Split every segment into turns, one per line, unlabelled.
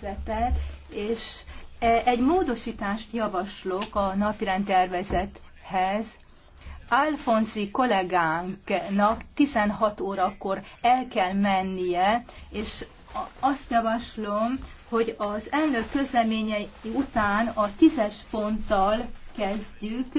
tervezetet, és e, egy módosítást javaslok a napirend tervezethez. Alfonzi kollégánknak 16 órakor el kell mennie, és azt javaslom, hogy az elnök közleményei után a tízes ponttal kezdjük.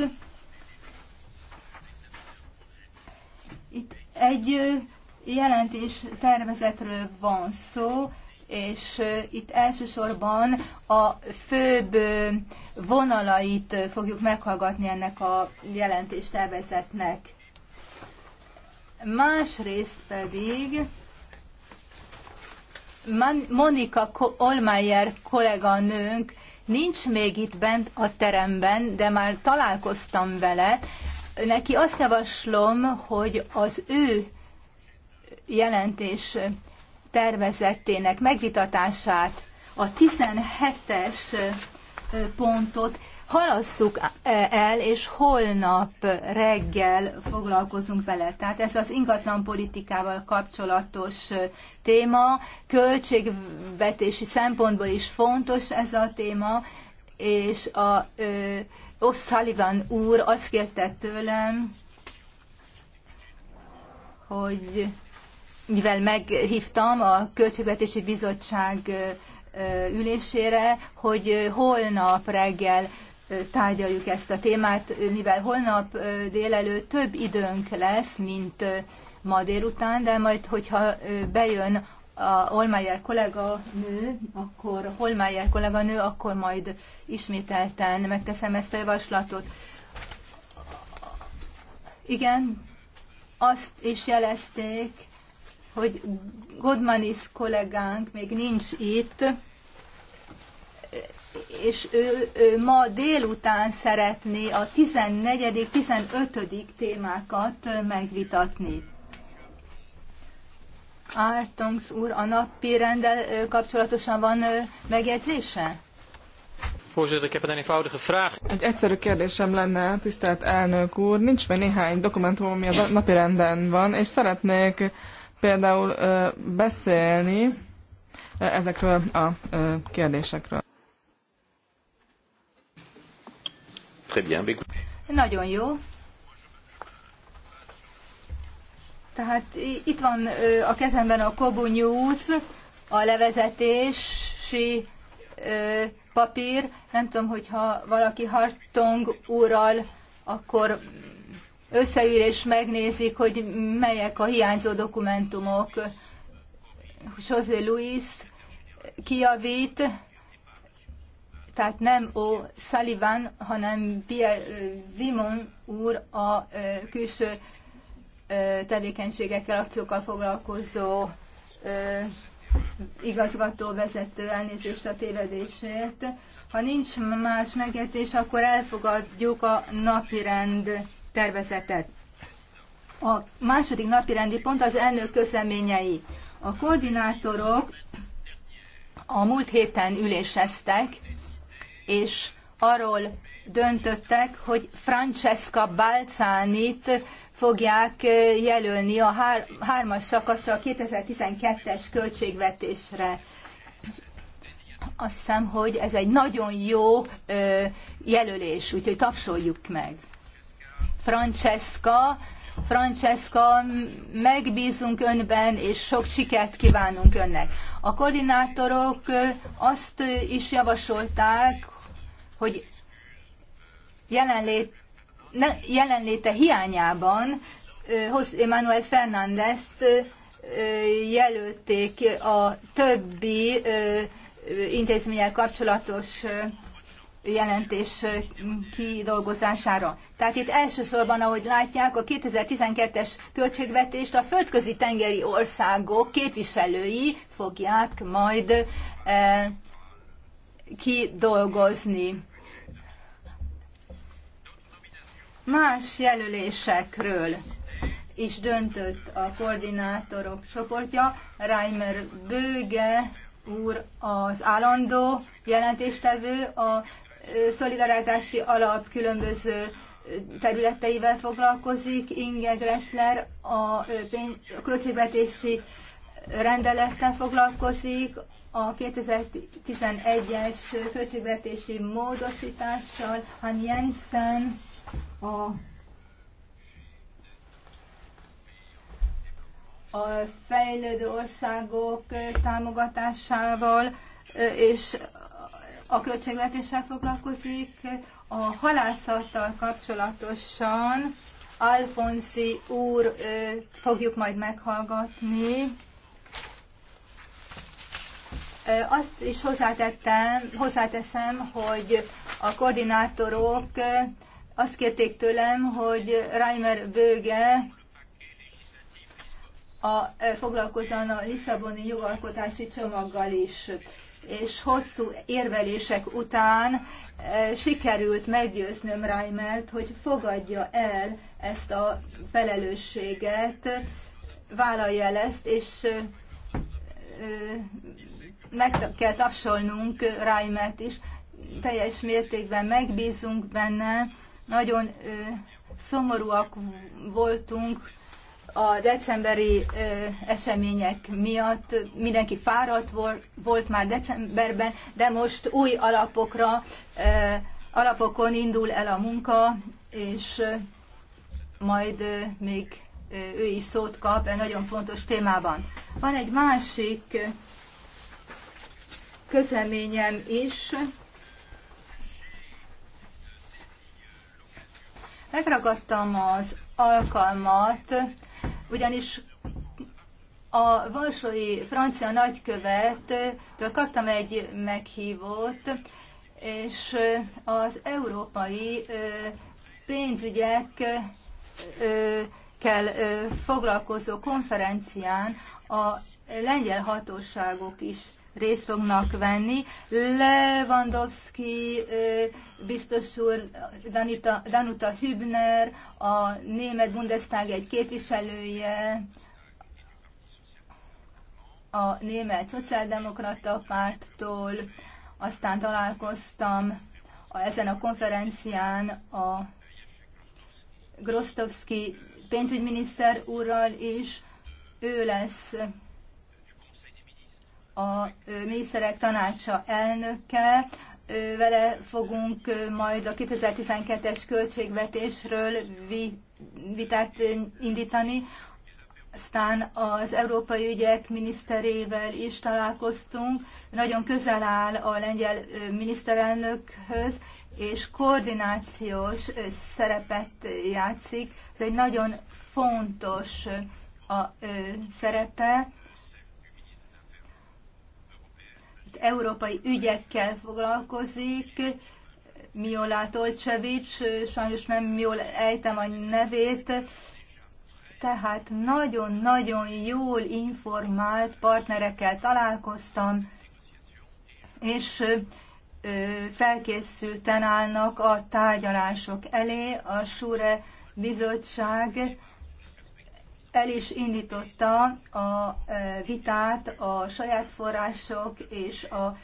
Itt egy jelentés tervezetről van szó, és itt elsősorban a főbb vonalait fogjuk meghallgatni ennek a jelentéstervezetnek. Másrészt pedig Monika Olmeyer kolléganőnk nincs még itt bent a teremben, de már találkoztam vele. Neki azt javaslom, hogy az ő jelentés tervezetének megvitatását, a 17-es pontot halasszuk el, és holnap reggel foglalkozunk vele. Tehát ez az ingatlan politikával kapcsolatos téma, költségvetési szempontból is fontos ez a téma, és a O'Sullivan úr azt kérte tőlem, hogy mivel meghívtam a Költségvetési Bizottság ülésére, hogy holnap reggel tárgyaljuk ezt a témát, mivel holnap délelőtt több időnk lesz, mint ma délután, de majd, hogyha bejön a Olmájer kollega nő, akkor Holmájer kollega nő, akkor majd ismételten megteszem ezt a javaslatot. Igen, azt is jelezték, hogy Godmanis kollégánk még nincs itt, és ő, ő ma délután szeretné a 14.-15. témákat megvitatni. Ártongs úr, a napi rendel kapcsolatosan van
megjegyzése? Egy egyszerű kérdésem lenne, tisztelt elnök úr. Nincs még néhány dokumentum, ami a napi renden van, és szeretnék például beszélni ezekről a kérdésekről.
Nagyon jó. Tehát itt van a kezemben a Kobu News, a levezetési papír. Nem tudom, hogyha valaki Hartong úrral, akkor összeül és megnézik, hogy melyek a hiányzó dokumentumok. José Luis kijavít, tehát nem O. Sullivan, hanem Pierre Vimon úr a külső tevékenységekkel, akciókkal foglalkozó igazgató, vezető elnézést a tévedésért. Ha nincs más megjegyzés, akkor elfogadjuk a napi rend tervezetet. A második napi rendi pont az elnök közleményei. A koordinátorok a múlt héten üléseztek, és arról döntöttek, hogy Francesca Balcánit fogják eh, jelölni a hár, hármas szakaszra a 2012-es költségvetésre. Azt hiszem, hogy ez egy nagyon jó ö, eh, jelölés, úgyhogy tapsoljuk meg. Francesca. Francesca, megbízunk önben, és sok sikert kívánunk önnek. A koordinátorok azt is javasolták, hogy jelenlét, ne, jelenléte hiányában José Manuel Fernándezt jelölték a többi intézménnyel kapcsolatos jelentés kidolgozására. Tehát itt elsősorban, ahogy látják, a 2012-es költségvetést a földközi tengeri országok képviselői fogják majd eh, kidolgozni. Más jelölésekről is döntött a koordinátorok csoportja. Reimer Böge úr az állandó jelentéstevő, a szolidaritási alap különböző területeivel foglalkozik. Inge Gressler a költségvetési rendelettel foglalkozik, a 2011-es költségvetési módosítással, Han Jensen a, a fejlődő országok támogatásával, és a költségvetéssel foglalkozik, a halászattal kapcsolatosan Alfonsi úr fogjuk majd meghallgatni. Azt is hozzátettem, hozzáteszem, hogy a koordinátorok azt kérték tőlem, hogy Reimer Böge a, foglalkozzon a Lisszaboni jogalkotási csomaggal is és hosszú érvelések után eh, sikerült meggyőznöm Reimert, hogy fogadja el ezt a felelősséget, vállalja el ezt, és eh, eh, meg kell tapsolnunk Reimert is. Teljes mértékben megbízunk benne, nagyon szomorúak voltunk a decemberi események miatt mindenki fáradt volt már decemberben, de most új alapokra, alapokon indul el a munka, és majd még ő is szót kap egy nagyon fontos témában. Van egy másik közleményem is. Megragadtam az alkalmat ugyanis a valsói francia nagykövet kaptam egy meghívót, és az európai pénzügyekkel foglalkozó konferencián a lengyel hatóságok is részt fognak venni. Lewandowski biztos úr, Danuta, Danuta Hübner, a német Bundestag egy képviselője, a német szociáldemokrata párttól, aztán találkoztam a, ezen a konferencián a Grostovski pénzügyminiszter úrral is, ő lesz a Miniszterek Tanácsa elnöke. Vele fogunk majd a 2012-es költségvetésről vitát indítani. Aztán az európai ügyek miniszterével is találkoztunk. Nagyon közel áll a lengyel miniszterelnökhöz, és koordinációs szerepet játszik. Ez egy nagyon fontos a szerepe európai ügyekkel foglalkozik, Miola Tolcsevics, sajnos nem jól ejtem a nevét, tehát nagyon-nagyon jól informált partnerekkel találkoztam, és felkészülten állnak a tárgyalások elé. A Sure bizottság el is indította a e, vitát a saját források és a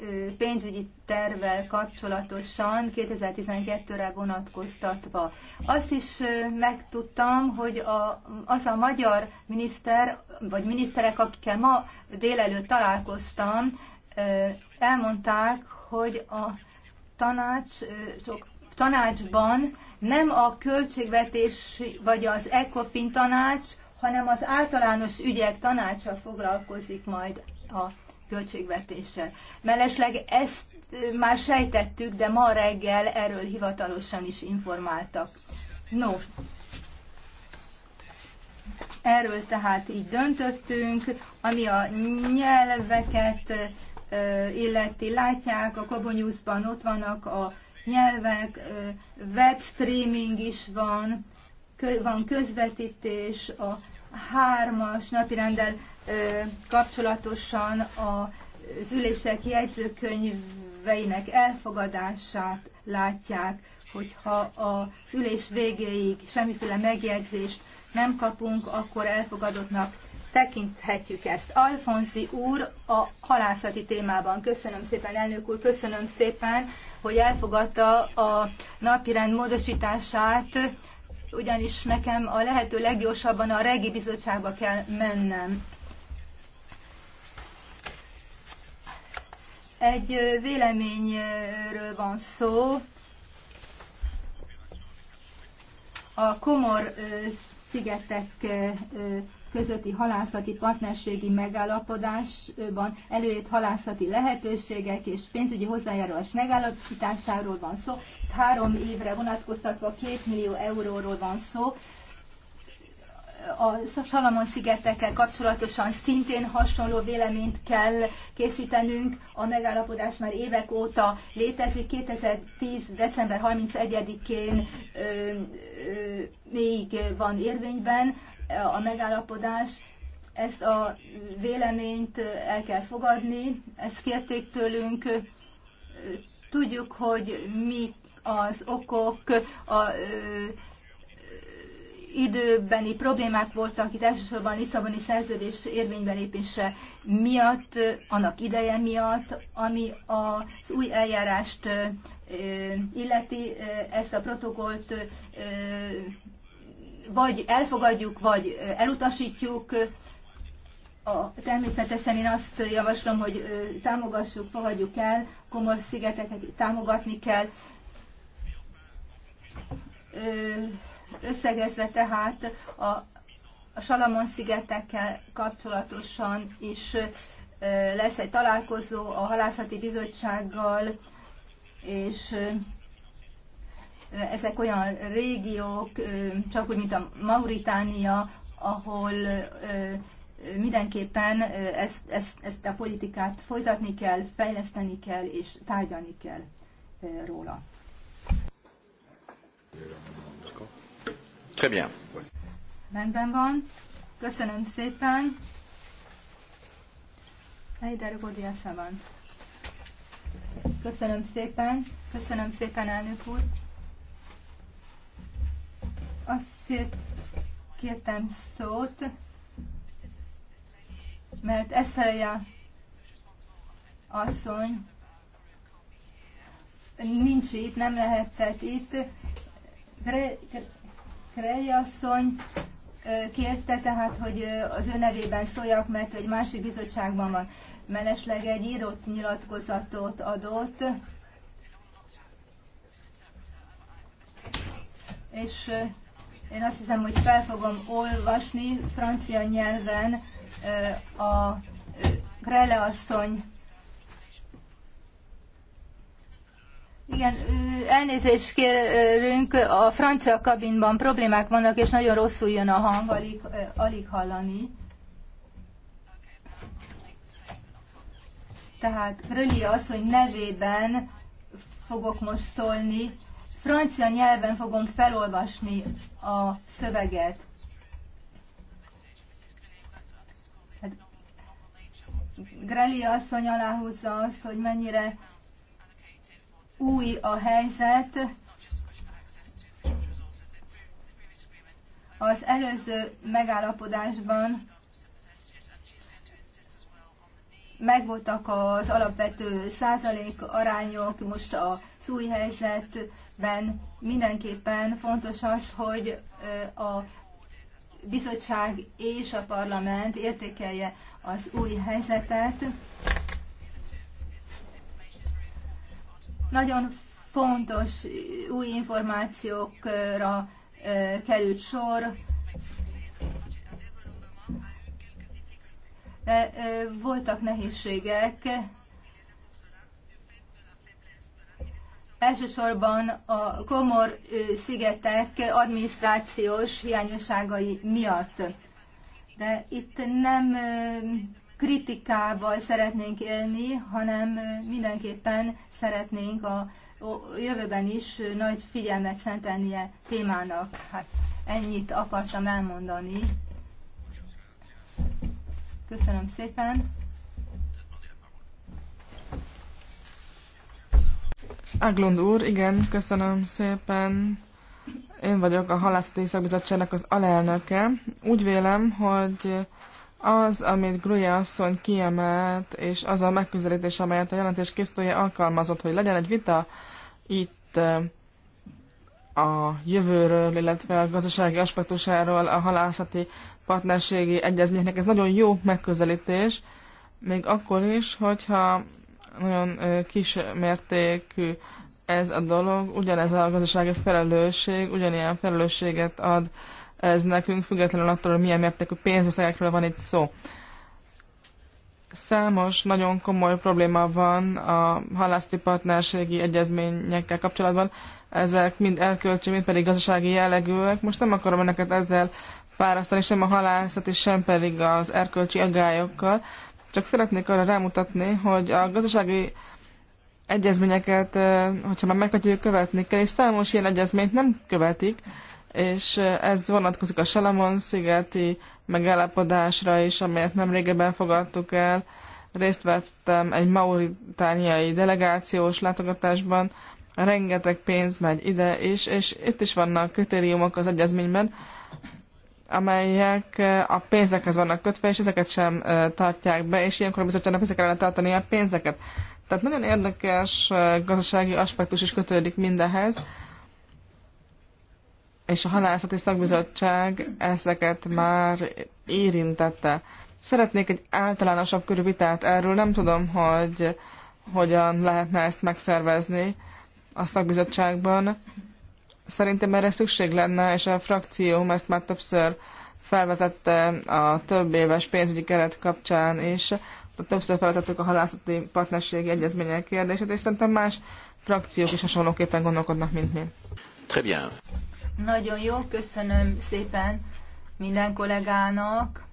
e, pénzügyi tervvel kapcsolatosan 2012-re vonatkoztatva. Azt is e, megtudtam, hogy a, az a magyar miniszter, vagy miniszterek, akikkel ma délelőtt találkoztam, elmondták, hogy a tanács sok tanácsban nem a költségvetés vagy az ECOFIN tanács, hanem az általános ügyek tanácsa foglalkozik majd a költségvetéssel. Mellesleg ezt már sejtettük, de ma reggel erről hivatalosan is informáltak. No, erről tehát így döntöttünk, ami a nyelveket illeti látják, a Kobonyuszban ott vannak a nyelvek, webstreaming is van, van közvetítés, a hármas napirendel kapcsolatosan az ülések jegyzőkönyveinek elfogadását látják, hogyha a ülés végéig semmiféle megjegyzést nem kapunk, akkor elfogadottnak tekinthetjük ezt. Alfonzi úr a halászati témában. Köszönöm szépen, elnök úr, köszönöm szépen, hogy elfogadta a napirend módosítását, ugyanis nekem a lehető leggyorsabban a regi bizottságba kell mennem. Egy véleményről van szó, a Komor szigetek közötti halászati partnerségi megállapodásban előírt halászati lehetőségek és pénzügyi hozzájárulás megállapításáról van szó. Itt három évre vonatkoztatva két millió euróról van szó. A Salamon-szigetekkel kapcsolatosan szintén hasonló véleményt kell készítenünk. A megállapodás már évek óta létezik. 2010. december 31-én még van érvényben a megállapodás, ezt a véleményt el kell fogadni, ezt kérték tőlünk, tudjuk, hogy mi az okok, a időbeni problémák voltak itt elsősorban a Lisszaboni szerződés érvénybelépése miatt, annak ideje miatt, ami az új eljárást illeti, ezt a protokolt vagy elfogadjuk, vagy elutasítjuk. A, természetesen én azt javaslom, hogy támogassuk, fogadjuk el, komor szigeteket támogatni kell. Összegezve tehát a, a Salamon-szigetekkel kapcsolatosan is lesz egy találkozó a halászati bizottsággal, és ezek olyan régiók, csak úgy, mint a Mauritánia, ahol mindenképpen ezt, ezt, ezt a politikát folytatni kell, fejleszteni kell és tárgyalni kell róla. Très bien. Rendben van. Köszönöm szépen. Eider Gordia Köszönöm szépen. Köszönöm szépen, elnök úr. Azt kértem szót, mert Eszelja asszony nincs itt, nem lehetett itt. Krelj asszony kérte tehát, hogy az ő nevében szóljak, mert egy másik bizottságban van. Melesleg egy írott nyilatkozatot adott, és én azt hiszem, hogy fel fogom olvasni francia nyelven a Grele asszony. Igen, elnézést kérünk, a francia kabinban problémák vannak, és nagyon rosszul jön a hang, alig, alig hallani. Tehát Röli asszony nevében fogok most szólni, Francia nyelven fogom felolvasni a szöveget. Hát, Greli asszony aláhúzza azt, hogy mennyire új a helyzet. Az előző megállapodásban megvoltak az alapvető százalék arányok, most a új helyzetben mindenképpen fontos az, hogy a bizottság és a parlament értékelje az új helyzetet. Nagyon fontos új információkra került sor, de voltak nehézségek elsősorban a Komor szigetek adminisztrációs hiányosságai miatt. De itt nem kritikával szeretnénk élni, hanem mindenképpen szeretnénk a jövőben is nagy figyelmet szentelni a témának. Hát ennyit akartam elmondani. Köszönöm szépen.
Aglund úr, igen, köszönöm szépen. Én vagyok a Halászati Szakbizottságnak az alelnöke. Úgy vélem, hogy az, amit Gruja asszony kiemelt, és az a megközelítés, amelyet a jelentés készítője alkalmazott, hogy legyen egy vita itt eh, a jövőről, illetve a gazdasági aspektusáról, a halászati partnerségi egyezményeknek, ez nagyon jó megközelítés, még akkor is, hogyha nagyon kis mértékű ez a dolog, ugyanez a gazdasági felelősség, ugyanilyen felelősséget ad ez nekünk, függetlenül attól, hogy milyen mértékű pénzösszegekről van itt szó. Számos nagyon komoly probléma van a halászti partnerségi egyezményekkel kapcsolatban. Ezek mind elkölcsi, mind pedig gazdasági jellegűek. Most nem akarom önöket ezzel fárasztani, sem a halászati, sem pedig az erkölcsi agályokkal, csak szeretnék arra rámutatni, hogy a gazdasági egyezményeket, hogyha már meghagyjuk, követni kell, és számos ilyen egyezményt nem követik, és ez vonatkozik a Salamon-szigeti megállapodásra is, amelyet nem régebben fogadtuk el. Részt vettem egy mauritániai delegációs látogatásban, rengeteg pénz megy ide is, és itt is vannak kritériumok az egyezményben, amelyek a pénzekhez vannak kötve, és ezeket sem tartják be, és ilyenkor a bizottságnak vissza kellene tartani a pénzeket. Tehát nagyon érdekes gazdasági aspektus is kötődik mindehez, és a halászati szakbizottság ezeket már érintette. Szeretnék egy általánosabb körű vitát erről, nem tudom, hogy hogyan lehetne ezt megszervezni a szakbizottságban Szerintem erre szükség lenne, és a frakcióm ezt már többször felvetette a több éves pénzügyi keret kapcsán, és többször felvetettük a halászati partnerségi egyezmények kérdését, és szerintem más frakciók is hasonlóképpen gondolkodnak, mint mi. Très
bien.
Nagyon jó, köszönöm szépen minden kollégának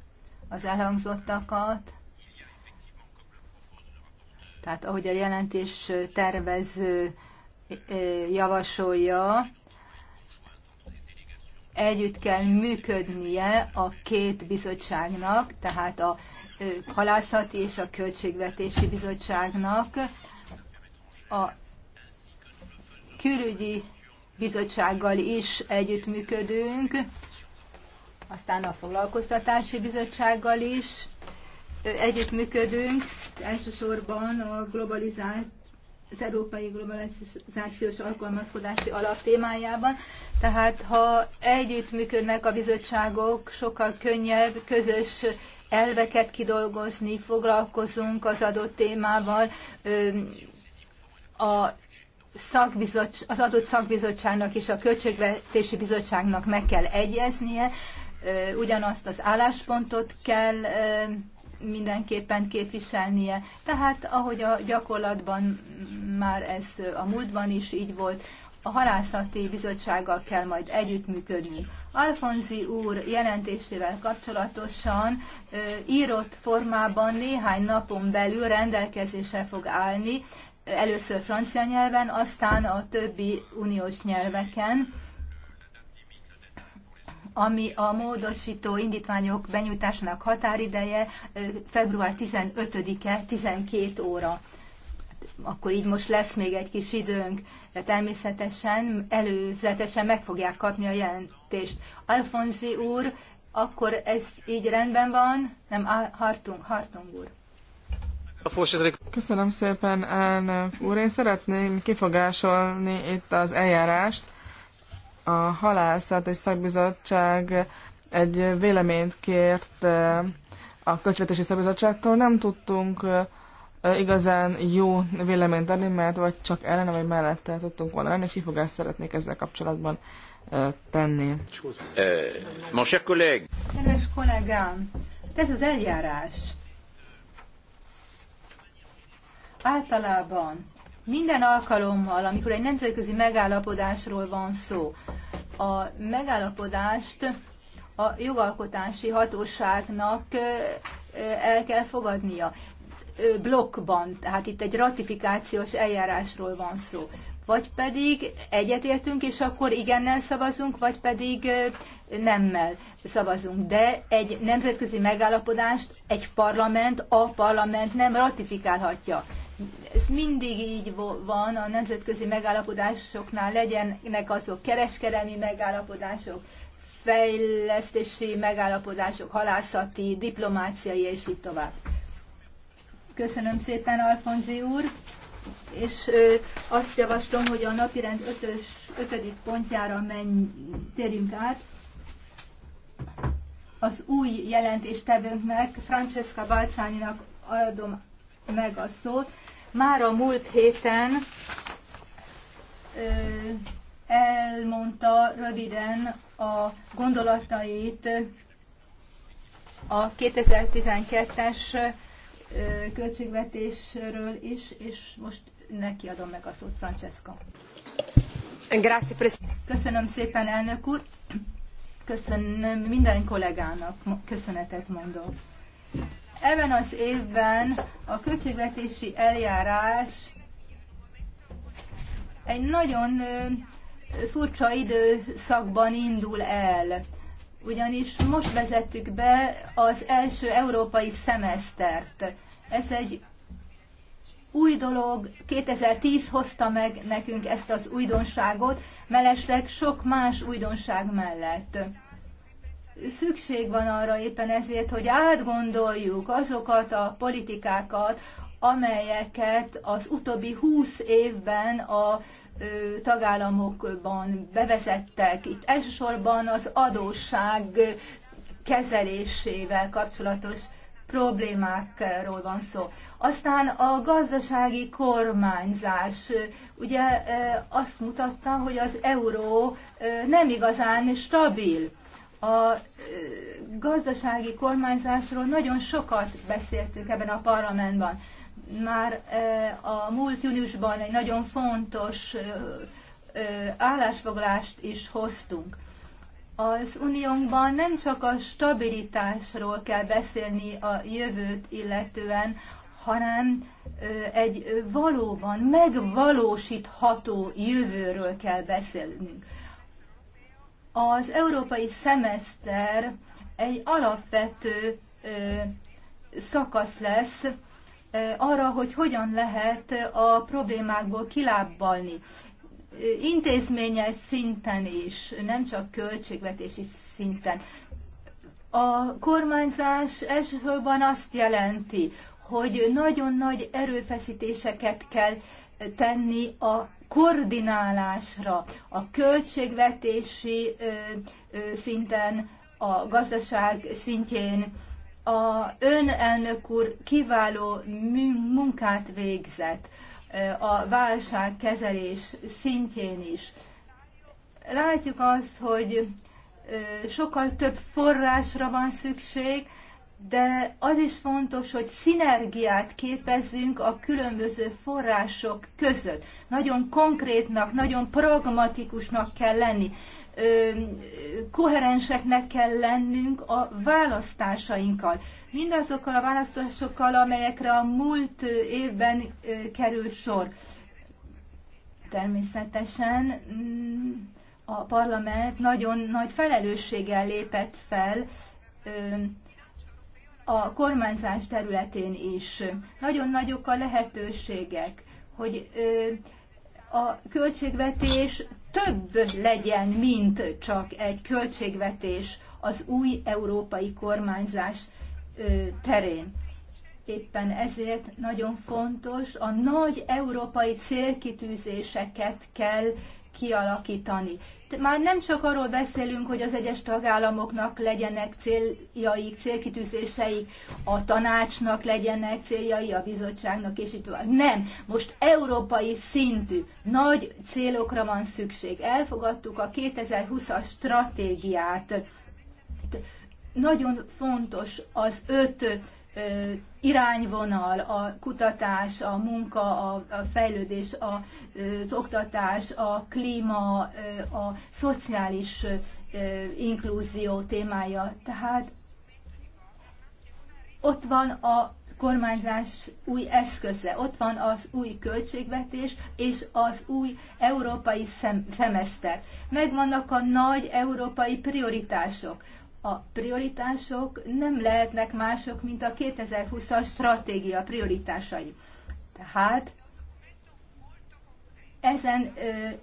az elhangzottakat. Tehát ahogy a jelentés tervező eh, javasolja, együtt kell működnie a két bizottságnak, tehát a halászati és a költségvetési bizottságnak, a külügyi bizottsággal is együttműködünk, aztán a foglalkoztatási bizottsággal is együttműködünk, elsősorban a globalizált az európai globalizációs alkalmazkodási alap témájában. Tehát ha együttműködnek a bizottságok, sokkal könnyebb közös elveket kidolgozni, foglalkozunk az adott témával, a az adott szakbizottságnak és a költségvetési bizottságnak meg kell egyeznie, ugyanazt az álláspontot kell mindenképpen képviselnie. Tehát ahogy a gyakorlatban már ez a múltban is így volt, a halászati bizottsággal kell majd együttműködnünk. Alfonzi úr jelentésével kapcsolatosan ö, írott formában néhány napon belül rendelkezésre fog állni, először francia nyelven, aztán a többi uniós nyelveken ami a módosító indítványok benyújtásának határideje február 15-e 12 óra. Akkor így most lesz még egy kis időnk, de természetesen előzetesen meg fogják kapni a jelentést. Alfonzi úr, akkor ez így rendben van? Nem, Hartung, Hartung úr.
Köszönöm szépen, elnök úr. Én szeretném kifogásolni itt az eljárást, a halászat és szakbizottság egy véleményt kért a kötvetési szakbizottságtól. Nem tudtunk igazán jó véleményt adni, mert vagy csak ellene, vagy mellette tudtunk volna lenni, és kifogást szeretnék ezzel kapcsolatban tenni.
Monsieur cher collègue.
Kedves
kollégám, ez az eljárás. Általában minden alkalommal, amikor egy nemzetközi megállapodásról van szó, a megállapodást a jogalkotási hatóságnak el kell fogadnia blokkban, tehát itt egy ratifikációs eljárásról van szó. Vagy pedig egyetértünk, és akkor igennel szavazunk, vagy pedig nemmel szavazunk. De egy nemzetközi megállapodást egy parlament, a parlament nem ratifikálhatja ez mindig így van a nemzetközi megállapodásoknál, legyenek azok kereskedelmi megállapodások, fejlesztési megállapodások, halászati, diplomáciai, és így tovább. Köszönöm szépen, Alfonzi úr, és ö, azt javaslom, hogy a napirend 5 pontjára menj, térjünk át. Az új jelentéstevőnknek, Francesca Balcáninak adom meg a szót. Már a múlt héten elmondta röviden a gondolatait a 2012-es költségvetésről is, és most neki adom meg a szót, Francesca. Köszönöm szépen, elnök úr. Köszönöm minden kollégának, köszönetet mondok. Ebben az évben a költségvetési eljárás egy nagyon furcsa időszakban indul el, ugyanis most vezettük be az első európai szemesztert. Ez egy új dolog, 2010 hozta meg nekünk ezt az újdonságot, mellesleg sok más újdonság mellett szükség van arra éppen ezért, hogy átgondoljuk azokat a politikákat, amelyeket az utóbbi húsz évben a ö, tagállamokban bevezettek. Itt elsősorban az adósság kezelésével kapcsolatos problémákról van szó. Aztán a gazdasági kormányzás. Ugye azt mutatta, hogy az euró nem igazán stabil a gazdasági kormányzásról nagyon sokat beszéltünk ebben a parlamentben. Már a múlt júniusban egy nagyon fontos állásfoglalást is hoztunk. Az uniónkban nem csak a stabilitásról kell beszélni a jövőt illetően, hanem egy valóban megvalósítható jövőről kell beszélnünk. Az európai szemeszter egy alapvető szakasz lesz arra, hogy hogyan lehet a problémákból kilábbalni. Intézményes szinten is, nem csak költségvetési szinten. A kormányzás elsősorban azt jelenti, hogy nagyon nagy erőfeszítéseket kell tenni a koordinálásra a költségvetési szinten, a gazdaság szintjén. A ön elnök úr kiváló munkát végzett a válságkezelés szintjén is. Látjuk azt, hogy sokkal több forrásra van szükség, de az is fontos, hogy szinergiát képezzünk a különböző források között. Nagyon konkrétnak, nagyon pragmatikusnak kell lenni, ö, koherenseknek kell lennünk a választásainkkal. Mindazokkal a választásokkal, amelyekre a múlt évben ö, került sor. Természetesen mm, a parlament nagyon nagy felelősséggel lépett fel, a kormányzás területén is. Nagyon nagyok a lehetőségek, hogy a költségvetés több legyen, mint csak egy költségvetés az új európai kormányzás terén. Éppen ezért nagyon fontos, a nagy európai célkitűzéseket kell kialakítani. Már nem csak arról beszélünk, hogy az egyes tagállamoknak legyenek céljaik, célkitűzéseik, a tanácsnak legyenek céljai, a bizottságnak és így tovább. Nem, most európai szintű nagy célokra van szükség. Elfogadtuk a 2020-as stratégiát. Nagyon fontos az öt irányvonal, a kutatás, a munka, a, a fejlődés, a, az oktatás, a klíma, a szociális inklúzió témája. Tehát ott van a kormányzás új eszköze, ott van az új költségvetés és az új európai szem, szemeszter. Megvannak a nagy európai prioritások. A prioritások nem lehetnek mások, mint a 2020-as stratégia prioritásai. Tehát ezen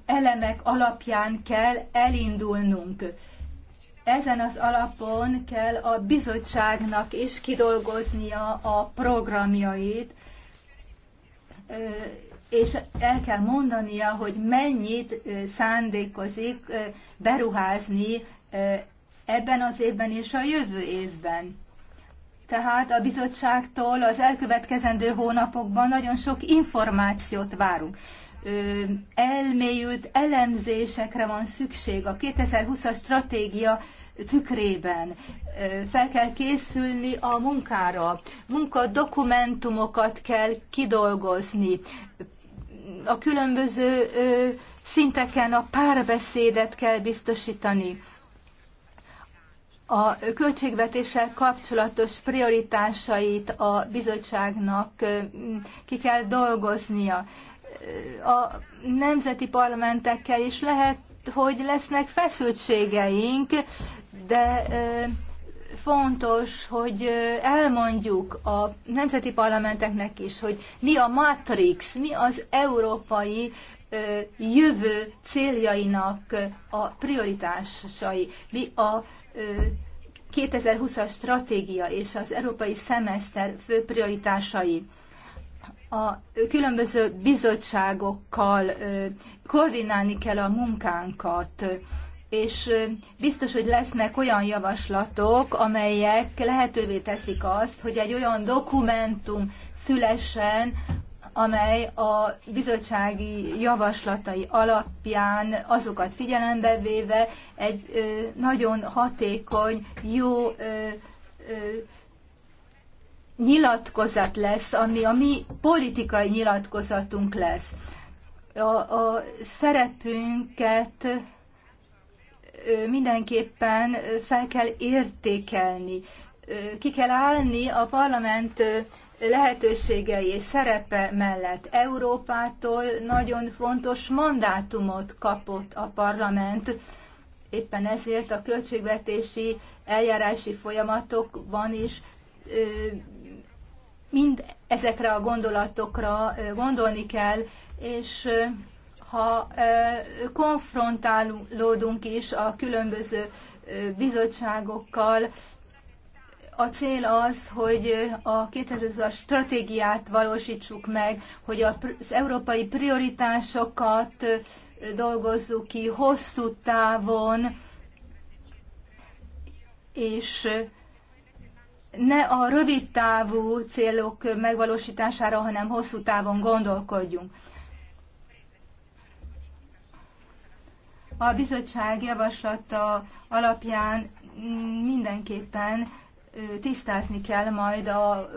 elemek alapján kell elindulnunk. Ezen az alapon kell a bizottságnak is kidolgoznia a programjait, és el kell mondania, hogy mennyit szándékozik beruházni ebben az évben és a jövő évben. Tehát a bizottságtól az elkövetkezendő hónapokban nagyon sok információt várunk. Ö, elmélyült elemzésekre van szükség a 2020-as stratégia tükrében. Ö, fel kell készülni a munkára, munkadokumentumokat kell kidolgozni, a különböző ö, szinteken a párbeszédet kell biztosítani a költségvetéssel kapcsolatos prioritásait a bizottságnak ki kell dolgoznia. A nemzeti parlamentekkel is lehet, hogy lesznek feszültségeink, de fontos, hogy elmondjuk a nemzeti parlamenteknek is, hogy mi a matrix, mi az európai jövő céljainak a prioritásai, mi a 2020-as stratégia és az európai szemeszter fő prioritásai a különböző bizottságokkal koordinálni kell a munkánkat, és biztos, hogy lesznek olyan javaslatok, amelyek lehetővé teszik azt, hogy egy olyan dokumentum szülessen, amely a bizottsági javaslatai alapján azokat figyelembe véve egy nagyon hatékony, jó nyilatkozat lesz, ami a mi politikai nyilatkozatunk lesz. A, a szerepünket mindenképpen fel kell értékelni. Ki kell állni a parlament lehetőségei és szerepe mellett Európától nagyon fontos mandátumot kapott a parlament. Éppen ezért a költségvetési eljárási folyamatokban is mind ezekre a gondolatokra gondolni kell, és ha konfrontálódunk is a különböző bizottságokkal, a cél az, hogy a 2020-as stratégiát valósítsuk meg, hogy az európai prioritásokat dolgozzuk ki hosszú távon, és ne a rövid távú célok megvalósítására, hanem hosszú távon gondolkodjunk. A bizottság javaslata alapján mindenképpen tisztázni kell majd a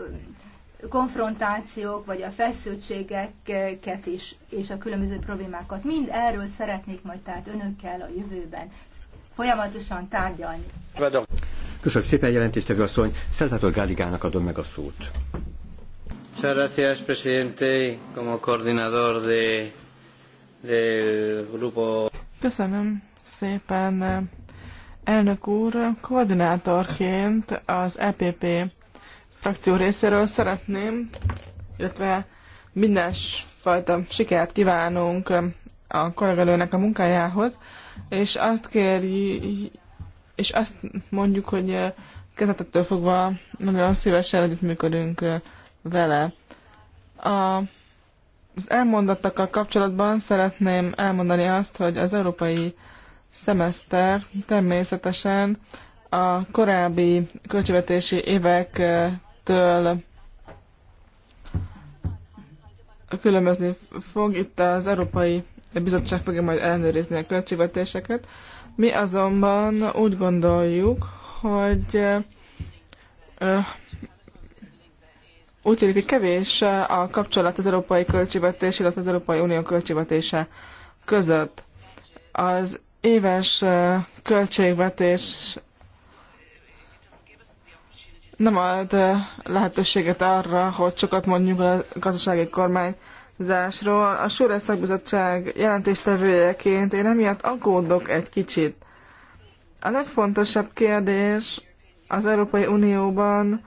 konfrontációk, vagy a feszültségeket is, és a különböző problémákat. Mind erről szeretnék majd tehát önökkel a jövőben folyamatosan tárgyalni.
Köszönöm szépen, jelentéstevő asszony. Szeltátor Gáligának adom meg a szót. Gracias, presidente, como coordinador de, del grupo.
Köszönöm szépen, Elnök úr, koordinátorként az EPP frakció részéről szeretném, illetve mindenfajta sikert kívánunk a kollégelőnek a munkájához, és azt kérjük, és azt mondjuk, hogy kezdetettől fogva nagyon szívesen együttműködünk vele. A, az elmondattakkal kapcsolatban szeretném elmondani azt, hogy az Európai szemeszter természetesen a korábbi költségvetési évektől különbözni fog. Itt az Európai Bizottság fogja majd ellenőrizni a költségvetéseket. Mi azonban úgy gondoljuk, hogy úgy tűnik, hogy kevés a kapcsolat az európai költségvetés, illetve az Európai Unió költségvetése között. Az éves költségvetés nem ad lehetőséget arra, hogy sokat mondjuk a gazdasági kormányzásról. A Súrás Szakbizottság jelentéstevőjeként én emiatt aggódok egy kicsit. A legfontosabb kérdés az Európai Unióban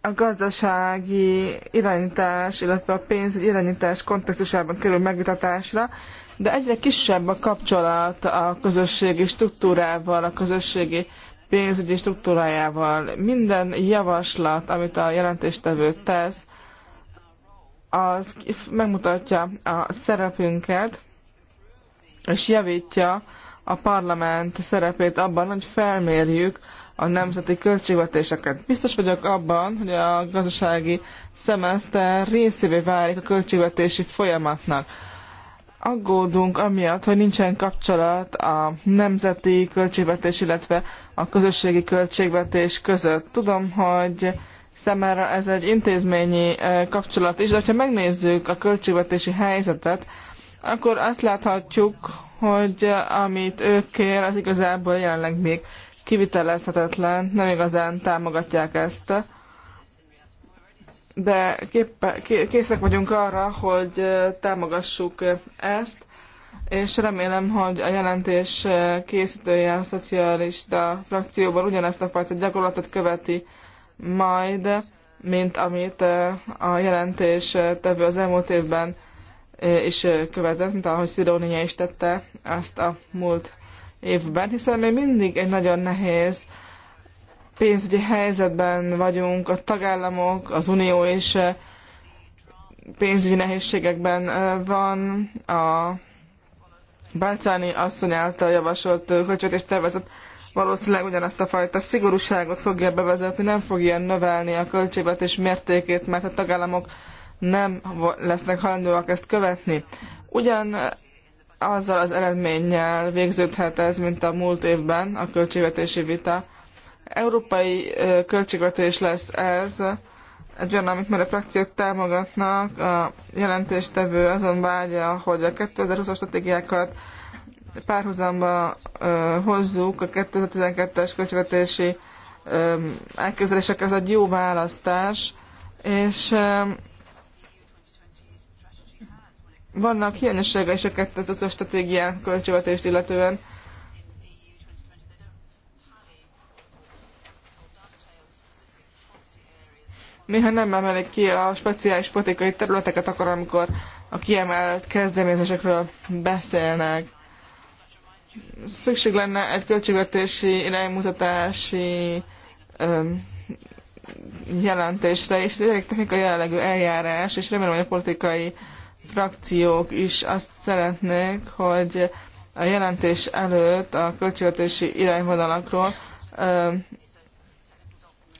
a gazdasági irányítás, illetve a pénzügyi irányítás kontextusában kerül megvitatásra, de egyre kisebb a kapcsolat a közösségi struktúrával, a közösségi pénzügyi struktúrájával. Minden javaslat, amit a jelentéstevő tesz, az megmutatja a szerepünket, és javítja a parlament szerepét abban, hogy felmérjük a nemzeti költségvetéseket. Biztos vagyok abban, hogy a gazdasági szemeszter részévé válik a költségvetési folyamatnak aggódunk amiatt, hogy nincsen kapcsolat a nemzeti költségvetés, illetve a közösségi költségvetés között. Tudom, hogy számára ez egy intézményi kapcsolat is, de ha megnézzük a költségvetési helyzetet, akkor azt láthatjuk, hogy amit ők kér, az igazából jelenleg még kivitelezhetetlen, nem igazán támogatják ezt de képe, készek vagyunk arra, hogy támogassuk ezt, és remélem, hogy a jelentés készítője a szocialista frakcióban ugyanezt a fajta gyakorlatot követi majd, mint amit a jelentés tevő az elmúlt évben is követett, mint ahogy Szidónia is tette ezt a múlt évben, hiszen még mindig egy nagyon nehéz pénzügyi helyzetben vagyunk, a tagállamok, az Unió is eh, pénzügyi nehézségekben eh, van, a Bálcáni asszony által javasolt eh, költségvetés tervezet valószínűleg ugyanazt a fajta szigorúságot fogja bevezetni, nem fogja növelni a költségvetés mértékét, mert a tagállamok nem lesznek hajlandóak ezt követni. Ugyan azzal az eredménnyel végződhet ez, mint a múlt évben a költségvetési vita, Európai költségvetés lesz ez, egy olyan, amit már a frakciók támogatnak. A jelentéstevő azon vágya, hogy a 2020-as stratégiákat párhuzamba hozzuk a 2012-es költségvetési elképzelések, ez egy jó választás, és vannak hiányosságai, is a 2020-as stratégián költségvetést illetően, néha nem emelik ki a speciális politikai területeket akkor, amikor a kiemelt kezdeményezésekről beszélnek. Szükség lenne egy költségvetési iránymutatási jelentésre, és ez egy technikai jellegű eljárás, és remélem, hogy a politikai frakciók is azt szeretnék, hogy a jelentés előtt a költségvetési irányvonalakról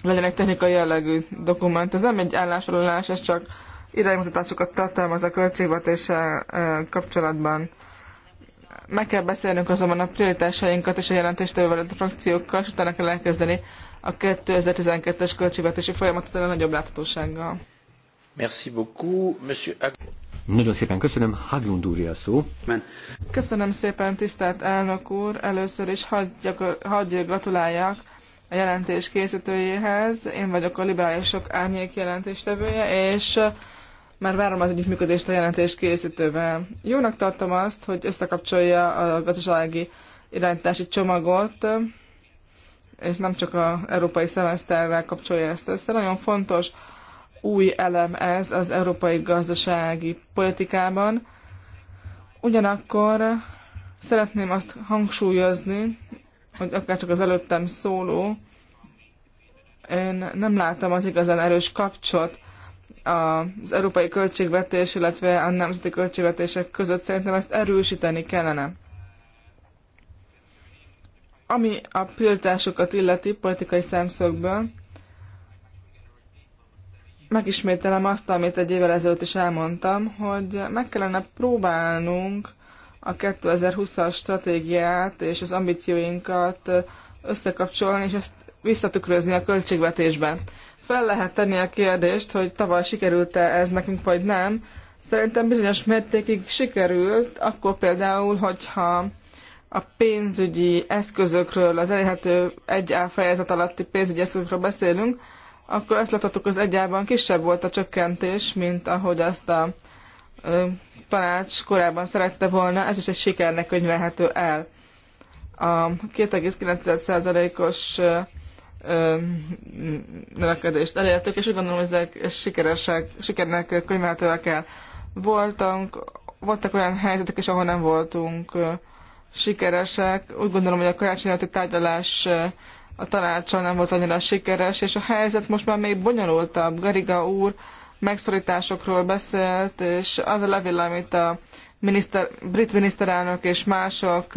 legyenek technikai jellegű dokument. Ez nem egy állásfoglalás, ez csak iránymutatásokat tartalmaz a költségvetéssel kapcsolatban. Meg kell beszélnünk azonban a prioritásainkat és a jelentéstevővel a frakciókkal, és utána kell elkezdeni a 2012-es költségvetési folyamatot a nagyobb láthatósággal. Merci
beaucoup, monsieur Ag Nagyon szépen köszönöm, Hagyund úr a szó.
Men. Köszönöm szépen, tisztelt elnök úr. Először is hagyj, hagyj gratuláljak a jelentés készítőjéhez. Én vagyok a liberálisok árnyék jelentéstevője, és már várom az együttműködést a jelentés készítővel. Jónak tartom azt, hogy összekapcsolja a gazdasági irányítási csomagot, és nem csak az európai szemeszterrel kapcsolja ezt össze. Nagyon fontos új elem ez az európai gazdasági politikában. Ugyanakkor szeretném azt hangsúlyozni, hogy akár csak az előttem szóló, én nem látom az igazán erős kapcsot az európai költségvetés, illetve a nemzeti költségvetések között. Szerintem ezt erősíteni kellene. Ami a piltásokat illeti politikai szemszögből, megismételem azt, amit egy évvel ezelőtt is elmondtam, hogy meg kellene próbálnunk a 2020-as stratégiát és az ambícióinkat összekapcsolni, és ezt visszatükrözni a költségvetésben. Fel lehet tenni a kérdést, hogy tavaly sikerült-e ez nekünk, vagy nem. Szerintem bizonyos mértékig sikerült, akkor például, hogyha a pénzügyi eszközökről, az elérhető egy fejezet alatti pénzügyi eszközökről beszélünk, akkor azt láthatjuk, az egyában kisebb volt a csökkentés, mint ahogy azt a tanács korábban szerette volna, ez is egy sikernek könyvelhető el. A 2,9%-os növekedést elértük, és úgy gondolom, hogy ezek sikeresek, sikernek könyvelhetőek el. Voltunk, voltak olyan helyzetek is, ahol nem voltunk sikeresek. Úgy gondolom, hogy a karácsony előtti tárgyalás a tanácsal nem volt annyira sikeres, és a helyzet most már még bonyolultabb. Gariga úr megszorításokról beszélt, és az a levél, amit a miniszter, brit miniszterelnök és mások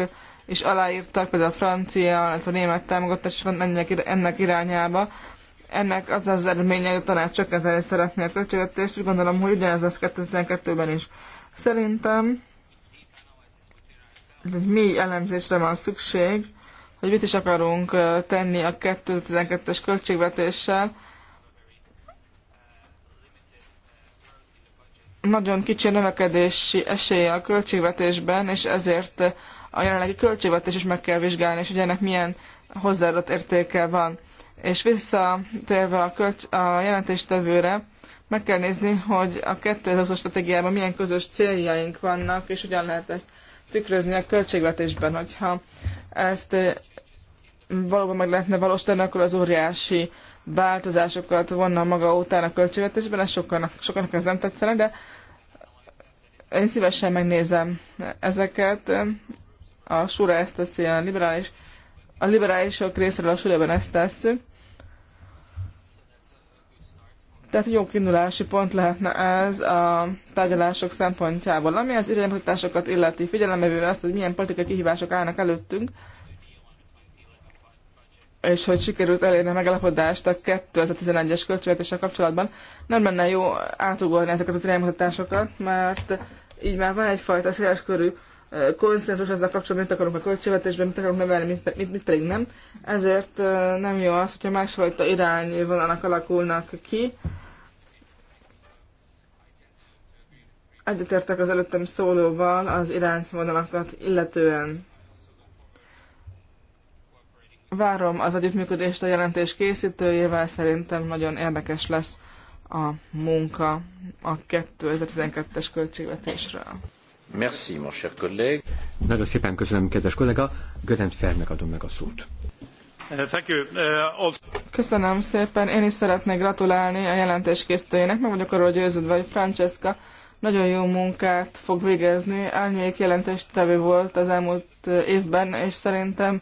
is aláírtak, például a francia, illetve a német támogatás van ennek, ennek irányába. Ennek az az eredménye, hogy a tanács csökkenteni szeretné a költségvetést, és gondolom, hogy ugyanez lesz 2012-ben is. Szerintem egy mély elemzésre van szükség, hogy mit is akarunk tenni a 2012-es költségvetéssel, nagyon kicsi növekedési esélye a költségvetésben, és ezért a jelenlegi költségvetés is meg kell vizsgálni, és hogy ennek milyen hozzáadott értéke van. És visszatérve a, költs- a jelentéstevőre, meg kell nézni, hogy a 2020 stratégiában milyen közös céljaink vannak, és hogyan lehet ezt tükrözni a költségvetésben. Hogyha ezt eh, valóban meg lehetne valósítani, akkor az óriási változásokat vonna maga után a költségvetésben, ez sokanak, sokanak ez nem tetszene, de én szívesen megnézem ezeket. A Sura ezt teszi, a liberális, a liberálisok részéről a Surában ezt tesszük. Tehát jó kiindulási pont lehetne ez a tárgyalások szempontjából, ami az iránymutatásokat illeti figyelembe véve azt, hogy milyen politikai kihívások állnak előttünk, és hogy sikerült elérni a megalapodást a 2011-es költségvetéssel kapcsolatban, nem lenne jó átugorni ezeket az iránymutatásokat, mert így már van egyfajta széleskörű konszenzus ezzel kapcsolatban, mit akarunk a költségvetésben, mit akarunk nevelni, mit, mit, mit pedig nem. Ezért nem jó az, hogyha másfajta irányvonalak alakulnak ki. Egyetértek az előttem szólóval az irányvonalakat illetően várom az együttműködést a jelentés készítőjével, szerintem nagyon érdekes lesz a munka a 2012-es költségvetésről.
Merci, mon cher collègue. Nagyon szépen köszönöm, kedves kollega. Görend Fernek adom meg a szót. Uh,
uh, köszönöm szépen. Én is szeretnék gratulálni a jelentés készítőjének. Meg vagyok arról győződve, hogy Francesca nagyon jó munkát fog végezni. Árnyék jelentéstevő volt az elmúlt uh, évben, és szerintem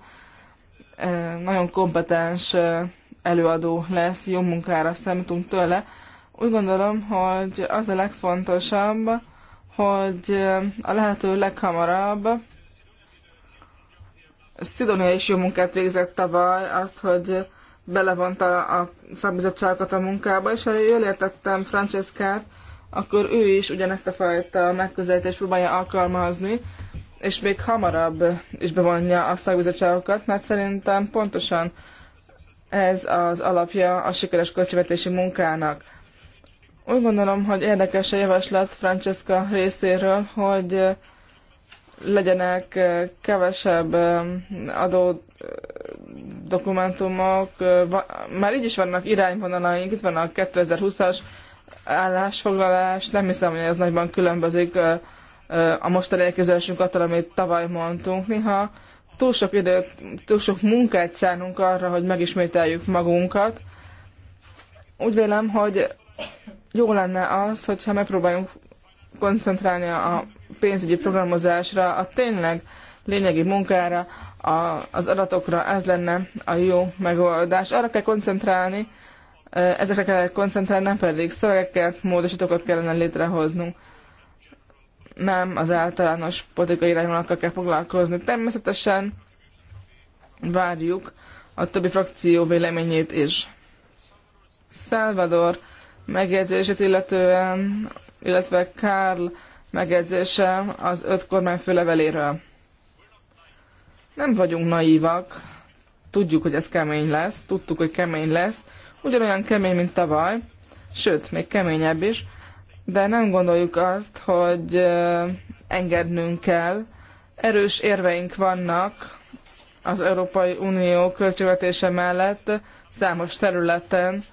nagyon kompetens előadó lesz, jó munkára számítunk tőle. Úgy gondolom, hogy az a legfontosabb, hogy a lehető leghamarabb Szidonia is jó munkát végzett tavaly, azt, hogy belevonta a szabizottságokat a munkába, és ha jól értettem Franceskát, akkor ő is ugyanezt a fajta megközelítést próbálja alkalmazni, és még hamarabb is bevonja a szakbizottságokat, mert szerintem pontosan ez az alapja a sikeres költségvetési munkának. Úgy gondolom, hogy érdekes a javaslat Francesca részéről, hogy legyenek kevesebb um, adó uh, dokumentumok. Uh, már így is vannak irányvonalaink, itt van a 2020-as állásfoglalás, nem hiszem, hogy ez nagyban különbözik uh, a mostani elképzelésünk attól, amit tavaly mondtunk. Néha túl sok időt, túl sok munkát szánunk arra, hogy megismételjük magunkat. Úgy vélem, hogy jó lenne az, hogyha megpróbáljunk koncentrálni a pénzügyi programozásra, a tényleg lényegi munkára, a, az adatokra, ez lenne a jó megoldás. Arra kell koncentrálni, ezekre kell koncentrálni, nem pedig szövegeket, módosítókat kellene létrehoznunk nem az általános politikai irányvonalakkal kell foglalkozni. Természetesen várjuk a többi frakció véleményét is. Salvador megjegyzését illetően, illetve Karl megjegyzése az öt kormány főleveléről. Nem vagyunk naívak, tudjuk, hogy ez kemény lesz, tudtuk, hogy kemény lesz, ugyanolyan kemény, mint tavaly, sőt, még keményebb is, de nem gondoljuk azt, hogy engednünk kell. Erős érveink vannak az Európai Unió költségvetése mellett számos területen.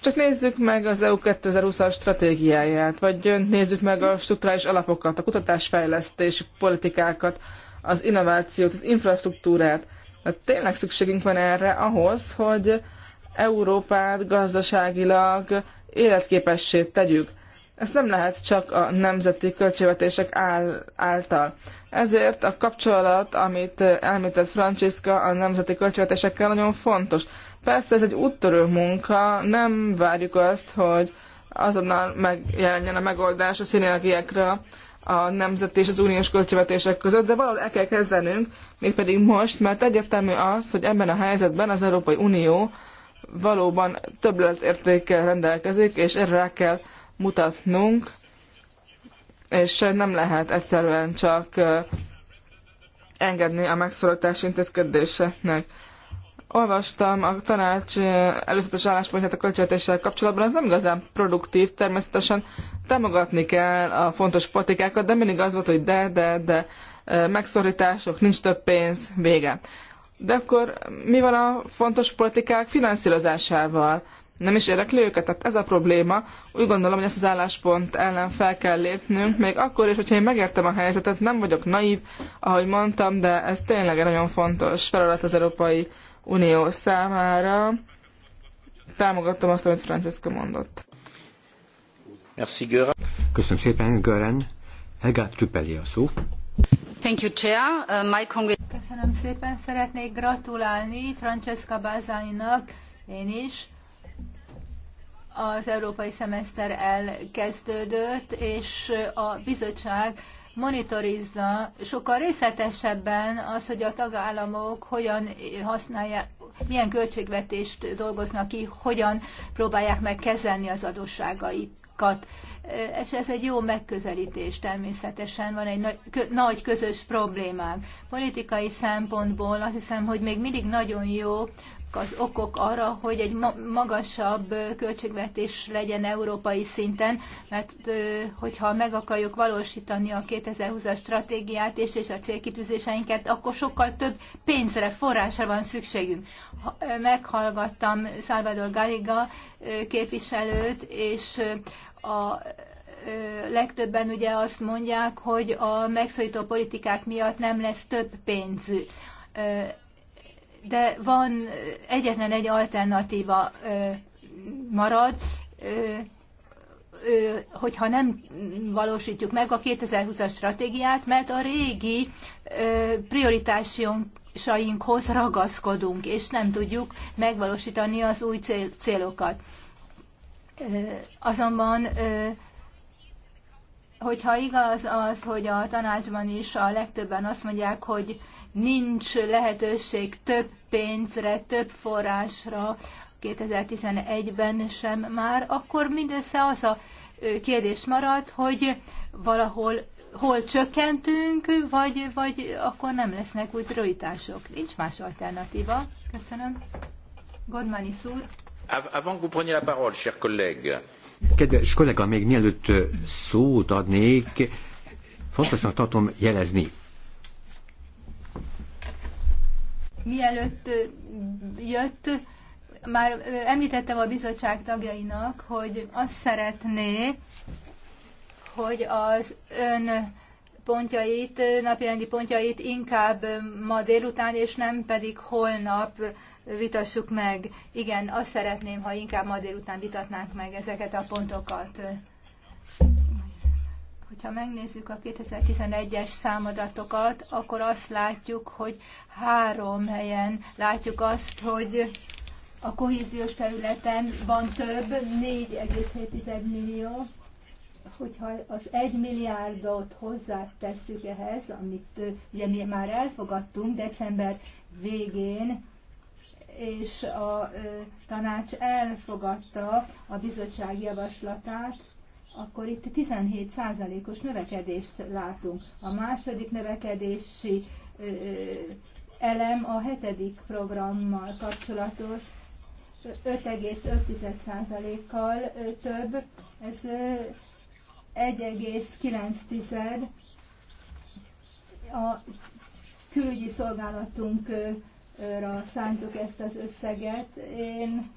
Csak nézzük meg az EU 2020-as stratégiáját, vagy nézzük meg a struktúrális alapokat, a kutatásfejlesztési politikákat, az innovációt, az infrastruktúrát. Tehát tényleg szükségünk van erre ahhoz, hogy Európát gazdaságilag életképessé tegyük. Ezt nem lehet csak a nemzeti költségvetések áll, által. Ezért a kapcsolat, amit elmített Franciszka a nemzeti költségvetésekkel nagyon fontos. Persze ez egy úttörő munka, nem várjuk azt, hogy azonnal megjelenjen a megoldás a szinergiákra a nemzeti és az uniós költségvetések között, de valahol el kell kezdenünk, mégpedig most, mert egyértelmű az, hogy ebben a helyzetben az Európai Unió valóban többletértékkel rendelkezik, és erre rá kell mutatnunk, és nem lehet egyszerűen csak engedni a megszorítás intézkedéseknek. Olvastam a tanács előzetes álláspontját a költségvetéssel kapcsolatban, ez nem igazán produktív, természetesen támogatni kell a fontos politikákat, de mindig az volt, hogy de, de, de, megszorítások, nincs több pénz, vége. De akkor mi van a fontos politikák finanszírozásával? nem is érdekli őket. Tehát ez a probléma. Úgy gondolom, hogy ezt az álláspont ellen fel kell lépnünk, még akkor is, hogyha én megértem a helyzetet, nem vagyok naív, ahogy mondtam, de ez tényleg egy nagyon fontos feladat az Európai Unió számára. Támogattam azt, amit Francesca mondott.
Merci, Göran. Köszönöm szépen, Göran. Helga Tüpeli a szó.
Thank you, Chair. Uh, my Köszönöm
szépen, szeretnék gratulálni Francesca Bázánynak, én is az európai szemeszter elkezdődött, és a bizottság monitorizza sokkal részletesebben az, hogy a tagállamok hogyan használják, milyen költségvetést dolgoznak ki, hogyan próbálják meg kezelni az adósságaikat. És ez egy jó megközelítés természetesen, van egy nagy, közös problémánk. Politikai szempontból azt hiszem, hogy még mindig nagyon jó az okok arra, hogy egy magasabb költségvetés legyen európai szinten, mert hogyha meg akarjuk valósítani a 2020-as stratégiát és, és a célkitűzéseinket, akkor sokkal több pénzre, forrásra van szükségünk. Meghallgattam Salvador Gariga képviselőt, és a legtöbben ugye azt mondják, hogy a megszorító politikák miatt nem lesz több pénz de van egyetlen egy alternatíva marad, hogyha nem valósítjuk meg a 2020-as stratégiát, mert a régi prioritásainkhoz ragaszkodunk, és nem tudjuk megvalósítani az új cél, célokat. Azonban, hogyha igaz az, hogy a tanácsban is a legtöbben azt mondják, hogy nincs lehetőség több pénzre, több forrásra 2011-ben sem már, akkor mindössze az a kérdés marad, hogy valahol hol csökkentünk, vagy, vagy akkor nem lesznek új prioritások. Nincs más alternatíva. Köszönöm. Godmani szúr.
Avant que vous preniez la parole, cher collègue. Kedves kollega, még mielőtt szót adnék, fontosnak tartom jelezni,
mielőtt jött, már említettem a bizottság tagjainak, hogy azt szeretné, hogy az ön pontjait, napirendi pontjait inkább ma délután, és nem pedig holnap vitassuk meg. Igen, azt szeretném, ha inkább ma délután vitatnánk meg ezeket a pontokat. Hogyha megnézzük a 2011-es számadatokat, akkor azt látjuk, hogy három helyen látjuk azt, hogy a kohéziós területen van több, 4,7 millió, hogyha az 1 milliárdot hozzáteszük ehhez, amit ugye mi már elfogadtunk december végén, és a ö, tanács elfogadta a bizottság javaslatát, akkor itt 17%-os növekedést látunk. A második növekedési elem a hetedik programmal kapcsolatos 5,5%-kal több, ez 1,9 a külügyi szolgálatunkra szántuk ezt az összeget. Én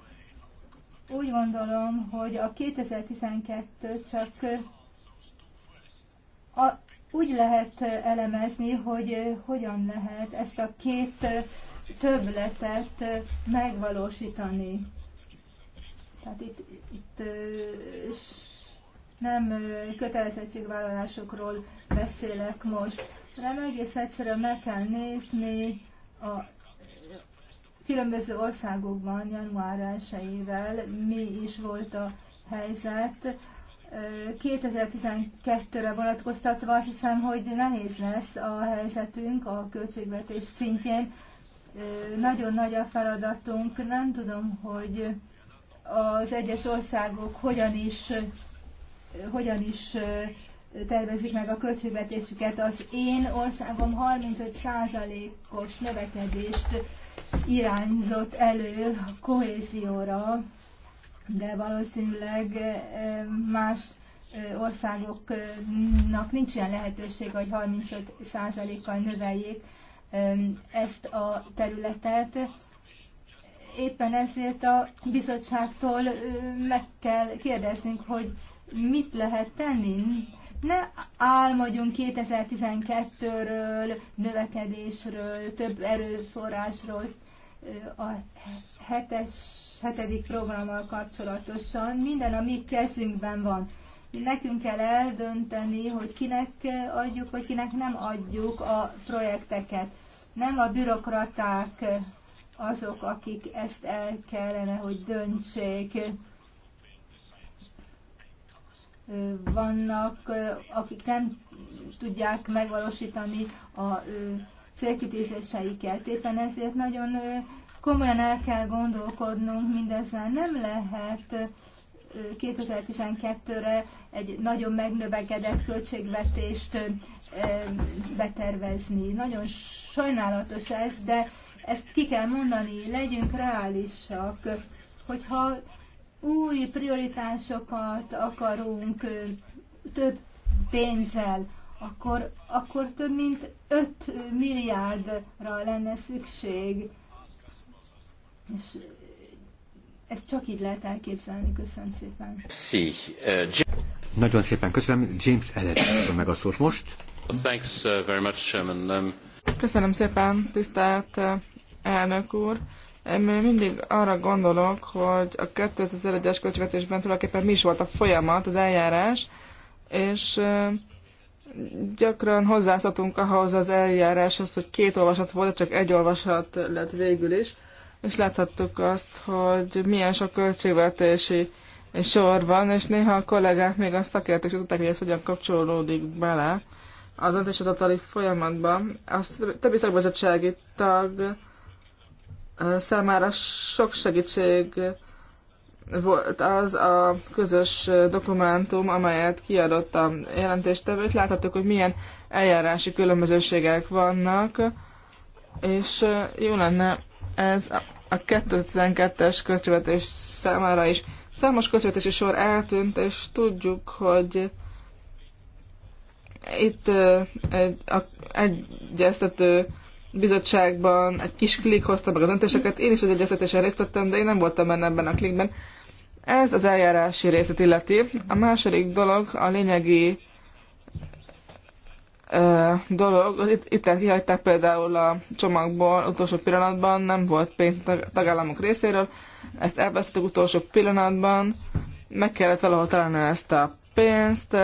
úgy gondolom, hogy a 2012 csak a, úgy lehet elemezni, hogy hogyan lehet ezt a két többletet megvalósítani. Tehát itt, itt nem kötelezettségvállalásokról beszélek most, hanem egész egyszerűen meg kell nézni a különböző országokban január 1 mi is volt a helyzet. 2012-re vonatkoztatva azt hiszem, hogy nehéz lesz a helyzetünk a költségvetés szintjén. Nagyon nagy a feladatunk, nem tudom, hogy az egyes országok hogyan is, hogyan is tervezik meg a költségvetésüket. Az én országom 35%-os növekedést irányzott elő a kohézióra, de valószínűleg más országoknak nincs ilyen lehetőség, hogy 35%-kal növeljék ezt a területet. Éppen ezért a bizottságtól meg kell kérdeznünk, hogy mit lehet tenni, ne álmodjunk 2012-ről, növekedésről, több erőforrásról a hetes, hetedik programmal kapcsolatosan. Minden a mi kezünkben van. Nekünk kell eldönteni, hogy kinek adjuk, vagy kinek nem adjuk a projekteket. Nem a bürokraták azok, akik ezt el kellene, hogy döntsék vannak, akik nem tudják megvalósítani a célkitűzéseiket. Éppen ezért nagyon komolyan el kell gondolkodnunk mindezzel. Nem lehet 2012-re egy nagyon megnövekedett költségvetést betervezni. Nagyon sajnálatos ez, de ezt ki kell mondani, legyünk reálisak, hogyha új prioritásokat akarunk több pénzzel, akkor, akkor több mint 5 milliárdra lenne szükség. És ezt csak így lehet
elképzelni. Köszönöm szépen.
Sí, eh, Nagyon szépen köszönöm. James Ellis meg a szót most. Thanks eh, very much, Chairman. Um,
köszönöm szépen, tisztelt eh, elnök úr. Én mindig arra gondolok, hogy a 2001-es költségvetésben tulajdonképpen mi is volt a folyamat, az eljárás, és gyakran hozzászatunk ahhoz az eljáráshoz, hogy két olvasat volt, csak egy olvasat lett végül is, és láthattuk azt, hogy milyen sok költségvetési sor van, és néha a kollégák még a szakértők is tudták, hogy ez hogyan kapcsolódik bele a döntéshozatali folyamatban. azt többi szakbizottsági tag számára sok segítség volt az a közös dokumentum, amelyet kiadott a jelentéstevőt. Láthattuk, hogy milyen eljárási különbözőségek vannak, és jó lenne ez a 2012-es költségvetés számára is. Számos költségvetési sor eltűnt, és tudjuk, hogy itt egy, a, egyeztető bizottságban egy kis klik hozta meg a döntéseket. Én is az egyeztetésen részt vettem, de én nem voltam benne ebben a klikben. Ez az eljárási részét illeti. A második dolog, a lényegi ö, dolog, itt, itt kihagyták például a csomagból utolsó pillanatban, nem volt pénz a tagállamok részéről, ezt elvesztettük utolsó pillanatban, meg kellett valahol találni ezt a pénzt,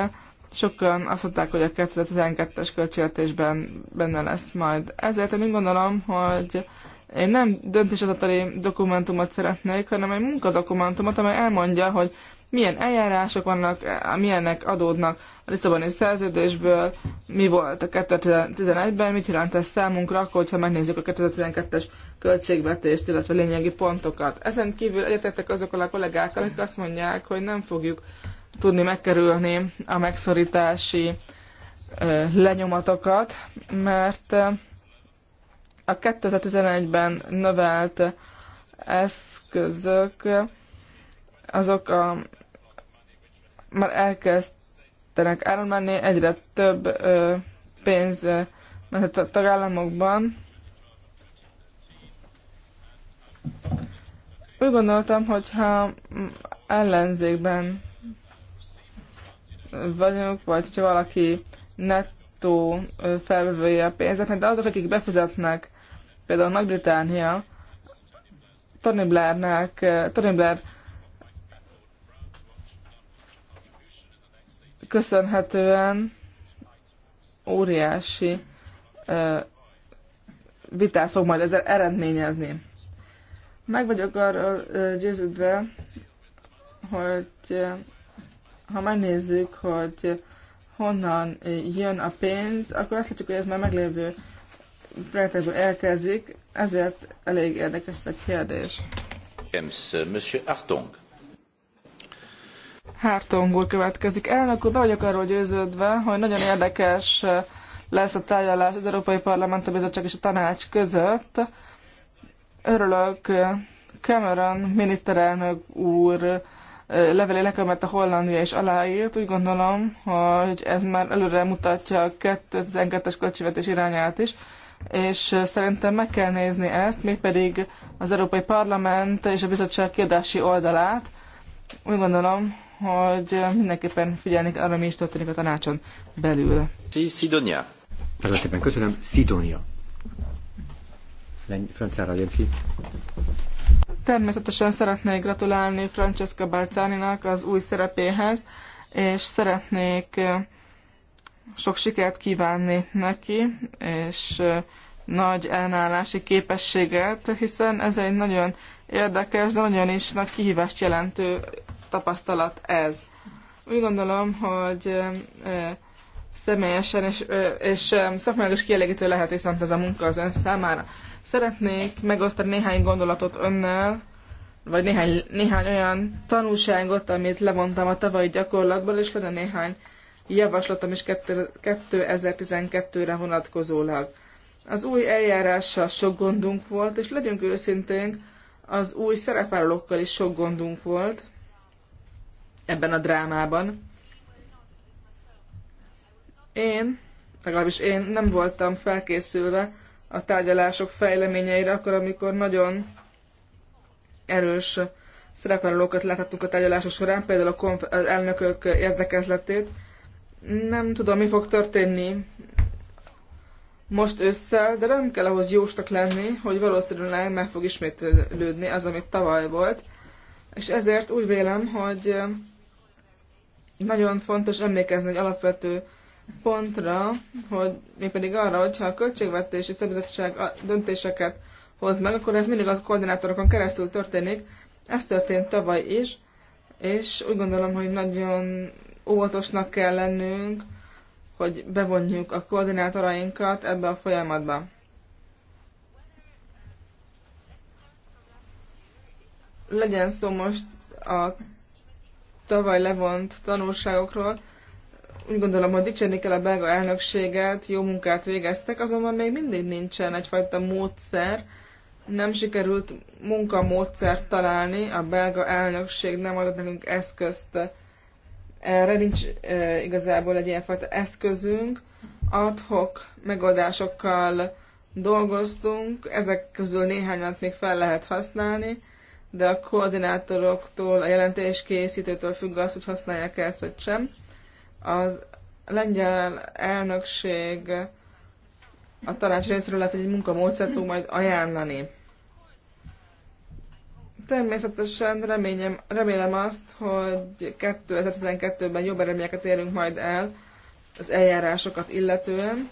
Sokan azt mondták, hogy a 2012-es költségvetésben benne lesz majd. Ezért én úgy gondolom, hogy én nem döntéshozatali dokumentumot szeretnék, hanem egy munkadokumentumot, amely elmondja, hogy milyen eljárások vannak, milyenek adódnak a Lisszaboni szerződésből, mi volt a 2011-ben, mit jelent ez számunkra, akkor, hogyha megnézzük a 2012-es költségvetést, illetve lényegi pontokat. Ezen kívül egyetettek azokkal a kollégákkal, akik azt mondják, hogy nem fogjuk tudni megkerülni a megszorítási lenyomatokat, mert a 2011-ben növelt eszközök azok a, már elkezdtenek áramlani, egyre több ö, pénz mert a tagállamokban. Úgy gondoltam, hogyha ellenzékben vagyunk, vagy hogyha valaki nettó felvevője a pénzeknek, de azok, akik befizetnek, például Nagy-Britannia, Tony Blairnek, Tony Blair köszönhetően óriási vitát fog majd ezzel eredményezni. Meg vagyok arról győződve, hogy ha megnézzük, hogy honnan jön a pénz, akkor azt látjuk, hogy ez már meglévő projektekből elkezdik, ezért elég érdekes ez a kérdés.
James, uh, Monsieur Hartung.
Hartung úr következik. Elnök úr, be vagyok arról győződve, hogy nagyon érdekes uh, lesz a tárgyalás az Európai Parlament, a Bizottság és a Tanács között. Örülök uh, Cameron miniszterelnök úr levelének, amelyet a Hollandia is aláírt. Úgy gondolom, hogy ez már előre mutatja a 2012-es költségvetés irányát is, és szerintem meg kell nézni ezt, mégpedig az Európai Parlament és a bizottság kiadási oldalát. Úgy gondolom, hogy mindenképpen figyelni arra, mi is történik a tanácson belül.
Szidonia. Nagyon szépen köszönöm. Szidonia. Franciára jön ki.
Természetesen szeretnék gratulálni Francesca Balcáninak az új szerepéhez, és szeretnék sok sikert kívánni neki, és nagy ellenállási képességet, hiszen ez egy nagyon érdekes, de nagyon is nagy kihívást jelentő tapasztalat ez. Úgy gondolom, hogy személyesen és, és szakmailag is kielégítő lehet viszont ez a munka az ön számára. Szeretnék megosztani néhány gondolatot önnel, vagy néhány, néhány olyan tanulságot, amit levontam a tavalyi gyakorlatból, és lenne néhány javaslatom is 2012-re vonatkozólag. Az új eljárással sok gondunk volt, és legyünk őszintén, az új szerepvállalókkal is sok gondunk volt ebben a drámában. Én, legalábbis én nem voltam felkészülve a tárgyalások fejleményeire, akkor, amikor nagyon erős szerepvállalókat láthattunk a tárgyalások során, például a az elnökök érdekezletét. Nem tudom, mi fog történni most össze, de nem kell ahhoz jóstak lenni, hogy valószínűleg meg fog ismétlődni az, amit tavaly volt. És ezért úgy vélem, hogy nagyon fontos emlékezni egy alapvető pontra, hogy mégpedig arra, hogyha a költségvetési szabizottság döntéseket hoz meg, akkor ez mindig az koordinátorokon keresztül történik. Ez történt tavaly is, és úgy gondolom, hogy nagyon óvatosnak kell lennünk, hogy bevonjuk a koordinátorainkat ebbe a folyamatba. Legyen szó most a tavaly levont tanulságokról, úgy gondolom, hogy dicsérni kell a belga elnökséget, jó munkát végeztek, azonban még mindig nincsen egyfajta módszer, nem sikerült munkamódszert találni, a belga elnökség nem adott nekünk eszközt erre, nincs e, igazából egy ilyenfajta eszközünk, adhok megoldásokkal dolgoztunk, ezek közül néhányat még fel lehet használni, de a koordinátoroktól, a jelentéskészítőtől függ az, hogy használják -e ezt vagy sem. Az lengyel elnökség a tanács részről lehet, hogy egy munkamódszert fog majd ajánlani. Természetesen reményem, remélem azt, hogy 2012-ben jobb eredményeket érünk majd el az eljárásokat illetően,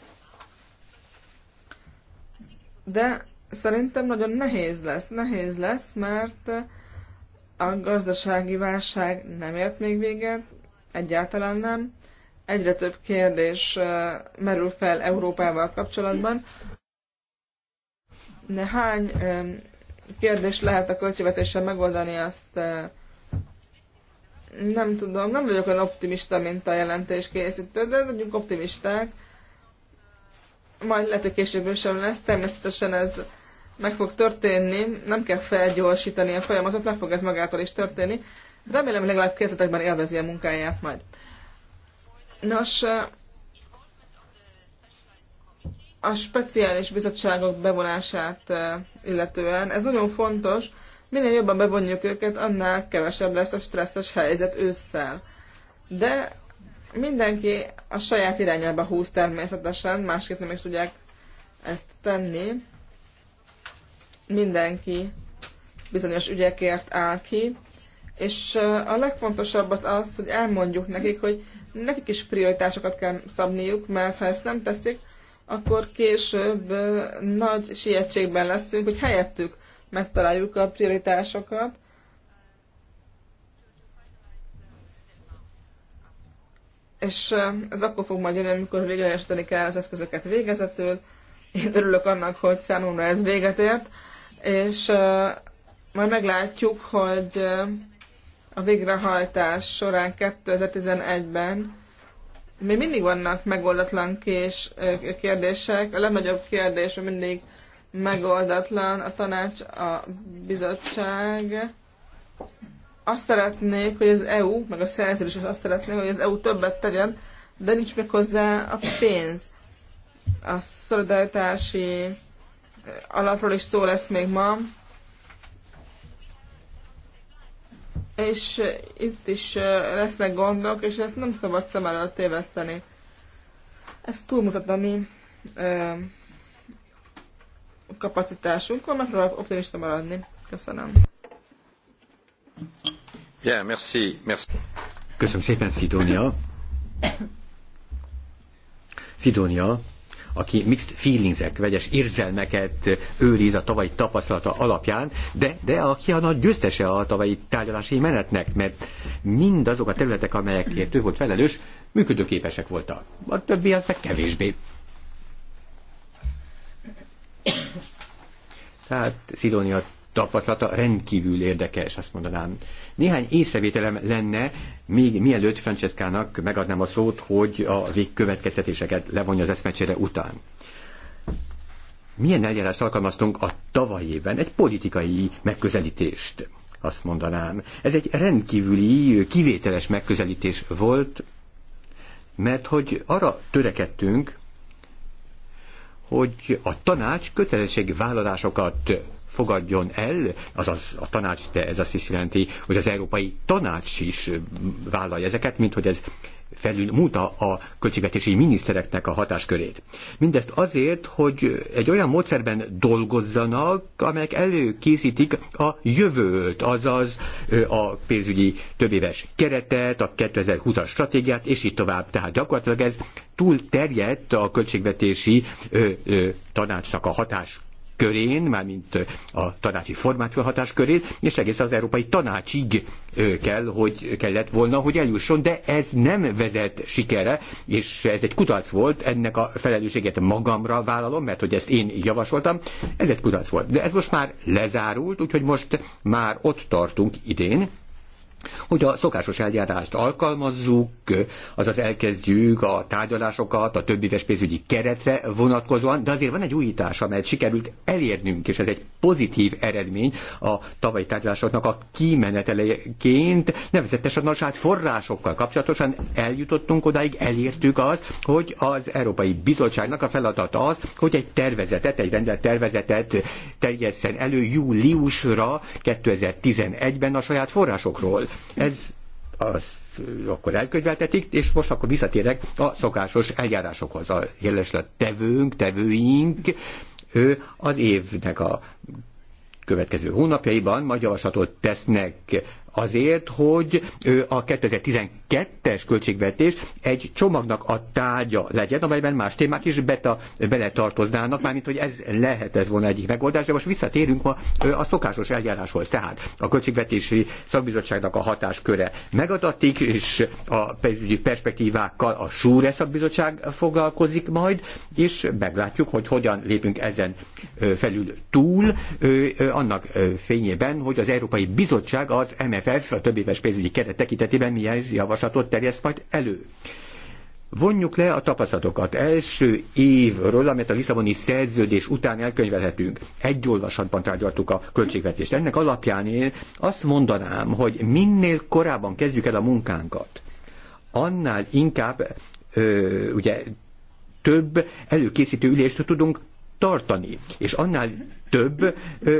de szerintem nagyon nehéz lesz. Nehéz lesz, mert a gazdasági válság nem ért még véget, Egyáltalán nem. Egyre több kérdés merül fel Európával kapcsolatban. De hány kérdés lehet a költségvetéssel megoldani, azt nem tudom, nem vagyok olyan optimista, mint a jelentés készítő, de vagyunk optimisták. Majd lehet, hogy később sem lesz, természetesen ez meg fog történni, nem kell felgyorsítani a folyamatot, meg fog ez magától is történni. Remélem, hogy legalább kezdetekben élvezi a munkáját majd. Nos, a speciális bizottságok bevonását illetően, ez nagyon fontos, minél jobban bevonjuk őket, annál kevesebb lesz a stresszes helyzet ősszel. De mindenki a saját irányába húz természetesen, másképp nem is tudják ezt tenni. Mindenki bizonyos ügyekért áll ki, és a legfontosabb az az, hogy elmondjuk nekik, hogy nekik is prioritásokat kell szabniuk, mert ha ezt nem teszik, akkor később nagy sietségben leszünk, hogy helyettük megtaláljuk a prioritásokat. És ez akkor fog majd jönni, amikor végrehajtani kell az eszközöket végezetül. Én örülök annak, hogy számomra ez véget ért, és majd meglátjuk, hogy a végrehajtás során 2011-ben még mindig vannak megoldatlan kés, kérdések. A legnagyobb kérdés mindig megoldatlan a tanács, a bizottság. Azt szeretnék, hogy az EU, meg a szerződés is azt szeretné, hogy az EU többet tegyen, de nincs meg hozzá a pénz. A szolidaritási alapról is szó lesz még ma, és eh, itt is eh, lesznek gondok, és ezt nem szabad szem előtt téveszteni. Ez túlmutat a mi ö, eh, kapacitásunkon, megpróbálok optimista maradni. Köszönöm.
Bien, merci, merci. Köszönöm szépen, Szidónia. Szidónia, aki mixed feelingset, vegyes érzelmeket őriz a tavalyi tapasztalata alapján, de, de aki a nagy győztese a tavalyi tárgyalási menetnek, mert mindazok a területek, amelyekért ő volt felelős, működőképesek voltak. A többi az meg kevésbé. Tehát Szidónia tapasztalata rendkívül érdekes, azt mondanám. Néhány észrevételem lenne, még mielőtt Franceskának megadnám a szót, hogy a végkövetkeztetéseket levonja az eszmecsére után. Milyen eljárást alkalmaztunk a tavaly évben? Egy politikai megközelítést, azt mondanám. Ez egy rendkívüli, kivételes megközelítés volt, mert hogy arra törekedtünk, hogy a tanács kötelességvállalásokat fogadjon el, azaz a tanács, de ez azt is jelenti, hogy az Európai Tanács is vállalja ezeket, mint hogy ez felül múlta a költségvetési minisztereknek a hatáskörét. Mindezt azért, hogy egy olyan módszerben dolgozzanak, amelyek előkészítik a jövőt, azaz a pénzügyi többéves keretet, a 2020-as stratégiát, és így tovább. Tehát gyakorlatilag ez túl terjedt a költségvetési ö, ö, tanácsnak a hatás körén, mármint a tanácsi formáció hatás körén, és egész az Európai Tanácsig kell, hogy kellett volna, hogy eljusson, de ez nem vezet sikere, és ez egy kudarc volt, ennek a felelősséget magamra vállalom, mert hogy ezt én javasoltam, ez egy kudarc volt. De ez most már lezárult, úgyhogy most már ott tartunk idén, hogy a szokásos eljárást alkalmazzuk, azaz elkezdjük a tárgyalásokat a több éves pénzügyi keretre vonatkozóan, de azért van egy újítás, amelyet sikerült elérnünk, és ez egy pozitív eredmény a tavalyi tárgyalásoknak a kimeneteleként, nevezetesen a saját forrásokkal kapcsolatosan eljutottunk odáig, elértük az, hogy az Európai Bizottságnak a feladata az, hogy egy tervezetet, egy rendelt tervezetet terjesszen elő júliusra 2011-ben a saját forrásokról ez az akkor elkönyveltetik, és most akkor visszatérek a szokásos eljárásokhoz. A jeleslet tevőnk, tevőink, ő az évnek a következő hónapjaiban majd javaslatot tesznek azért, hogy a 2012-es költségvetés egy csomagnak a tárgya legyen, amelyben más témák is beta, beletartoznának, mármint hogy ez lehetett volna egyik megoldás, de most visszatérünk ma a szokásos eljáráshoz. Tehát a költségvetési szakbizottságnak a hatásköre megadatik, és a pénzügyi perspektívákkal a Súre szakbizottság foglalkozik majd, és meglátjuk, hogy hogyan lépünk ezen felül túl, annak fényében, hogy az Európai Bizottság az MF MFF, a több éves pénzügyi keret tekintetében milyen javaslatot terjeszt majd elő. Vonjuk le a tapasztalatokat első évről, amit a Lisszaboni szerződés után elkönyvelhetünk. Egy olvasatban tárgyaltuk a költségvetést. Ennek alapján én azt mondanám, hogy minél korábban kezdjük el a munkánkat, annál inkább ö, ugye több előkészítő ülést tudunk tartani, és annál több ö,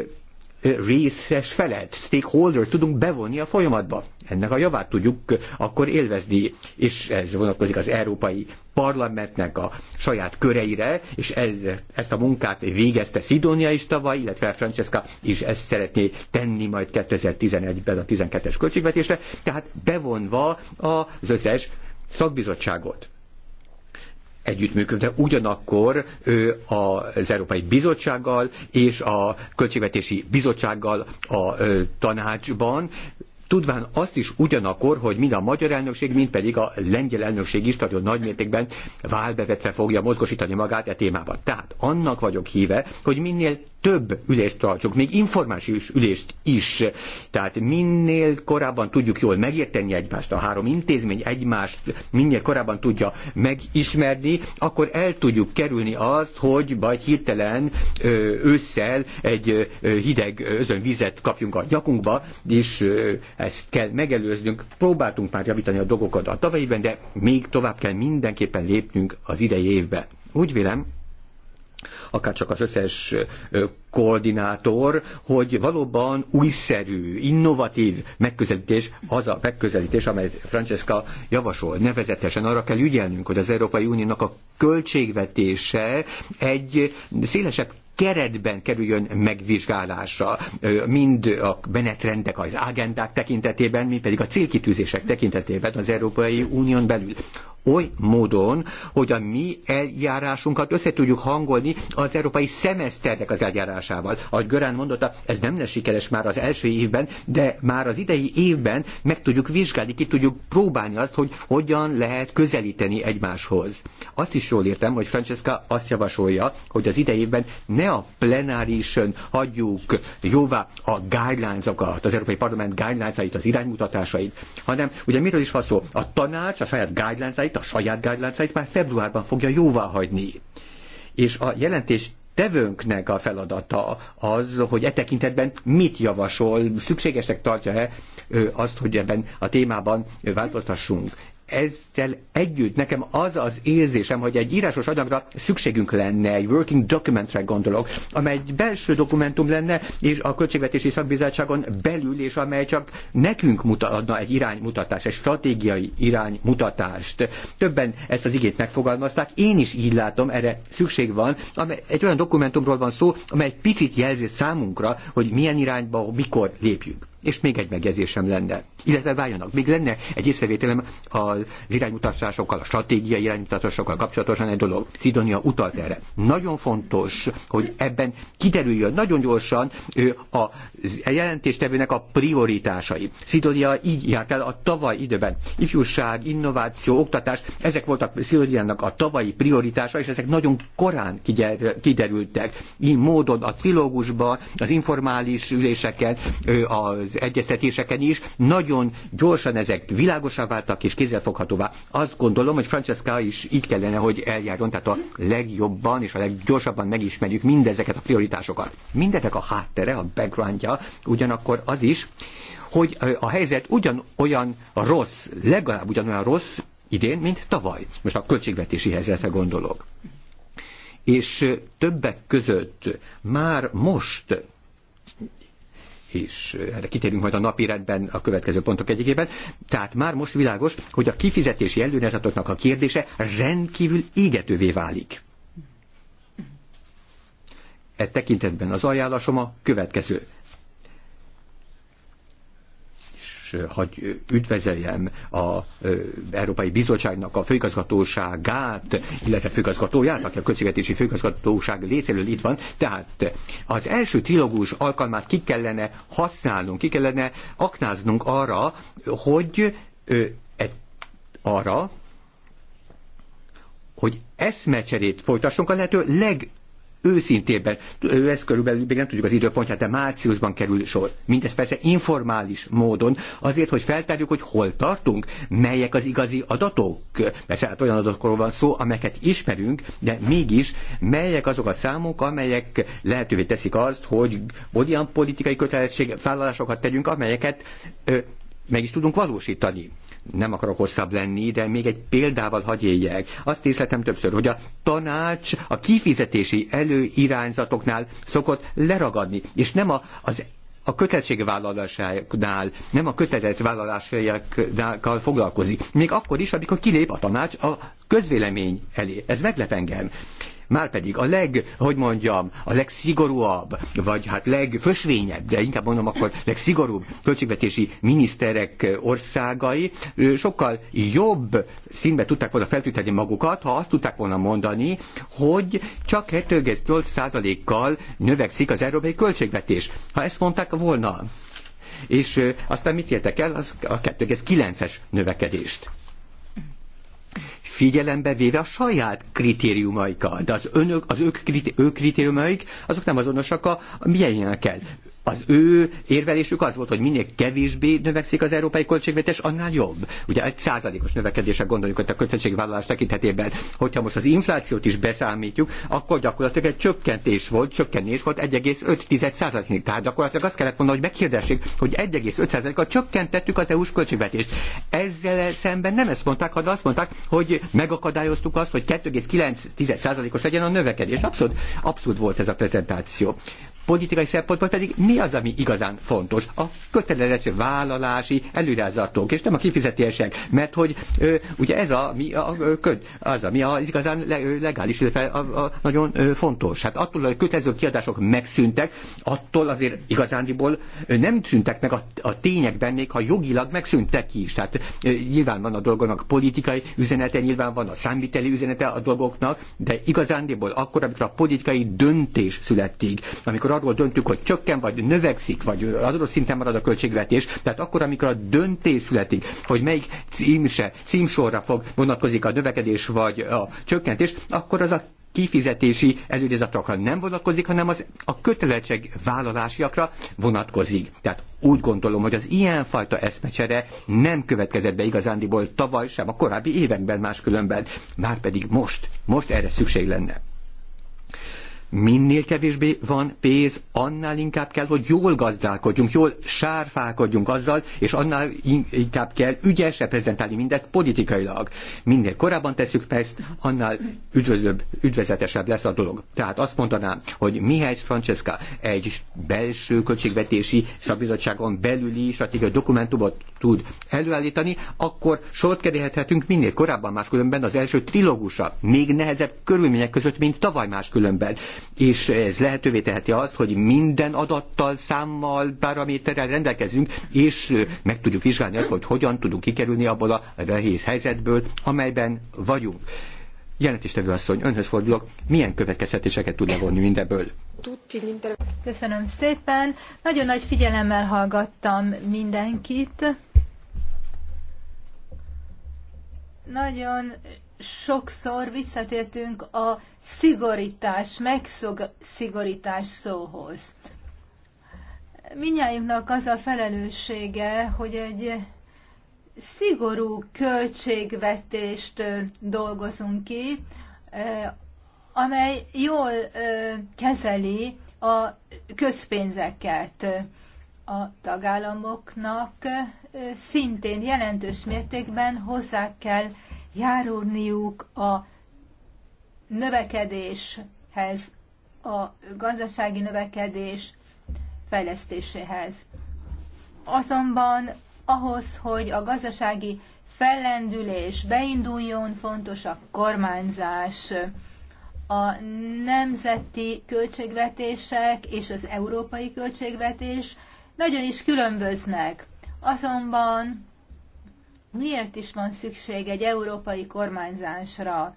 részes felet, stakeholder tudunk bevonni a folyamatba. Ennek a javát tudjuk akkor élvezni, és ez vonatkozik az Európai Parlamentnek a saját köreire, és ez, ezt a munkát végezte Szidónia is tavaly, illetve Francesca is ezt szeretné tenni majd 2011-ben a 12-es költségvetésre, tehát bevonva az összes szakbizottságot együttműködve, ugyanakkor ő az Európai Bizottsággal és a Költségvetési Bizottsággal a tanácsban, tudván azt is ugyanakkor, hogy mind a magyar elnökség, mind pedig a lengyel elnökség is nagyon nagymértékben válbevetve fogja mozgosítani magát e témában. Tehát annak vagyok híve, hogy minél több ülést tartsunk, még információs ülést is. Tehát minél korábban tudjuk jól megérteni egymást, a három intézmény egymást minél korábban tudja megismerni, akkor el tudjuk kerülni azt, hogy majd hirtelen ősszel egy hideg özönvizet kapjunk a nyakunkba, és ezt kell megelőznünk. Próbáltunk már javítani a dolgokat a tavalyiben, de még tovább kell mindenképpen lépnünk az idei évben. Úgy vélem, csak az összes koordinátor, hogy valóban újszerű, innovatív megközelítés az a megközelítés, amelyet Francesca javasol. Nevezetesen arra kell ügyelnünk, hogy az Európai Uniónak a költségvetése egy szélesebb keretben kerüljön megvizsgálásra, mind a menetrendek, az agendák tekintetében, mind pedig a célkitűzések tekintetében az Európai Unión belül oly módon, hogy a mi eljárásunkat össze tudjuk hangolni az európai szemeszternek az eljárásával. Ahogy Görán mondotta, ez nem lesz sikeres már az első évben, de már az idei évben meg tudjuk vizsgálni, ki tudjuk próbálni azt, hogy hogyan lehet közelíteni egymáshoz. Azt is jól értem, hogy Francesca azt javasolja, hogy az idei évben ne a plenárison hagyjuk jóvá a guidelines az Európai Parlament guidelines az iránymutatásait, hanem ugye miről is van szó? A tanács a saját guidelines a saját guidelines már februárban fogja jóvá hagyni. És a jelentés tevőnknek a feladata az, hogy e tekintetben mit javasol, szükségesnek tartja-e azt, hogy ebben a témában változtassunk ezzel együtt nekem az az érzésem, hogy egy írásos anyagra szükségünk lenne, egy working documentre gondolok, amely egy belső dokumentum lenne, és a Költségvetési Szakbizottságon belül, és amely csak nekünk adna egy iránymutatást, egy stratégiai iránymutatást. Többen ezt az igét megfogalmazták, én is így látom, erre szükség van. Amely, egy olyan dokumentumról van szó, amely egy picit jelzi számunkra, hogy milyen irányba, mikor lépjünk. És még egy megjegyzésem lenne, illetve váljanak, még lenne egy észrevételem az iránymutatásokkal, a stratégiai iránymutatásokkal kapcsolatosan egy dolog. Szidonia utalt erre. Nagyon fontos, hogy ebben kiderüljön nagyon gyorsan a jelentéstevőnek a prioritásai. Szidonia így járt el a tavaly időben. Ifjúság, innováció, oktatás, ezek voltak Szidoniának a tavalyi prioritása, és ezek nagyon korán kiderültek. Így módon a trilógusban, az informális üléseken, az az egyeztetéseken is, nagyon gyorsan ezek világosá váltak és kézzelfoghatóvá. Azt gondolom, hogy Francesca is így kellene, hogy eljárjon, tehát a legjobban és a leggyorsabban megismerjük mindezeket a prioritásokat. Mindenek a háttere, a backgroundja, ugyanakkor az is, hogy a helyzet ugyanolyan rossz, legalább ugyanolyan rossz idén, mint tavaly. Most a költségvetési helyzetre gondolok. És többek között már most is. Erre kitérünk majd a napi rendben a következő pontok egyikében. Tehát már most világos, hogy a kifizetési előnyezatoknak a kérdése rendkívül égetővé válik. E tekintetben az ajánlásom a következő hogy hagy üdvezeljem a Európai Bizottságnak a főigazgatóságát, illetve főigazgatóját, aki a költségvetési főigazgatóság részéről itt van. Tehát az első trilógus alkalmát ki kellene használnunk, ki kellene aknáznunk arra, hogy e, arra, hogy eszmecserét folytassunk a lehető leg őszintében, ez körülbelül még nem tudjuk az időpontját, de márciusban kerül sor. Mindez persze informális módon, azért, hogy feltárjuk, hogy hol tartunk, melyek az igazi adatok. Persze hát olyan adatokról van szó, amelyeket ismerünk, de mégis melyek azok a számok, amelyek lehetővé teszik azt, hogy olyan politikai vállalásokat tegyünk, amelyeket ö, meg is tudunk valósítani nem akarok hosszabb lenni, de még egy példával hagy Azt észletem többször, hogy a tanács a kifizetési előirányzatoknál szokott leragadni, és nem a, az a kötelezettségvállalásánál, nem a kötelezettségvállalásokkal foglalkozik. Még akkor is, amikor kilép a tanács a közvélemény elé. Ez meglep engem. Márpedig a leg, hogy mondjam, a legszigorúabb, vagy hát legfösvényebb, de inkább mondom akkor legszigorúbb költségvetési miniszterek országai sokkal jobb színbe tudták volna feltüntetni magukat, ha azt tudták volna mondani, hogy csak 28 kal növekszik az európai költségvetés. Ha ezt mondták volna, és aztán mit értek el? Az a 2,9-es növekedést figyelembe véve a saját kritériumaikat, de az, önök, az ők, kritériumaik, azok nem azonosak a, a milyenekkel az ő érvelésük az volt, hogy minél kevésbé növekszik az európai költségvetés, annál jobb. Ugye egy százalékos növekedése gondoljuk hogy a költségvállalás tekintetében. Hogyha most az inflációt is beszámítjuk, akkor gyakorlatilag egy csökkentés volt, csökkenés volt 1,5 százalék. Tehát gyakorlatilag azt kellett volna, hogy megkérdessék, hogy 1,5 százalékkal csökkentettük az EU-s költségvetést. Ezzel szemben nem ezt mondták, hanem azt mondták, hogy megakadályoztuk azt, hogy 2,9 százalékos legyen a növekedés. Abszolút, abszolút volt ez a prezentáció politikai szempontból pedig mi az, ami igazán fontos? A kötelező vállalási előrázatok, és nem a kifizetések, mert hogy ö, ugye ez a, mi a, köd, az, ami a igazán legális, illetve a, a, nagyon fontos. Hát attól, hogy a kötelező kiadások megszűntek, attól azért igazándiból nem szűntek meg a, a tényekben, még ha jogilag megszűntek is. Tehát ö, nyilván van a dolgonak politikai üzenete, nyilván van a számviteli üzenete a dolgoknak, de igazándiból akkor, amikor a politikai döntés születik, amikor arról döntünk, hogy csökken, vagy növekszik, vagy azon szinten marad a költségvetés, tehát akkor, amikor a döntés születik, hogy melyik címse, címsorra fog vonatkozik a növekedés vagy a csökkentés, akkor az a kifizetési előidézatokra nem vonatkozik, hanem az a kötelezettség vállalásiakra vonatkozik. Tehát úgy gondolom, hogy az ilyenfajta eszmecsere nem következett be igazándiból tavaly sem, a korábbi években máskülönben, már pedig most, most erre szükség lenne minél kevésbé van pénz, annál inkább kell, hogy jól gazdálkodjunk, jól sárfálkodjunk azzal, és annál inkább kell ügyes reprezentálni mindezt politikailag. Minél korábban tesszük ezt, annál üdvözlőbb, üdvözletesebb lesz a dolog. Tehát azt mondanám, hogy Mihály Francesca egy belső költségvetési szabizottságon belüli stratégiai dokumentumot tud előállítani, akkor sort kerülhetünk minél korábban máskülönben az első trilógusa, még nehezebb körülmények között, mint tavaly máskülönben és ez lehetővé teheti azt, hogy minden adattal, számmal, paraméterrel rendelkezünk, és meg tudjuk vizsgálni azt, hogy hogyan tudunk kikerülni abból a nehéz helyzetből, amelyben vagyunk. Jelentéstevő asszony, önhöz fordulok, milyen következtetéseket tud levonni mindebből?
Köszönöm szépen. Nagyon nagy figyelemmel hallgattam mindenkit. Nagyon sokszor visszatértünk a szigorítás, megszigorítás szóhoz. Minnyájunknak az a felelőssége, hogy egy szigorú költségvetést dolgozunk ki, amely jól kezeli a közpénzeket a tagállamoknak szintén jelentős mértékben hozzá kell járulniuk a növekedéshez, a gazdasági növekedés fejlesztéséhez. Azonban ahhoz, hogy a gazdasági fellendülés beinduljon, fontos a kormányzás. A nemzeti költségvetések és az európai költségvetés nagyon is különböznek. Azonban miért is van szükség egy európai kormányzásra?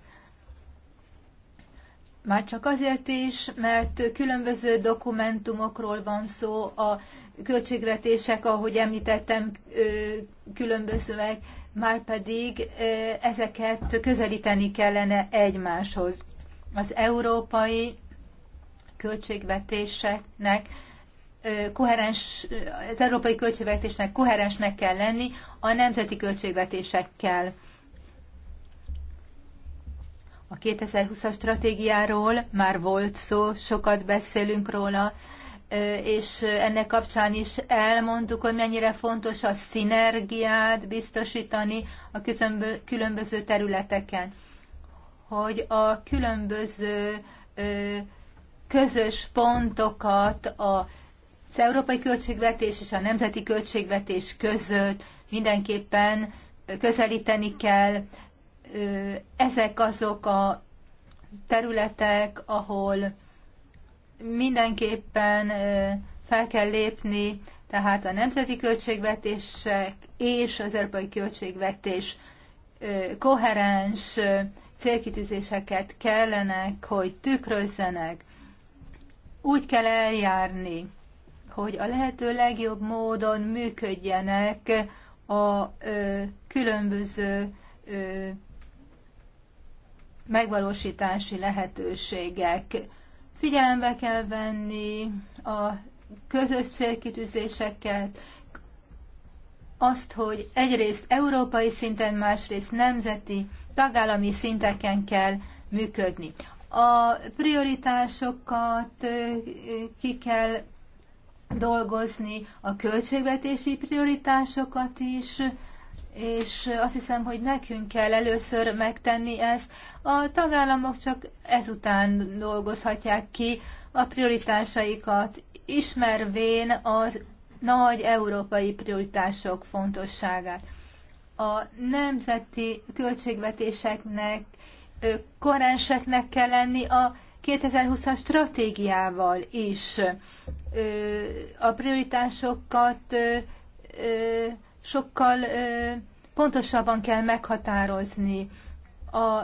Már csak azért is, mert különböző dokumentumokról van szó, a költségvetések, ahogy említettem, különbözőek, már pedig ezeket közelíteni kellene egymáshoz. Az európai költségvetéseknek koherens, az európai költségvetésnek koherensnek kell lenni a nemzeti költségvetésekkel. A 2020-as stratégiáról már volt szó, sokat beszélünk róla, és ennek kapcsán is elmondtuk, hogy mennyire fontos a szinergiát biztosítani a különböző területeken, hogy a különböző közös pontokat, a az európai költségvetés és a nemzeti költségvetés között mindenképpen közelíteni kell. Ezek azok a területek, ahol mindenképpen fel kell lépni, tehát a nemzeti költségvetések és az európai költségvetés koherens célkitűzéseket kellenek, hogy tükrözzenek. Úgy kell eljárni, hogy a lehető legjobb módon működjenek a ö, különböző ö, megvalósítási lehetőségek. Figyelembe kell venni a közös célkitűzéseket, azt, hogy egyrészt európai szinten, másrészt nemzeti, tagállami szinteken kell működni. A prioritásokat ki kell dolgozni a költségvetési prioritásokat is, és azt hiszem, hogy nekünk kell először megtenni ezt. A tagállamok csak ezután dolgozhatják ki a prioritásaikat, ismervén az nagy európai prioritások fontosságát. A nemzeti költségvetéseknek koherenseknek kell lenni a 2020-as stratégiával is a prioritásokat sokkal pontosabban kell meghatározni. A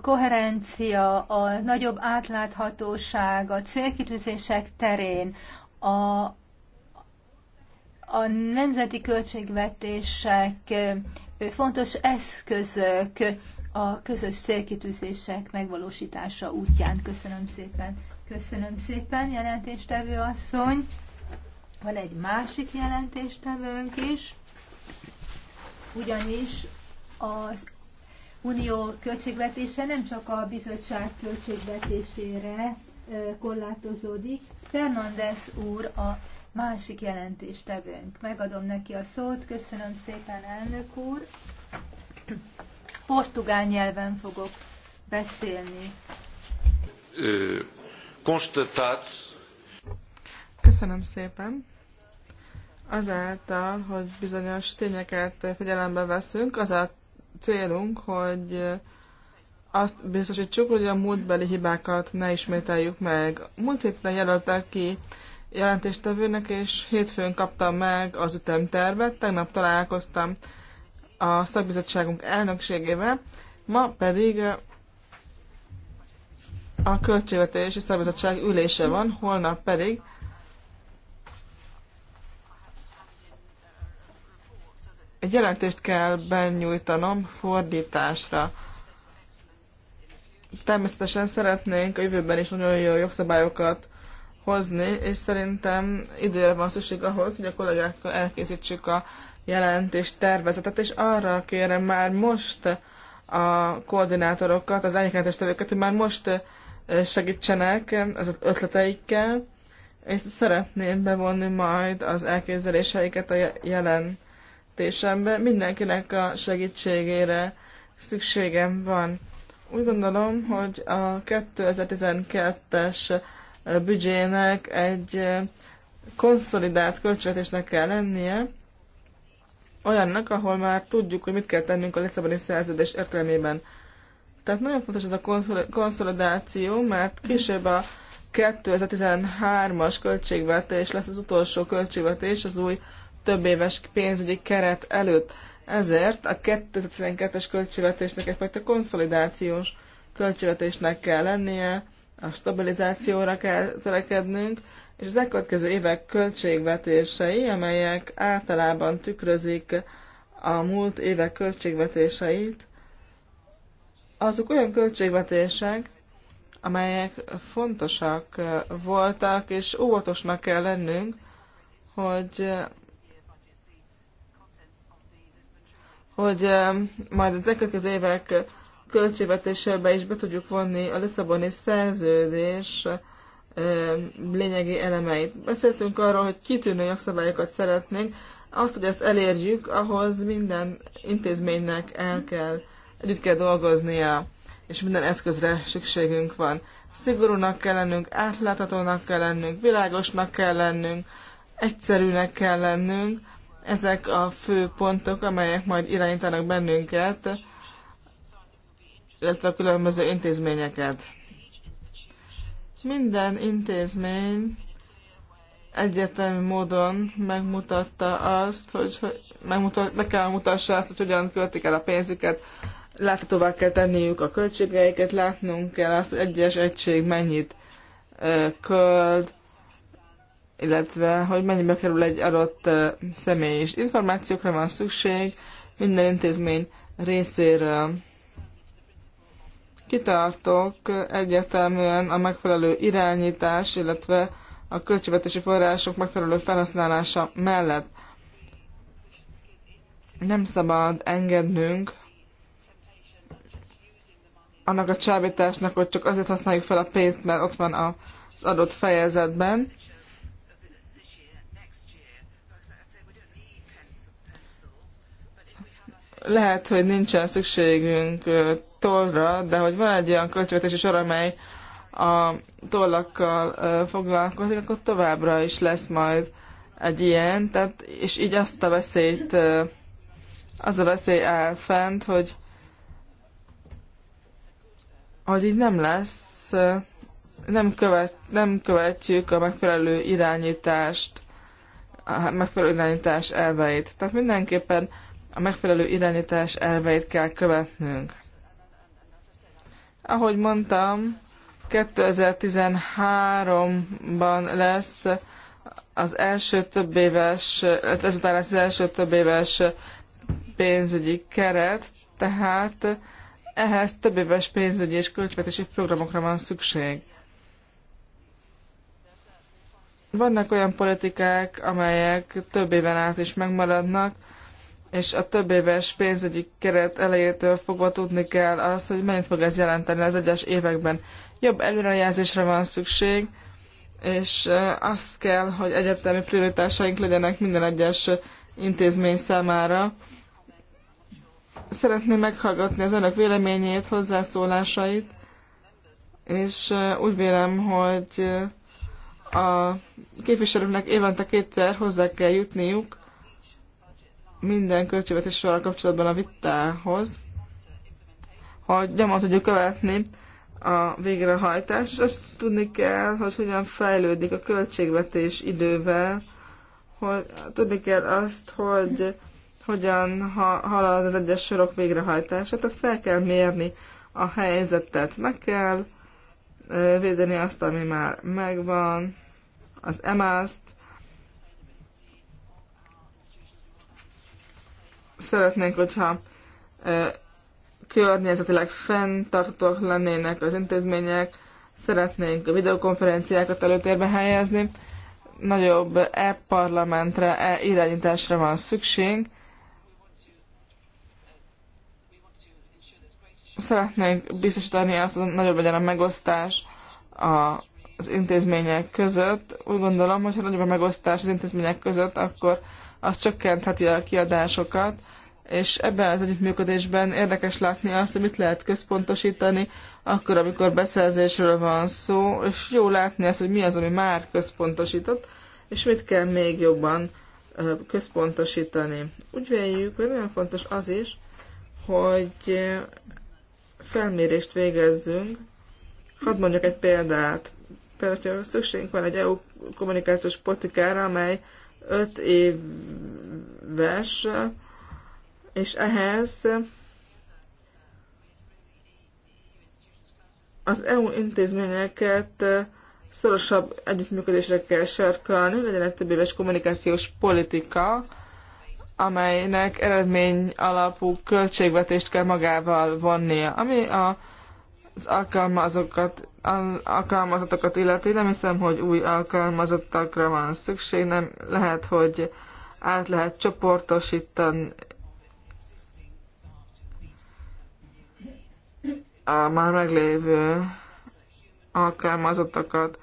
koherencia, a nagyobb átláthatóság a célkitűzések terén, a, a nemzeti költségvetések fontos eszközök, a közös célkitűzések megvalósítása útján. Köszönöm szépen. Köszönöm szépen, jelentéstevő asszony. Van egy másik jelentéstevőnk is, ugyanis az unió költségvetése nem csak a bizottság költségvetésére korlátozódik. Fernandez úr a másik jelentéstevőnk. Megadom neki a szót. Köszönöm szépen, elnök úr portugál nyelven fogok beszélni.
Konstatát. Köszönöm szépen. Azáltal, hogy bizonyos tényeket figyelembe veszünk, az a célunk, hogy azt biztosítsuk, hogy a múltbeli hibákat ne ismételjük meg. Múlt héten jelöltek ki jelentéstevőnek, és hétfőn kaptam meg az ütemtervet, tegnap találkoztam a szakbizottságunk elnökségével, ma pedig eh, a költségvetési szakbizottság ülése van, holnap pedig egy jelentést kell benyújtanom fordításra. Természetesen szeretnénk a jövőben is nagyon jó jogszabályokat hozni, és szerintem időre van szükség ahhoz, hogy a kollégákkal elkészítsük a jelentés tervezetet, és arra kérem már most a koordinátorokat, az tevőket, hogy már most segítsenek az ötleteikkel, és szeretném bevonni majd az elképzeléseiket a jelentésembe. Mindenkinek a segítségére szükségem van. Úgy gondolom, hogy a 2012-es büdzsének egy konszolidált költségvetésnek kell lennie, olyannak, ahol már tudjuk, hogy mit kell tennünk a Lisszaboni szerződés értelmében. Tehát nagyon fontos ez a konszolidáció, mert később a 2013-as költségvetés lesz az utolsó költségvetés az új több éves pénzügyi keret előtt. Ezért a 2012-es költségvetésnek egyfajta konszolidációs költségvetésnek kell lennie, a stabilizációra kell törekednünk, és az elkövetkező évek költségvetései, amelyek általában tükrözik a múlt évek költségvetéseit, azok olyan költségvetések, amelyek fontosak voltak, és óvatosnak kell lennünk, hogy hogy majd az elkövetkező évek költségvetésébe is be tudjuk vonni a Lisszaboni szerződés lényegi elemeit. Beszéltünk arról, hogy kitűnő jogszabályokat szeretnénk, azt, hogy ezt elérjük, ahhoz minden intézménynek el kell, együtt kell dolgoznia, és minden eszközre szükségünk van. Szigorúnak kell lennünk, átláthatónak kell lennünk, világosnak kell lennünk, egyszerűnek kell lennünk. Ezek a fő pontok, amelyek majd irányítanak bennünket, illetve a különböző intézményeket. Minden intézmény egyértelmű módon megmutatta azt, hogy, hogy megmutat, meg kell mutassa azt, hogy hogyan költik el a pénzüket, láthatóvá kell tenniük a költségeiket, látnunk kell azt, hogy egyes egység mennyit ö, költ, illetve hogy mennyibe kerül egy adott ö, személy is. Információkra van szükség minden intézmény részéről kitartok egyértelműen a megfelelő irányítás, illetve a költségvetési források megfelelő felhasználása mellett. Nem szabad engednünk annak a csábításnak, hogy csak azért használjuk fel a pénzt, mert ott van az adott fejezetben. Lehet, hogy nincsen szükségünk tollra, de hogy van egy olyan költségvetési sor, amely a tollakkal foglalkozik, akkor továbbra is lesz majd egy ilyen, tehát, és így azt a veszélyt, az a veszély áll fent, hogy, hogy így nem lesz, nem, követ, nem követjük a megfelelő irányítást, a megfelelő irányítás elveit. Tehát mindenképpen a megfelelő irányítás elveit kell követnünk. Ahogy mondtam, 2013-ban lesz az első több éves, ezután lesz az első több éves pénzügyi keret, tehát ehhez több éves pénzügyi és költségvetési programokra van szükség. Vannak olyan politikák, amelyek több éven át is megmaradnak, és a több éves pénzügyi keret elejétől fogva tudni kell azt, hogy mennyit fog ez jelenteni az egyes években. Jobb előrejelzésre van szükség, és azt kell, hogy egyetemi prioritásaink legyenek minden egyes intézmény számára. Szeretném meghallgatni az önök véleményét, hozzászólásait, és úgy vélem, hogy a képviselőknek évente kétszer hozzá kell jutniuk minden költségvetéssel kapcsolatban a vitához, hogy nyomon tudjuk követni a végrehajtást, és azt tudni kell, hogy hogyan fejlődik a költségvetés idővel, hogy tudni kell azt, hogy hogyan ha, halad az egyes sorok végrehajtása, tehát fel kell mérni a helyzetet, meg kell védeni azt, ami már megvan, az emászt. szeretnénk, hogyha környezetileg fenntartók lennének az intézmények, szeretnénk videokonferenciákat előtérbe helyezni, nagyobb e-parlamentre, e-irányításra van szükség. Szeretnénk biztosítani azt, hogy nagyobb legyen a megosztás a, az intézmények között. Úgy gondolom, hogy ha nagyobb a megosztás az intézmények között, akkor az csökkentheti a kiadásokat, és ebben az együttműködésben érdekes látni azt, hogy mit lehet központosítani, akkor, amikor beszerzésről van szó, és jó látni azt, hogy mi az, ami már központosított, és mit kell még jobban központosítani. Úgy véljük, hogy nagyon fontos az is, hogy felmérést végezzünk. Hadd mondjak egy példát. Például, hogyha szükségünk van egy EU kommunikációs politikára, amely öt éves, és ehhez az EU intézményeket szorosabb együttműködésre kell sarkalni, legyen egy több éves kommunikációs politika, amelynek eredmény alapú költségvetést kell magával vonnia, ami a, az alkalmazókat alkalmazottakat illeti, nem hiszem, hogy új alkalmazottakra van szükség, nem lehet, hogy át lehet csoportosítani a már meglévő alkalmazottakat.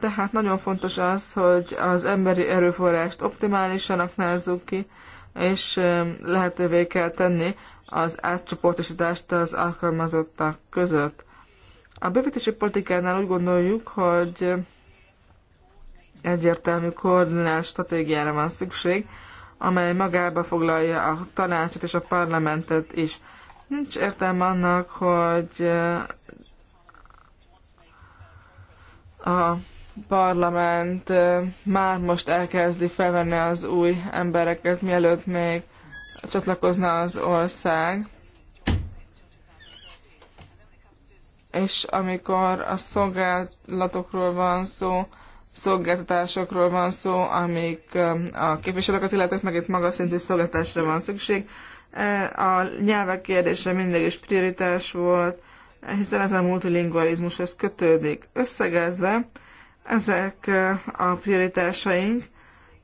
Tehát nagyon fontos az, hogy az emberi erőforrást optimálisan aknázzuk ki, és um, lehetővé kell tenni az átcsoportosítást az alkalmazottak között. A bővítési politikánál úgy gondoljuk, hogy egyértelmű koordinált stratégiára van szükség, amely magába foglalja a tanácsot és a parlamentet is. Nincs értelme annak, hogy a parlament már most elkezdi felvenni az új embereket, mielőtt még csatlakozna az ország. és amikor a szolgálatokról van szó, szolgáltatásokról van szó, amik um, a képviselőket illetek, meg itt magas szintű szolgáltatásra van szükség. Eh, a nyelvek kérdése mindig is prioritás volt, hiszen ez a multilingualizmushoz kötődik. Összegezve ezek eh, a prioritásaink,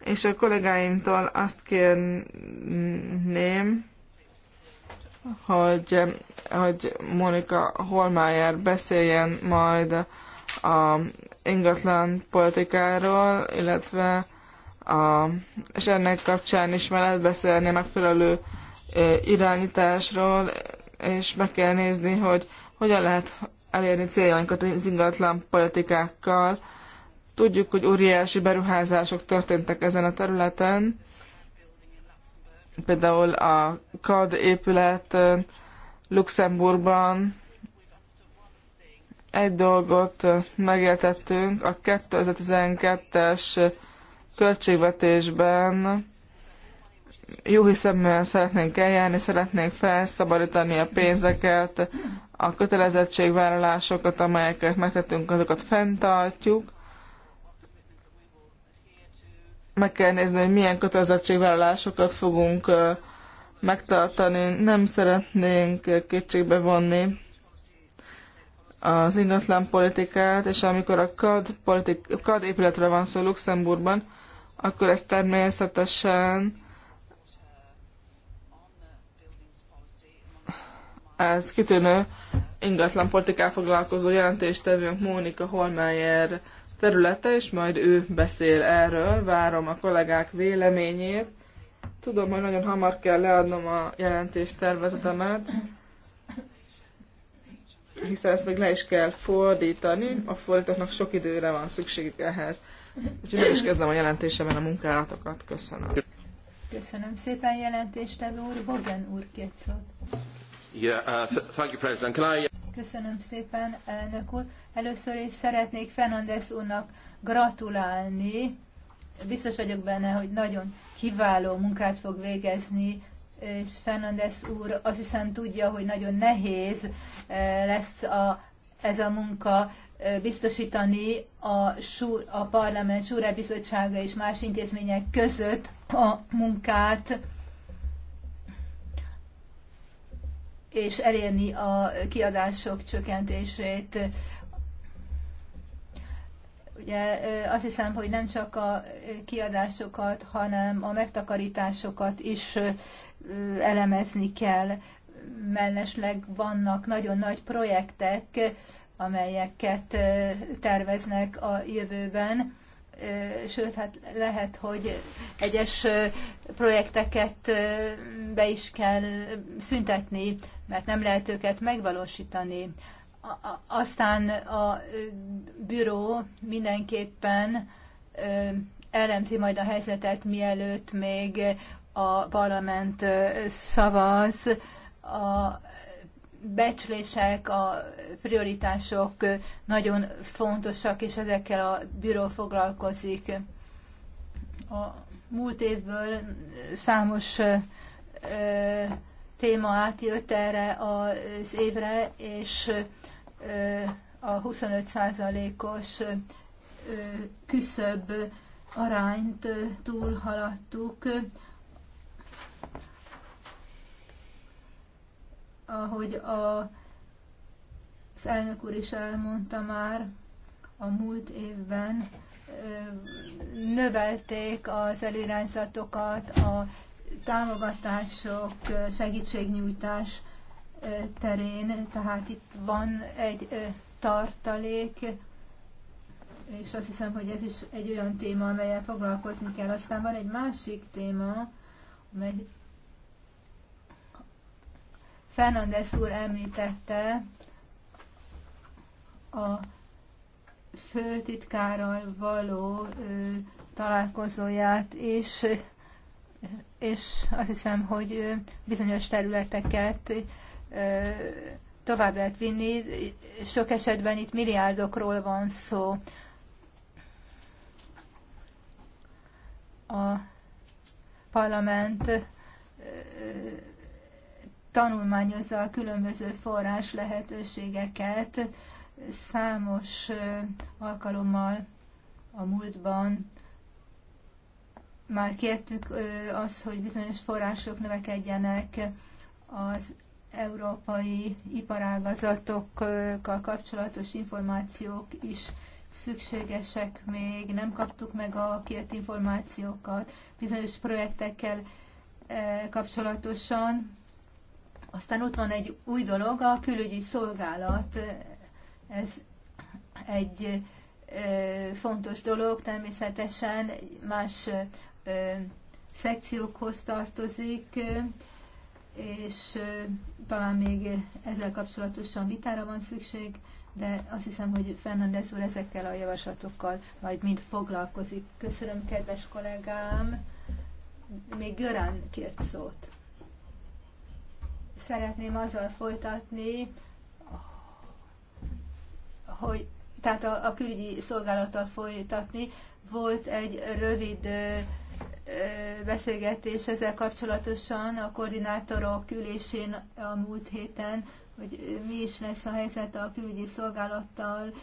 és a kollégáimtól azt kérném, hogy, hogy Monika Holmájer beszéljen majd a ingatlan politikáról, illetve a, és ennek kapcsán is mellett beszélni megfelelő irányításról, és meg kell nézni, hogy hogyan lehet elérni céljainkat az ingatlan politikákkal. Tudjuk, hogy óriási beruházások történtek ezen a területen, például a KAD épület Luxemburgban egy dolgot megértettünk, a 2012-es költségvetésben jó hiszeműen szeretnénk eljárni, szeretnénk felszabadítani a pénzeket, a kötelezettségvállalásokat, amelyeket megtettünk, azokat fenntartjuk, meg kell nézni, hogy milyen kötelezettségvállalásokat fogunk megtartani. Nem szeretnénk kétségbe vonni az ingatlan politikát, és amikor a CAD, politik, CAD épületre van szó Luxemburgban, akkor ez természetesen ez kitűnő ingatlan politikával foglalkozó tevünk Mónika Holmeyer területe, és majd ő beszél erről, várom a kollégák véleményét. Tudom, hogy nagyon hamar kell leadnom a jelentést tervezetemet, hiszen ezt még le is kell fordítani, a fordítóknak sok időre van szükségük ehhez. Úgyhogy meg is kezdem a jelentésemben a munkálatokat. Köszönöm.
Köszönöm szépen jelentést, úr. Bogen úr két szót.
Yeah, uh, thank you, President. Can I...
Köszönöm szépen, elnök úr. Először is szeretnék Fernandez úrnak gratulálni. Biztos vagyok benne, hogy nagyon kiváló munkát fog végezni, és Fernandez úr azt hiszem tudja, hogy nagyon nehéz eh, lesz a, ez a munka eh, biztosítani a, súr, a parlament, súra és más intézmények között a munkát, és elérni a kiadások csökkentését. Ugye azt hiszem, hogy nem csak a kiadásokat, hanem a megtakarításokat is elemezni kell. Mellesleg vannak nagyon nagy projektek, amelyeket terveznek a jövőben sőt, hát lehet, hogy egyes projekteket be is kell szüntetni, mert nem lehet őket megvalósítani. Aztán a büró mindenképpen elemzi majd a helyzetet, mielőtt még a parlament szavaz a becslések, a prioritások nagyon fontosak, és ezekkel a bűró foglalkozik. A múlt évből számos téma átjött erre az évre, és a 25%-os küszöbb arányt túlhaladtuk ahogy a, az elnök úr is elmondta már, a múlt évben növelték az előirányzatokat, a támogatások, segítségnyújtás terén, tehát itt van egy tartalék, és azt hiszem, hogy ez is egy olyan téma, amelyel foglalkozni kell. Aztán van egy másik téma, amely Fernandez úr említette a főtitkárral való ö, találkozóját, és, és azt hiszem, hogy bizonyos területeket ö, tovább lehet vinni. Sok esetben itt milliárdokról van szó. A parlament ö, tanulmányozza a különböző forrás lehetőségeket. Számos alkalommal a múltban már kértük az, hogy bizonyos források növekedjenek az európai iparágazatokkal kapcsolatos információk is szükségesek még, nem kaptuk meg a kért információkat bizonyos projektekkel kapcsolatosan. Aztán ott van egy új dolog, a külügyi szolgálat. Ez egy fontos dolog, természetesen más szekciókhoz tartozik, és talán még ezzel kapcsolatosan vitára van szükség, de azt hiszem, hogy Fernandez úr ezekkel a javaslatokkal majd mind foglalkozik. Köszönöm, kedves kollégám! Még Görán kért szót szeretném azzal folytatni, hogy tehát a, a külügyi szolgálattal folytatni. Volt egy rövid ö, beszélgetés ezzel kapcsolatosan a koordinátorok ülésén a múlt héten, hogy mi is lesz a helyzet a külügyi szolgálattal.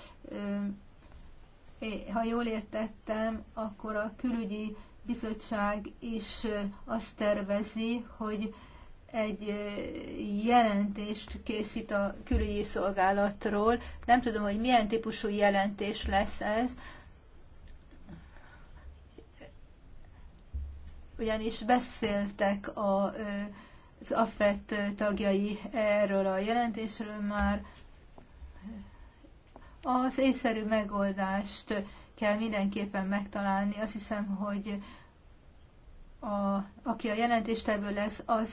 Ha jól értettem, akkor a külügyi bizottság is azt tervezi, hogy egy jelentést készít a külügyi szolgálatról. Nem tudom, hogy milyen típusú jelentés lesz ez, ugyanis beszéltek a, az AFET tagjai erről a jelentésről már. Az észszerű megoldást kell mindenképpen megtalálni. Azt hiszem, hogy a, aki a jelentéstevő lesz, az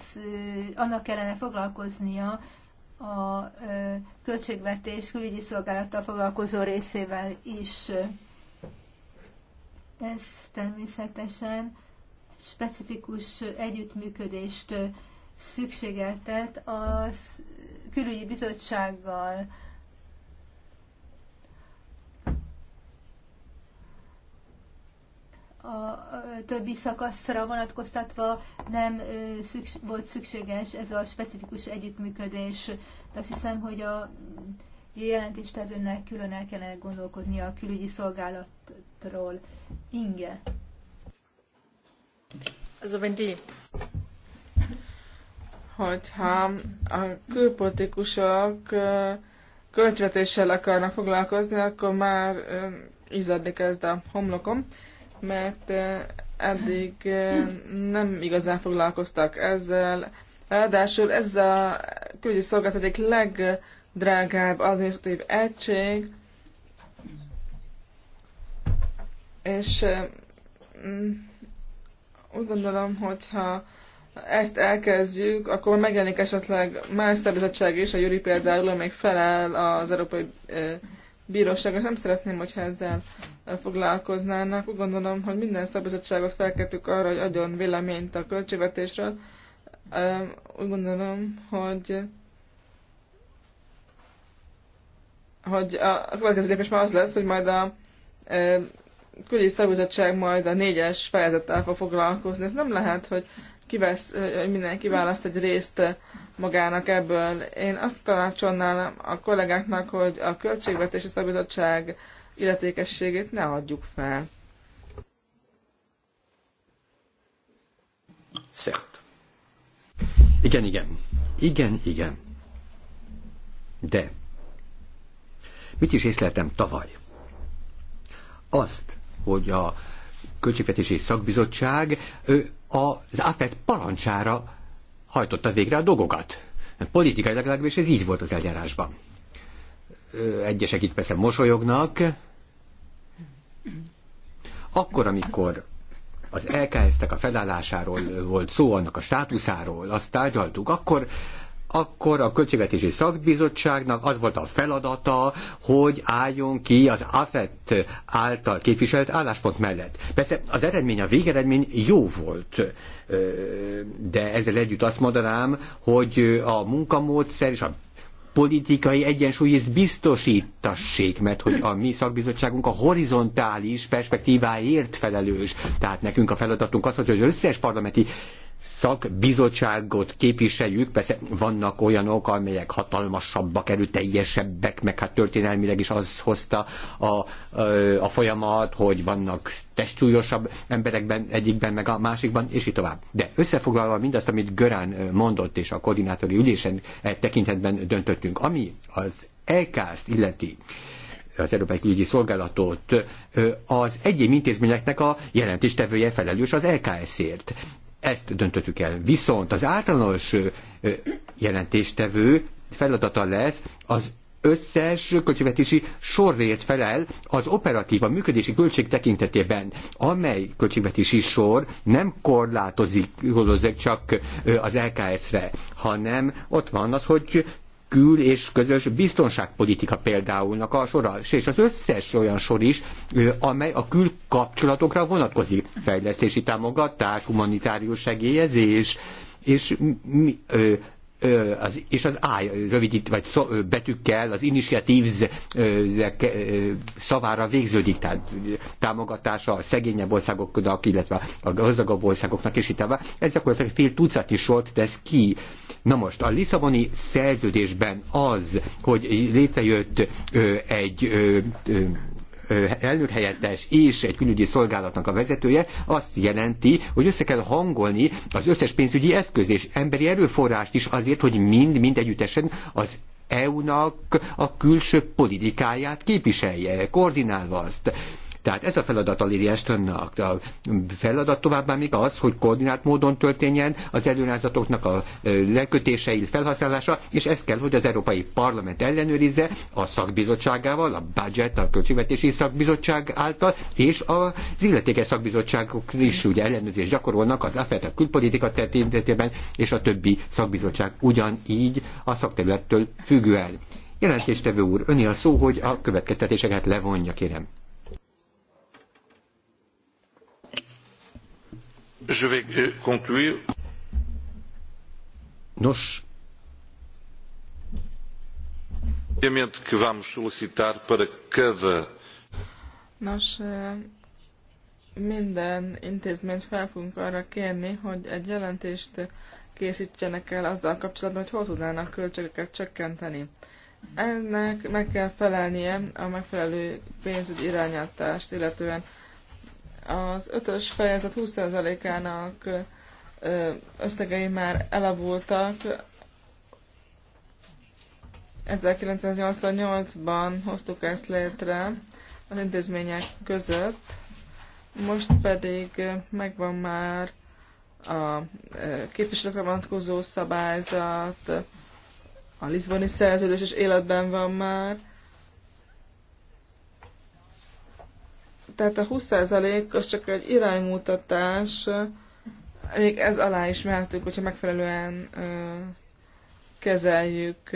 annak kellene foglalkoznia a költségvetés külügyi szolgálattal foglalkozó részével is. Ez természetesen specifikus együttműködést szükségeltet a külügyi bizottsággal, többi szakaszra vonatkoztatva nem volt szükséges ez a specifikus együttműködés. De azt hiszem, hogy a jelentéstevőnek külön el kellene gondolkodnia a külügyi szolgálatról. Inge.
Also wenn die hogyha a külpolitikusok költvetéssel akarnak foglalkozni, akkor már izadni kezd a homlokom, mert eddig eh, nem igazán foglalkoztak ezzel. Ráadásul ez a külügyi szolgálat egyik legdrágább adminisztratív egység, és eh, mm, úgy gondolom, hogyha ezt elkezdjük, akkor megjelenik esetleg más szervezettség is, a Juri például, amelyik felel az Európai eh, bíróságot. Nem szeretném, hogyha ezzel foglalkoznának. Úgy gondolom, hogy minden szabadságot felkeltük arra, hogy adjon véleményt a költségvetésről. Úgy gondolom, hogy hogy a következő lépés már az lesz, hogy majd a e, külügyi majd a négyes fejezettel fog foglalkozni. Ez nem lehet, hogy kivesz, hogy mindenki választ egy részt magának ebből. Én azt tanácsolnám a kollégáknak, hogy a Költségvetési Szabizottság illetékességét ne adjuk fel.
Szert. Igen, igen. Igen, igen. De mit is észleltem tavaly? Azt, hogy a Költségvetési Szakbizottság ő az átett parancsára hajtotta végre a dolgokat. Politikai legalábbis ez így volt az eljárásban. Egyesek itt persze mosolyognak. Akkor, amikor az lks a felállásáról volt szó, annak a státuszáról, azt tárgyaltuk, akkor akkor a Költségvetési Szakbizottságnak az volt a feladata, hogy álljon ki az AFET által képviselt álláspont mellett. Persze az eredmény, a végeredmény jó volt, de ezzel együtt azt mondanám, hogy a munkamódszer és a politikai egyensúlyt biztosítassék, mert hogy a mi szakbizottságunk a horizontális perspektíváért felelős. Tehát nekünk a feladatunk az, hogy az összes parlamenti szakbizottságot képviseljük, persze vannak olyanok, amelyek hatalmasabbak, erőteljesebbek, meg hát történelmileg is az hozta a, a, a folyamat, hogy vannak testsúlyosabb emberekben, egyikben, meg a másikban, és így tovább. De összefoglalva mindazt, amit Görán mondott, és a koordinátori ülésen e tekintetben döntöttünk, ami az EKS-t illeti, az Európai Ügyi Szolgálatot, az egyéb intézményeknek a jelentéstevője felelős az LKS-ért. Ezt döntöttük el. Viszont az általános jelentéstevő feladata lesz az összes költségvetési sorért felel az operatív, a működési költség tekintetében, amely költségvetési sor nem korlátozik csak az LKS-re, hanem ott van az, hogy kül- és közös biztonságpolitika példáulnak a sora, és az összes olyan sor is, amely a külkapcsolatokra vonatkozik. Fejlesztési támogatás, humanitárius segélyezés, és mi, ö, az, és az I rövidít, vagy szó, betűkkel az initiatives ezek, szavára végződik, tehát támogatása a szegényebb országoknak, illetve a gazdagabb országoknak, és itt ez gyakorlatilag fél volt, de ez ki. Na most, a Lisszaboni szerződésben az, hogy létrejött egy elnökhelyettes és egy külügyi szolgálatnak a vezetője, azt jelenti, hogy össze kell hangolni az összes pénzügyi eszköz és emberi erőforrást is azért, hogy mind-mind együttesen az EU-nak a külső politikáját képviselje, koordinálva azt. Tehát ez a feladat a Lili Estonnak. A feladat továbbá még az, hogy koordinált módon történjen az előrázatoknak a lekötései felhasználása, és ez kell, hogy az Európai Parlament ellenőrizze a szakbizottságával, a budget, a költségvetési szakbizottság által, és az illetékes szakbizottságok is ugye ellenőrzést gyakorolnak az AFET a külpolitika tekintetében, és a többi szakbizottság ugyanígy a szakterülettől függően. Jelentéstevő úr, öné a szó, hogy a következtetéseket levonja, kérem.
Je vais euh, conclure. Nos. que vamos solicitar para cada... Nos, eh, minden intézményt fel fogunk arra kérni, hogy egy jelentést készítsenek el azzal kapcsolatban, hogy hol tudnának költségeket csökkenteni. Ennek meg kell felelnie a megfelelő pénzügyi irányítást, illetően az ötös fejezet 20%-ának összegei már elavultak. 1988-ban hoztuk ezt létre az intézmények között, most pedig megvan már a képviselőkre vonatkozó szabályzat, a Lisboni szerződés is életben van már, Tehát a 20% az csak egy iránymutatás, még ez alá is mehetünk, hogyha megfelelően kezeljük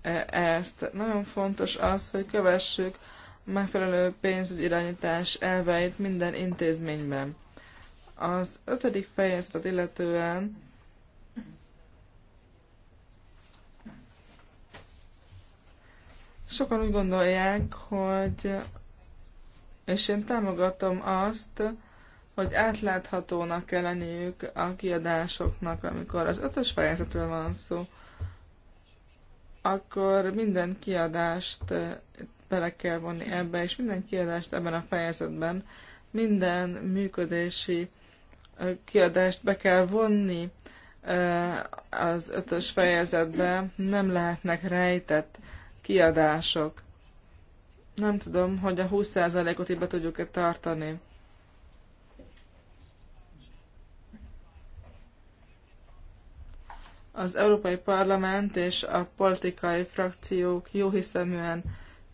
e, ezt. Nagyon fontos az, hogy kövessük megfelelő pénzügyi irányítás elveit minden intézményben. Az ötödik fejezet illetően sokan úgy gondolják, hogy és én támogatom azt, hogy átláthatónak kell lenniük a kiadásoknak, amikor az ötös fejezetről van szó, akkor minden kiadást eh, bele kell vonni ebbe, és minden kiadást ebben a fejezetben, minden működési eh, kiadást be kell vonni eh, az ötös fejezetbe, nem lehetnek rejtett kiadások. Nem tudom, hogy a 20%-ot így be tudjuk-e tartani. Az Európai Parlament és a politikai frakciók jó hiszeműen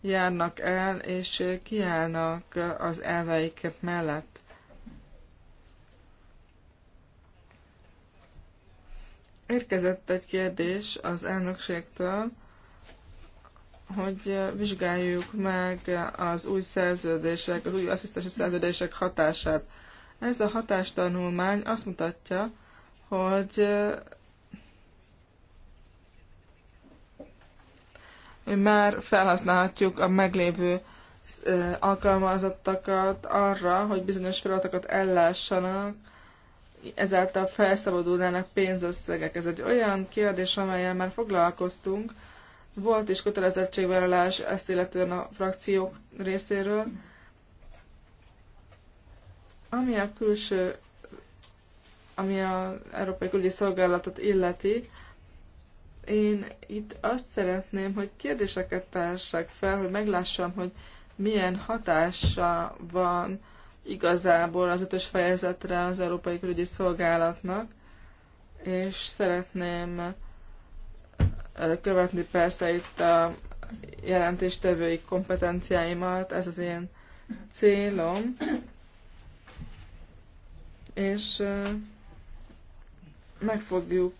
járnak el, és kiállnak az elveik mellett. Érkezett egy kérdés az elnökségtől, hogy vizsgáljuk meg az új szerződések, az új asszisztensi szerződések hatását. Ez a hatástanulmány azt mutatja, hogy már felhasználhatjuk a meglévő alkalmazottakat arra, hogy bizonyos feladatokat ellássanak, ezáltal felszabadulnának pénzösszegek. Ez egy olyan kérdés, amelyen már foglalkoztunk, volt is kötelezettségvállalás ezt illetően a frakciók részéről. Ami a külső, ami az Európai Külügyi Szolgálatot illeti, én itt azt szeretném, hogy kérdéseket társak fel, hogy meglássam, hogy milyen hatása van igazából az ötös fejezetre az Európai Külügyi Szolgálatnak, és szeretném követni persze itt a jelentéstevői kompetenciáimat, ez az én célom. És meg fogjuk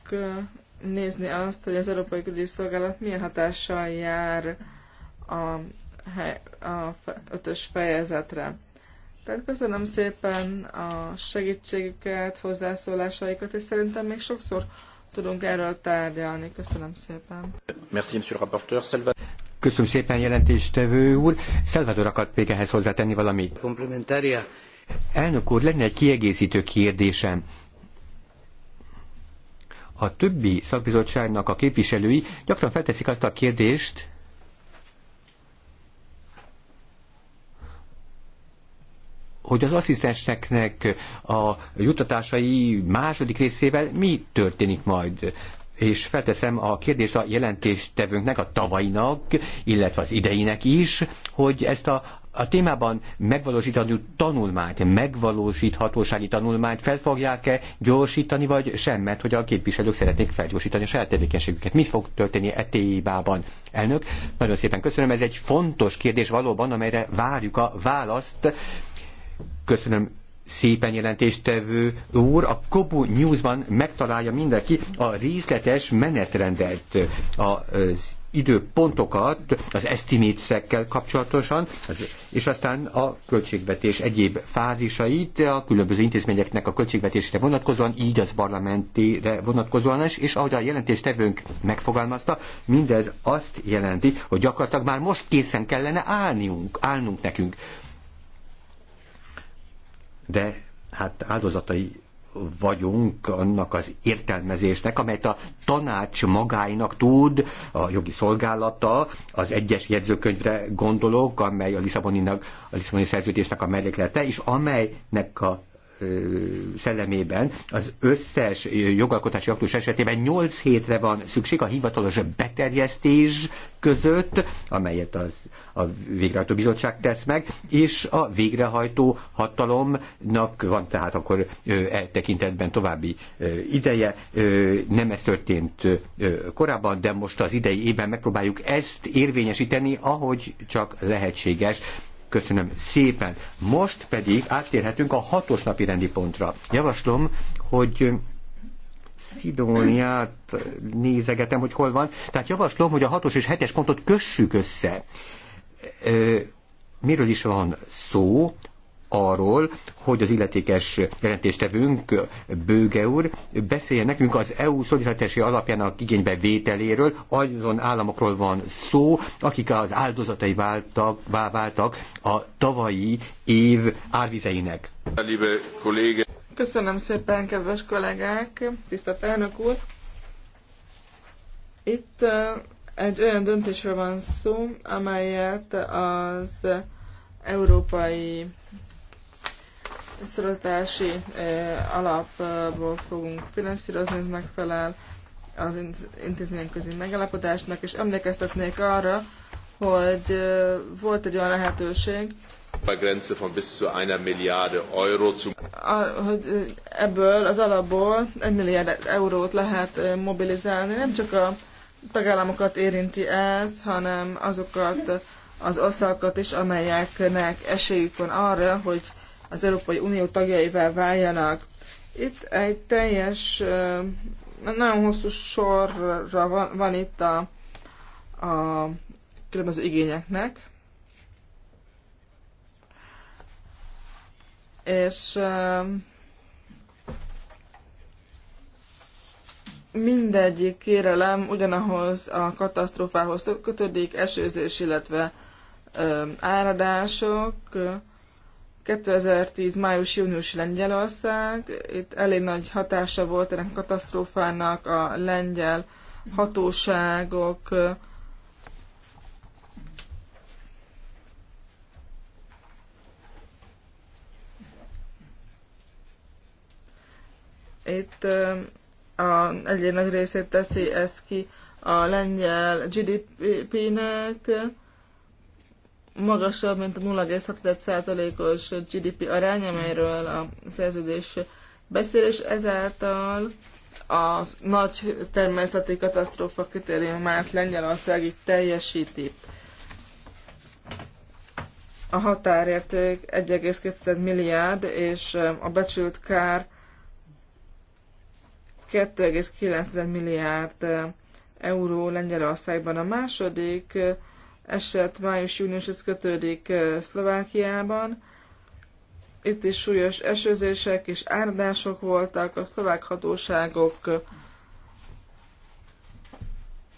nézni azt, hogy az Európai Külügyi Szolgálat milyen hatással jár a, a ötös fejezetre. Tehát köszönöm szépen a segítségüket, hozzászólásaikat, és szerintem még sokszor tudunk erről tárgyalni. Köszönöm szépen.
Merci, monsieur le rapporteur. Köszönöm szépen, jelentéstevő úr. Salvador akart még ehhez hozzátenni valamit. Komplementária. Elnök úr, lenne egy kiegészítő kérdésem a többi szakbizottságnak a képviselői gyakran felteszik azt a kérdést, hogy az asszisztenseknek a jutatásai második részével mi történik majd és felteszem a kérdést a jelentéstevőnknek, a tavainak, illetve az ideinek is, hogy ezt a a témában megvalósítható tanulmányt, megvalósíthatósági tanulmányt fel fogják-e gyorsítani, vagy sem, mert hogy a képviselők szeretnék felgyorsítani a saját tevékenységüket. Mi fog történni e témában, elnök? Nagyon szépen köszönöm, ez egy fontos kérdés valóban, amelyre várjuk a választ Köszönöm szépen jelentéstevő úr, a Kobu Newsban megtalálja mindenki a részletes menetrendet, az időpontokat az estimétszekkel kapcsolatosan, és aztán a költségvetés egyéb fázisait a különböző intézményeknek a költségvetésre vonatkozóan, így az parlamentére vonatkozóan is, és ahogy a jelentéstevőnk megfogalmazta, mindez azt jelenti, hogy gyakorlatilag már most készen kellene állniunk, állnunk nekünk de hát áldozatai vagyunk annak az értelmezésnek, amelyet a tanács magáinak tud, a jogi szolgálata, az egyes jegyzőkönyvre gondolok, amely a Lisszaboni, a Lisszaboni szerződésnek a melléklete, és amelynek a szellemében az összes jogalkotási aktus esetében 8 hétre van szükség a hivatalos beterjesztés között, amelyet az, a végrehajtó bizottság tesz meg, és a végrehajtó hatalomnak van tehát akkor e tekintetben további ideje. Nem ez történt korábban, de most az idei évben megpróbáljuk ezt érvényesíteni, ahogy csak lehetséges. Köszönöm szépen. Most pedig áttérhetünk a hatos napi rendi pontra. Javaslom, hogy Szidóniát nézegetem, hogy hol van. Tehát javaslom, hogy a hatos és hetes pontot kössük össze. Miről is van szó? arról, hogy az illetékes jelentéstevőnk, Bőge úr, beszéljen nekünk az EU szolidaritási alapjának igénybe vételéről, azon államokról van szó, akik az áldozatai váltak, váltak a tavalyi év árvizeinek.
Köszönöm szépen, kedves kollégák, tisztelt elnök úr! Itt egy olyan döntésről van szó, amelyet az Európai születési eh, alapból fogunk finanszírozni, ez megfelel az intézmények intézményközi megállapodásnak, és emlékeztetnék arra, hogy eh, volt egy olyan lehetőség, hogy eh, ebből az alapból egy milliárd eurót lehet mobilizálni. Nem csak a tagállamokat érinti ez, hanem azokat az országokat is, amelyeknek esélyük van arra, hogy az Európai Unió tagjaival váljanak. Itt egy teljes, nagyon hosszú sorra van, van itt a, a különböző igényeknek. És mindegyik kérelem ugyanahoz a katasztrófához kötődik, esőzés, illetve áradások, 2010. május-június Lengyelország, itt elég nagy hatása volt ennek a katasztrófának a lengyel hatóságok itt a, egyéb nagy részét teszi ezt ki a lengyel GDP-nek, magasabb, mint a 0,6%-os GDP arány, amelyről a szerződés beszél, és ezáltal a nagy természeti katasztrófa kritériumát Lengyelország így teljesíti. A határérték 1,2 milliárd, és a becsült kár 2,9 milliárd euró Lengyelországban. A második eset május-júniushoz kötődik Szlovákiában. Itt is súlyos esőzések és áradások voltak, a szlovák hatóságok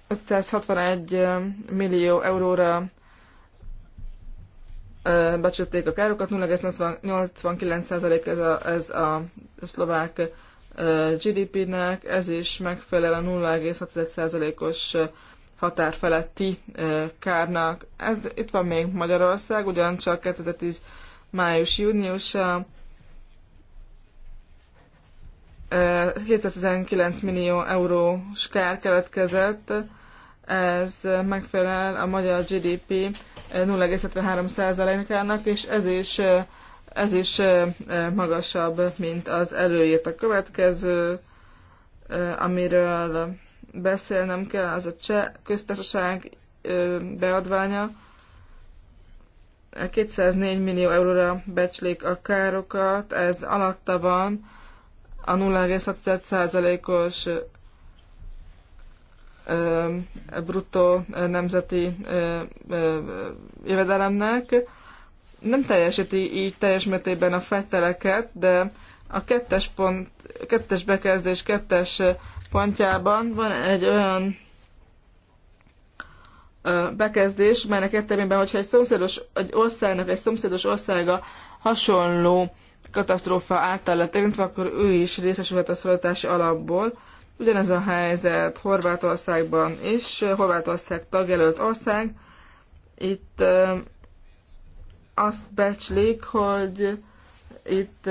561 millió euróra becsülték a károkat, 0,89% ez a, ez a szlovák GDP-nek, ez is megfelel a 0,6%-os határ feletti kárnak. Ez itt van még Magyarország, ugyancsak 2010 május-júniusa 719 millió eurós kár keletkezett, ez megfelel a magyar GDP 0,73%-ának, és ez is, ez is magasabb, mint az előírt a következő, amiről beszélnem kell, az a cseh köztársaság beadványa. 204 millió euróra becslik a károkat, ez alatta van a 0,6%-os bruttó nemzeti jövedelemnek. Nem teljesíti így teljes mértékben a fetteleket, de a kettes, pont, kettes bekezdés, kettes pontjában van egy olyan bekezdés, melynek értelmében, hogyha egy szomszédos, egy országnak, egy szomszédos országa hasonló katasztrófa által lett érintve, akkor ő is részesülhet a szolgatási alapból. Ugyanez a helyzet Horvátországban is, Horvátország tagjelölt ország. Itt azt becslik, hogy itt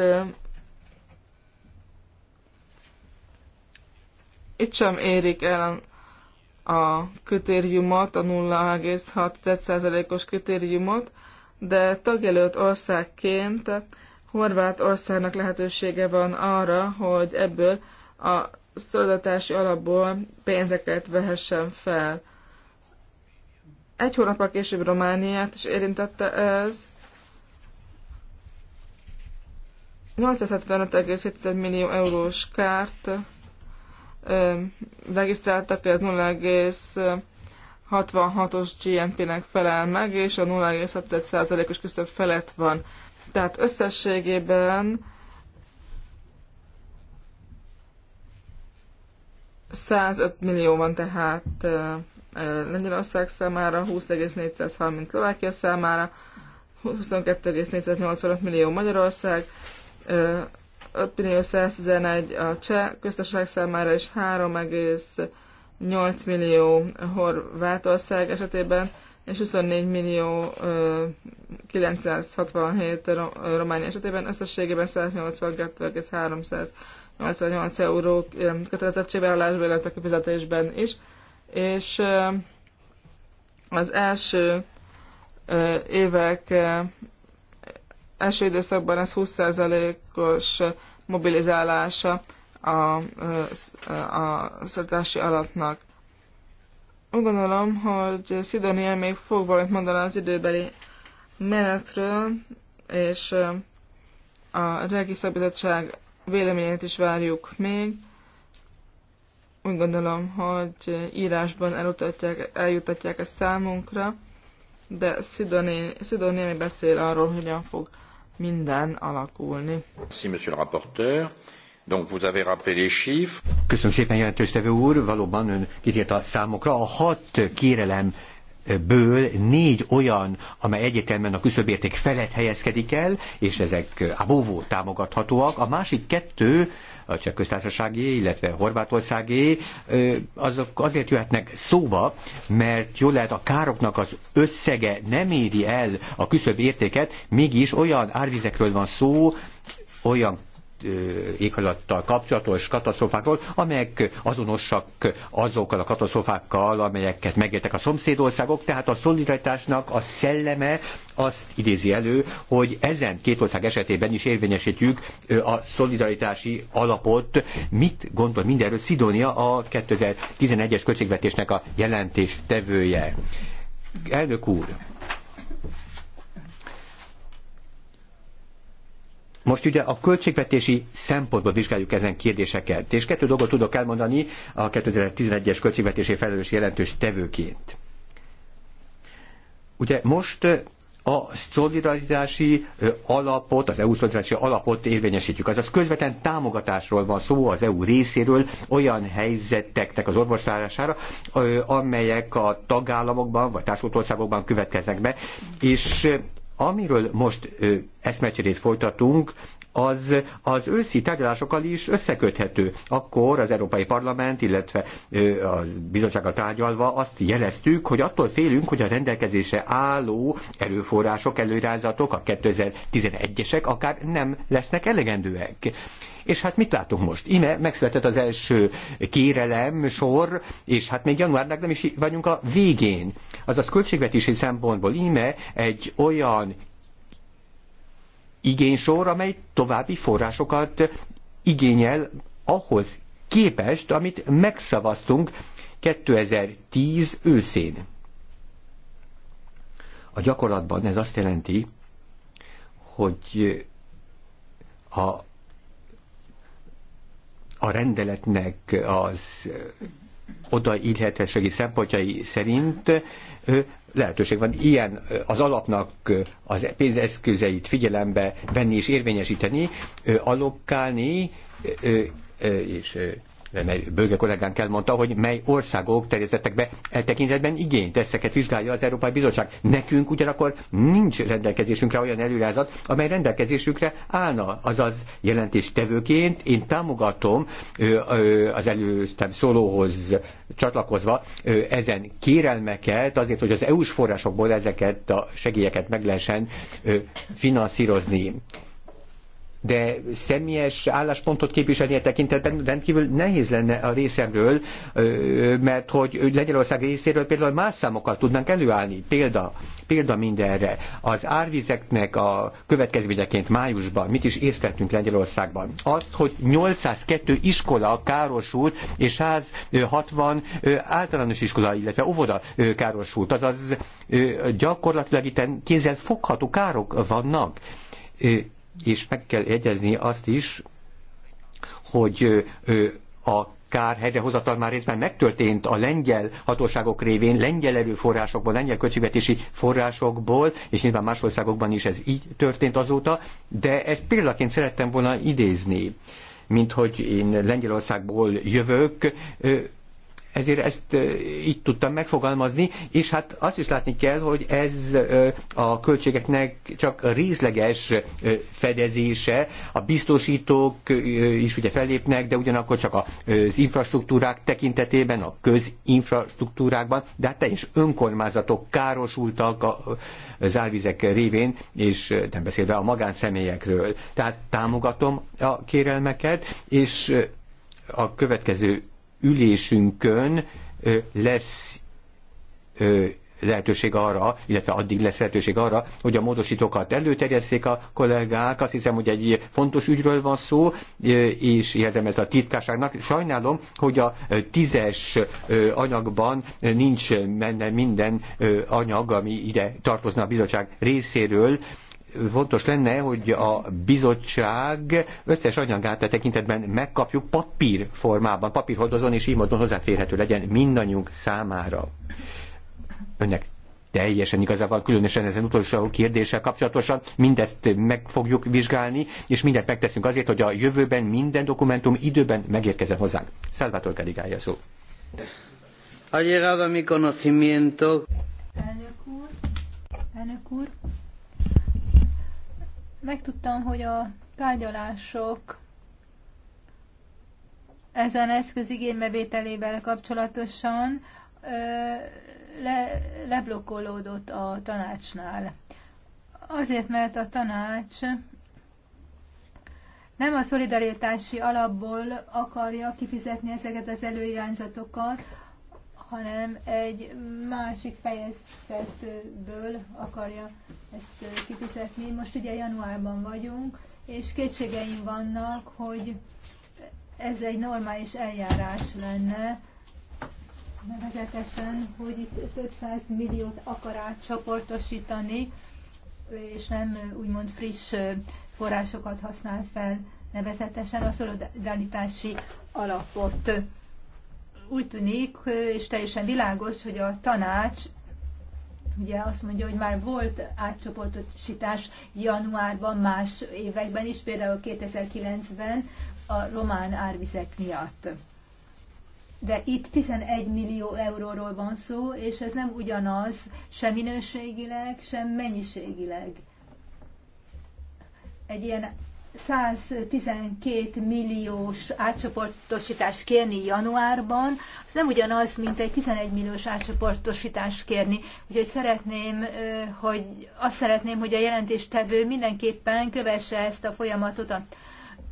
itt sem érik el a kritériumot, a 0,6%-os kritériumot, de tagjelölt országként Horvátországnak lehetősége van arra, hogy ebből a szolidaritási alapból pénzeket vehessen fel. Egy a később Romániát is érintette ez. 875,7 millió eurós kárt regisztráltak, ez 0,66-os GNP-nek felel meg, és a 0,7%-os küszöb felett van. Tehát összességében 105 millió van tehát Lengyelország számára, 20,430 Szlovákia számára, 22,485 millió Magyarország, 111 a cseh köztesek számára és 3,8 millió Horvátország esetében, és 24 millió 967 Románia esetében, összességében 182,388 euró kötelezettségvállalásban, illetve kifizetésben is. És az első évek első időszakban ez 20%-os mobilizálása a, a, a szertási alapnak. Úgy gondolom, hogy Szidonia még fog valamit mondani az időbeli menetről, és a Regi Szabadság véleményét is várjuk még. Úgy gondolom, hogy írásban elutatják, eljutatják ezt számunkra, de Szidoni, Szidoni beszél arról, hogyan fog minden alakulni.
Köszönöm szépen, jelentőstevő úr. Valóban ön kitért a számokra. A hat kérelem ből négy olyan, amely egyetemen a küszöbérték felett helyezkedik el, és ezek abóvó támogathatóak. A másik kettő a cseh köztársaságé, illetve Horvátországé, azok azért jöhetnek szóba, mert jól lehet a károknak az összege nem éri el a küszöbb értéket, mégis olyan árvizekről van szó, olyan éghajlattal kapcsolatos katasztrófákról, amelyek azonosak azokkal a katasztrófákkal, amelyeket megértek a szomszédországok, tehát a szolidaritásnak a szelleme azt idézi elő, hogy ezen két ország esetében is érvényesítjük a szolidaritási alapot. Mit gondol mindenről Szidónia a 2011-es költségvetésnek a jelentéstevője? tevője? Elnök úr, Most ugye a költségvetési szempontból vizsgáljuk ezen kérdéseket, és kettő dolgot tudok elmondani a 2011-es költségvetési felelős jelentős tevőként. Ugye most a szolidaritási alapot, az EU szolidaritási alapot érvényesítjük. Azaz közvetlen támogatásról van szó az EU részéről olyan helyzeteknek az orvoslására, amelyek a tagállamokban vagy társadalmi országokban következnek be, és Amiről most eszmecserét folytatunk, az az őszi tárgyalásokkal is összeköthető. Akkor az Európai Parlament, illetve a bizottsággal tárgyalva azt jeleztük, hogy attól félünk, hogy a rendelkezésre álló erőforrások, előrázatok, a 2011-esek akár nem lesznek elegendőek. És hát mit látunk most? Ime megszületett az első kérelem sor, és hát még januárnak nem is vagyunk a végén. Azaz költségvetési szempontból ime egy olyan igénysor, amely további forrásokat igényel ahhoz képest, amit megszavaztunk 2010 őszén. A gyakorlatban ez azt jelenti, hogy a a rendeletnek az odaillhetőségi szempontjai szerint lehetőség van ilyen az alapnak az pénzeszközeit figyelembe venni és érvényesíteni, allokálni és Bőge kollégánk elmondta, hogy mely országok terjesztettek be eltekintetben igényt. Ezeket vizsgálja az Európai Bizottság. Nekünk ugyanakkor nincs rendelkezésünkre olyan előrázat, amely rendelkezésünkre állna. Azaz jelentéstevőként én támogatom az előttem szólóhoz csatlakozva ezen kérelmeket azért, hogy az EU-s forrásokból ezeket a segélyeket meg lehessen finanszírozni de személyes álláspontot képviselni a e tekintetben rendkívül nehéz lenne a részemről, mert hogy Lengyelország részéről például más számokat tudnánk előállni. Példa, példa mindenre. Az árvizeknek a következményeként májusban mit is észleltünk Lengyelországban? Azt, hogy 802 iskola károsult, és 160 általános iskola, illetve óvoda károsult. Azaz gyakorlatilag itt kézzel fogható károk vannak és meg kell jegyezni azt is, hogy a kár helyrehozatal már részben megtörtént a lengyel hatóságok révén, lengyel erőforrásokból, lengyel költségvetési forrásokból, és nyilván más országokban is ez így történt azóta, de ezt példaként szerettem volna idézni mint hogy én Lengyelországból jövök, ezért ezt így tudtam megfogalmazni, és hát azt is látni kell, hogy ez a költségeknek csak részleges fedezése, a biztosítók is ugye fellépnek, de ugyanakkor csak az infrastruktúrák tekintetében, a közinfrastruktúrákban, de hát teljes önkormányzatok károsultak az árvizek révén, és nem beszélve a magánszemélyekről. Tehát támogatom a kérelmeket, és a következő ülésünkön lesz lehetőség arra, illetve addig lesz lehetőség arra, hogy a módosítókat előterjesszék a kollégák. Azt hiszem, hogy egy fontos ügyről van szó, és jelzem ez a titkárságnak. Sajnálom, hogy a tízes anyagban nincs menne minden anyag, ami ide tartozna a bizottság részéről, fontos lenne, hogy a bizottság összes anyagát a e tekintetben megkapjuk papír formában, papírhordozón, és így módon hozzáférhető legyen mindannyiunk számára. Önnek teljesen igazából, különösen ezen utolsó kérdéssel kapcsolatosan mindezt meg fogjuk vizsgálni, és mindent megteszünk azért, hogy a jövőben minden dokumentum időben megérkezzen hozzánk. Szelvátor Kerigája szó.
Ha llegado a mi conocimiento.
Elnök úr, elnök úr, Megtudtam, hogy a tárgyalások ezen eszköz igénybevételével kapcsolatosan le, leblokkolódott a tanácsnál. Azért, mert a tanács nem a szolidaritási alapból akarja kifizetni ezeket az előirányzatokat, hanem egy másik fejezetből akarja ezt kifizetni. Most ugye januárban vagyunk, és kétségeim vannak, hogy ez egy normális eljárás lenne, nevezetesen, hogy itt több száz milliót akar átcsoportosítani, és nem úgymond friss forrásokat használ fel, nevezetesen a szolidaritási alapot úgy tűnik, és teljesen világos, hogy a tanács ugye azt mondja, hogy már volt átcsoportosítás januárban, más években is, például 2009-ben a román árvizek miatt. De itt 11 millió euróról van szó, és ez nem ugyanaz sem minőségileg, sem mennyiségileg. Egy ilyen 112 milliós átcsoportosítást kérni januárban, az nem ugyanaz, mint egy 11 milliós átcsoportosítást kérni. Úgyhogy szeretném, hogy azt szeretném, hogy a jelentéstevő mindenképpen kövesse ezt a folyamatot,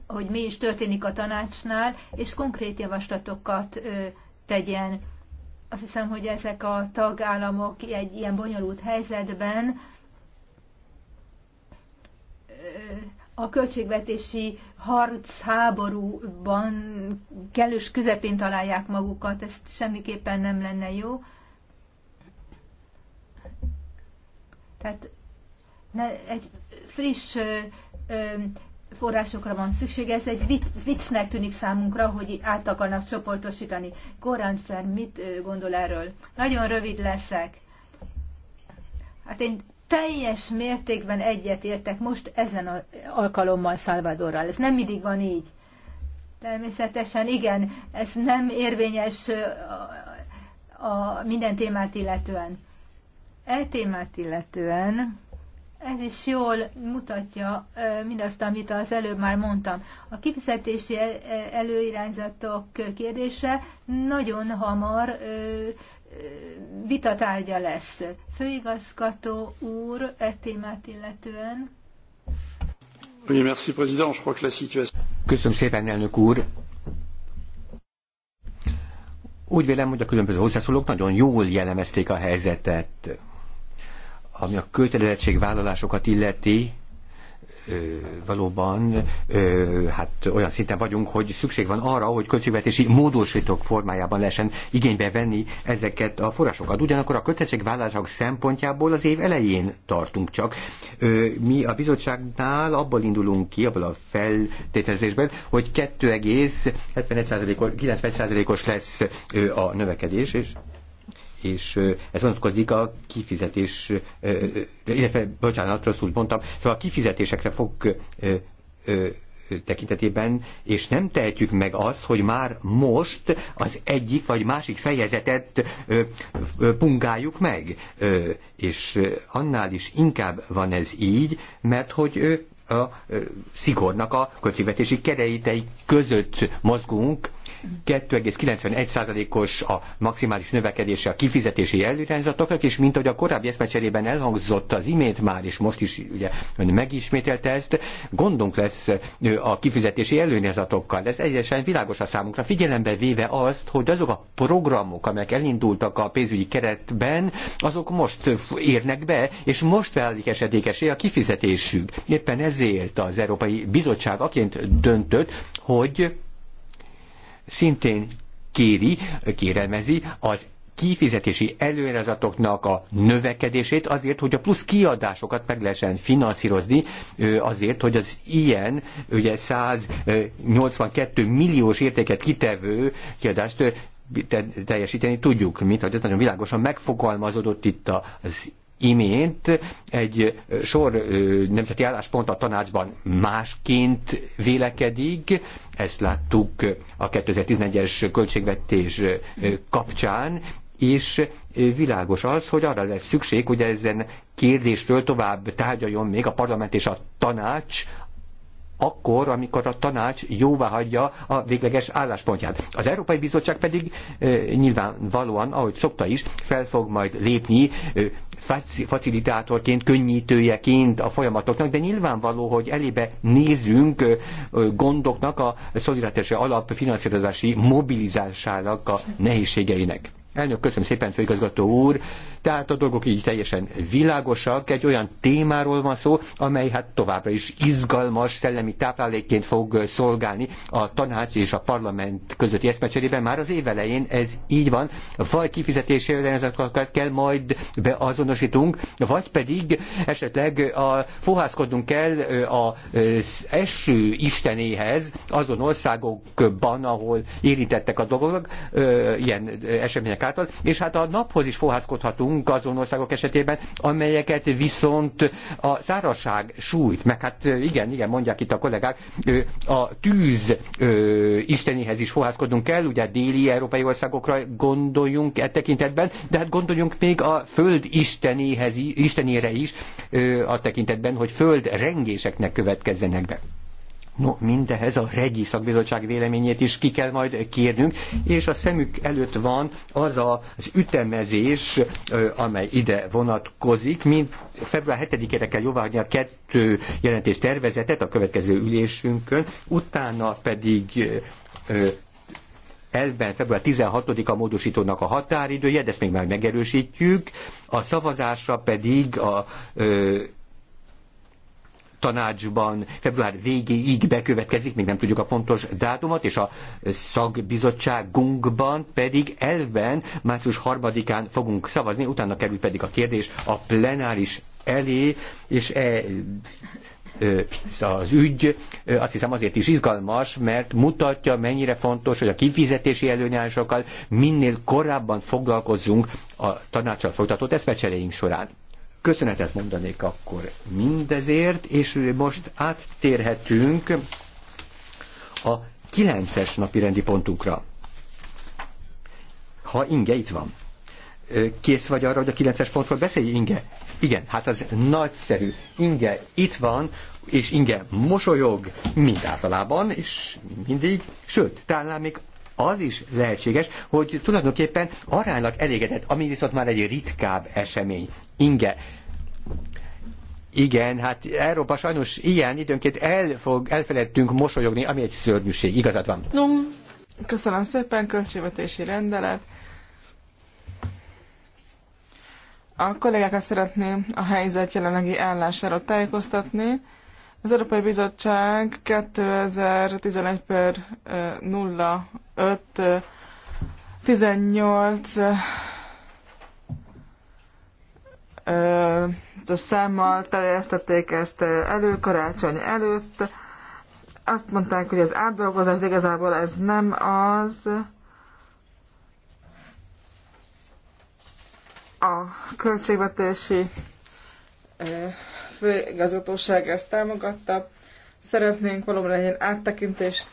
hogy mi is történik a tanácsnál, és konkrét javaslatokat tegyen. Azt hiszem, hogy ezek a tagállamok egy ilyen bonyolult helyzetben a költségvetési harc háborúban kellős közepén találják magukat, ezt semmiképpen nem lenne jó. Tehát ne, egy friss ö, ö, forrásokra van szükség. Ez egy vicc, viccnek tűnik számunkra, hogy át akarnak csoportosítani. Korán mit gondol erről? Nagyon rövid leszek. Hát én teljes mértékben egyetértek most ezen az alkalommal Szalvadorral. Ez nem mindig van így. Természetesen igen, ez nem érvényes a, a minden témát illetően. E témát illetően ez is jól mutatja mindazt, amit az előbb már mondtam. A kifizetési előirányzatok kérdése nagyon hamar vitatárgya lesz. Főigazgató úr, e témát illetően.
Köszönöm szépen, elnök úr. Úgy vélem, hogy a különböző hozzászólók nagyon jól jellemezték a helyzetet, ami a kötelezettségvállalásokat illeti, valóban hát olyan szinten vagyunk, hogy szükség van arra, hogy költségvetési módosítók formájában lehessen igénybe venni ezeket a forrásokat. Ugyanakkor a kötelezettségvállalások szempontjából az év elején tartunk csak. Mi a bizottságnál abból indulunk ki, abból a feltételezésben, hogy 2,71%-os, 90%-os lesz a növekedés, és és ez vonatkozik a kifizetés, illetve, bocsánat, rosszul mondtam, szóval a kifizetésekre fog tekintetében, és nem tehetjük meg azt, hogy már most az egyik vagy másik fejezetet pungáljuk meg. és annál is inkább van ez így, mert hogy a szigornak a költségvetési kereitei között mozgunk, 2,91%-os a maximális növekedése a kifizetési előirányzatoknak, és mint ahogy a korábbi eszmecserében elhangzott az imént már, és most is ugye ön megismételte ezt, gondunk lesz a kifizetési előirányzatokkal. Ez egyesen világos a számunkra, figyelembe véve azt, hogy azok a programok, amelyek elindultak a pénzügyi keretben, azok most érnek be, és most válik esedékesé a kifizetésük. Éppen ezért az Európai Bizottság aként döntött, hogy szintén kéri, kérelmezi az kifizetési előrezatoknak a növekedését azért, hogy a plusz kiadásokat meg lehessen finanszírozni, azért, hogy az ilyen ugye 182 milliós értéket kitevő kiadást teljesíteni tudjuk, mint hogy ez nagyon világosan megfogalmazódott itt az imént egy sor nemzeti álláspont a tanácsban másként vélekedik, ezt láttuk a 2011-es költségvetés kapcsán, és világos az, hogy arra lesz szükség, hogy ezen kérdésről tovább tárgyaljon még a parlament és a tanács akkor, amikor a tanács jóvá hagyja a végleges álláspontját. Az Európai Bizottság pedig nyilvánvalóan, ahogy szokta is, fel fog majd lépni facilitátorként, könnyítőjeként a folyamatoknak, de nyilvánvaló, hogy elébe nézünk gondoknak a szolidaritási alap finanszírozási mobilizásának a nehézségeinek. Elnök, köszönöm szépen, főigazgató úr. Tehát a dolgok így teljesen világosak. Egy olyan témáról van szó, amely hát továbbra is izgalmas szellemi táplálékként fog szolgálni a tanács és a parlament közötti eszmecserében. Már az év elején ez így van. Vagy kifizetési ezeket kell majd beazonosítunk, vagy pedig esetleg a, fohászkodnunk kell az eső istenéhez azon országokban, ahol érintettek a dolgok, ilyen események által, és hát a naphoz is fohászkodhatunk azon országok esetében, amelyeket viszont a szárazság sújt, meg hát igen, igen, mondják itt a kollégák, a tűz istenihez is fohászkodnunk kell, ugye déli európai országokra gondoljunk e tekintetben, de hát gondoljunk még a föld istenihez, istenére is a tekintetben, hogy föld rengéseknek következzenek be. No, mindehez a Regi Szakbizottság véleményét is ki kell majd kérnünk, és a szemük előtt van az a, az ütemezés, amely ide vonatkozik, mint február 7-ére kell jóváhagyni a kettő jelentés tervezetet a következő ülésünkön, utána pedig elben február 16-a módosítónak a határidője, de ezt még már megerősítjük, a szavazásra pedig a ö, tanácsban február végéig bekövetkezik, még nem tudjuk a pontos dátumot, és a szakbizottságunkban pedig elvben március 3-án fogunk szavazni, utána kerül pedig a kérdés a plenáris elé, és e, az ügy azt hiszem azért is izgalmas, mert mutatja, mennyire fontos, hogy a kifizetési előnyásokkal minél korábban foglalkozzunk a tanácsal folytatott eszmecseréink során köszönetet mondanék akkor mindezért, és most áttérhetünk a kilences napi rendi pontunkra. Ha Inge itt van. Kész vagy arra, hogy a kilences pontról beszélj, Inge? Igen, hát az nagyszerű. Inge itt van, és Inge mosolyog, mint általában, és mindig, sőt, talán még az is lehetséges, hogy tulajdonképpen aránylag elégedett, ami viszont már egy ritkább esemény. Inge, igen, hát Európa sajnos ilyen időnként elfog, elfeledtünk mosolyogni, ami egy szörnyűség, igazad van.
Köszönöm szépen, költségvetési rendelet. A kollégákat szeretném a helyzet jelenlegi állásáról tájékoztatni. Az Európai Bizottság 2011 per 05 18 a számmal teljesztették ezt elő karácsony előtt. Azt mondták, hogy az átdolgozás igazából ez nem az. A költségvetési főigazgatóság ezt támogatta. Szeretnénk valóban egy áttekintést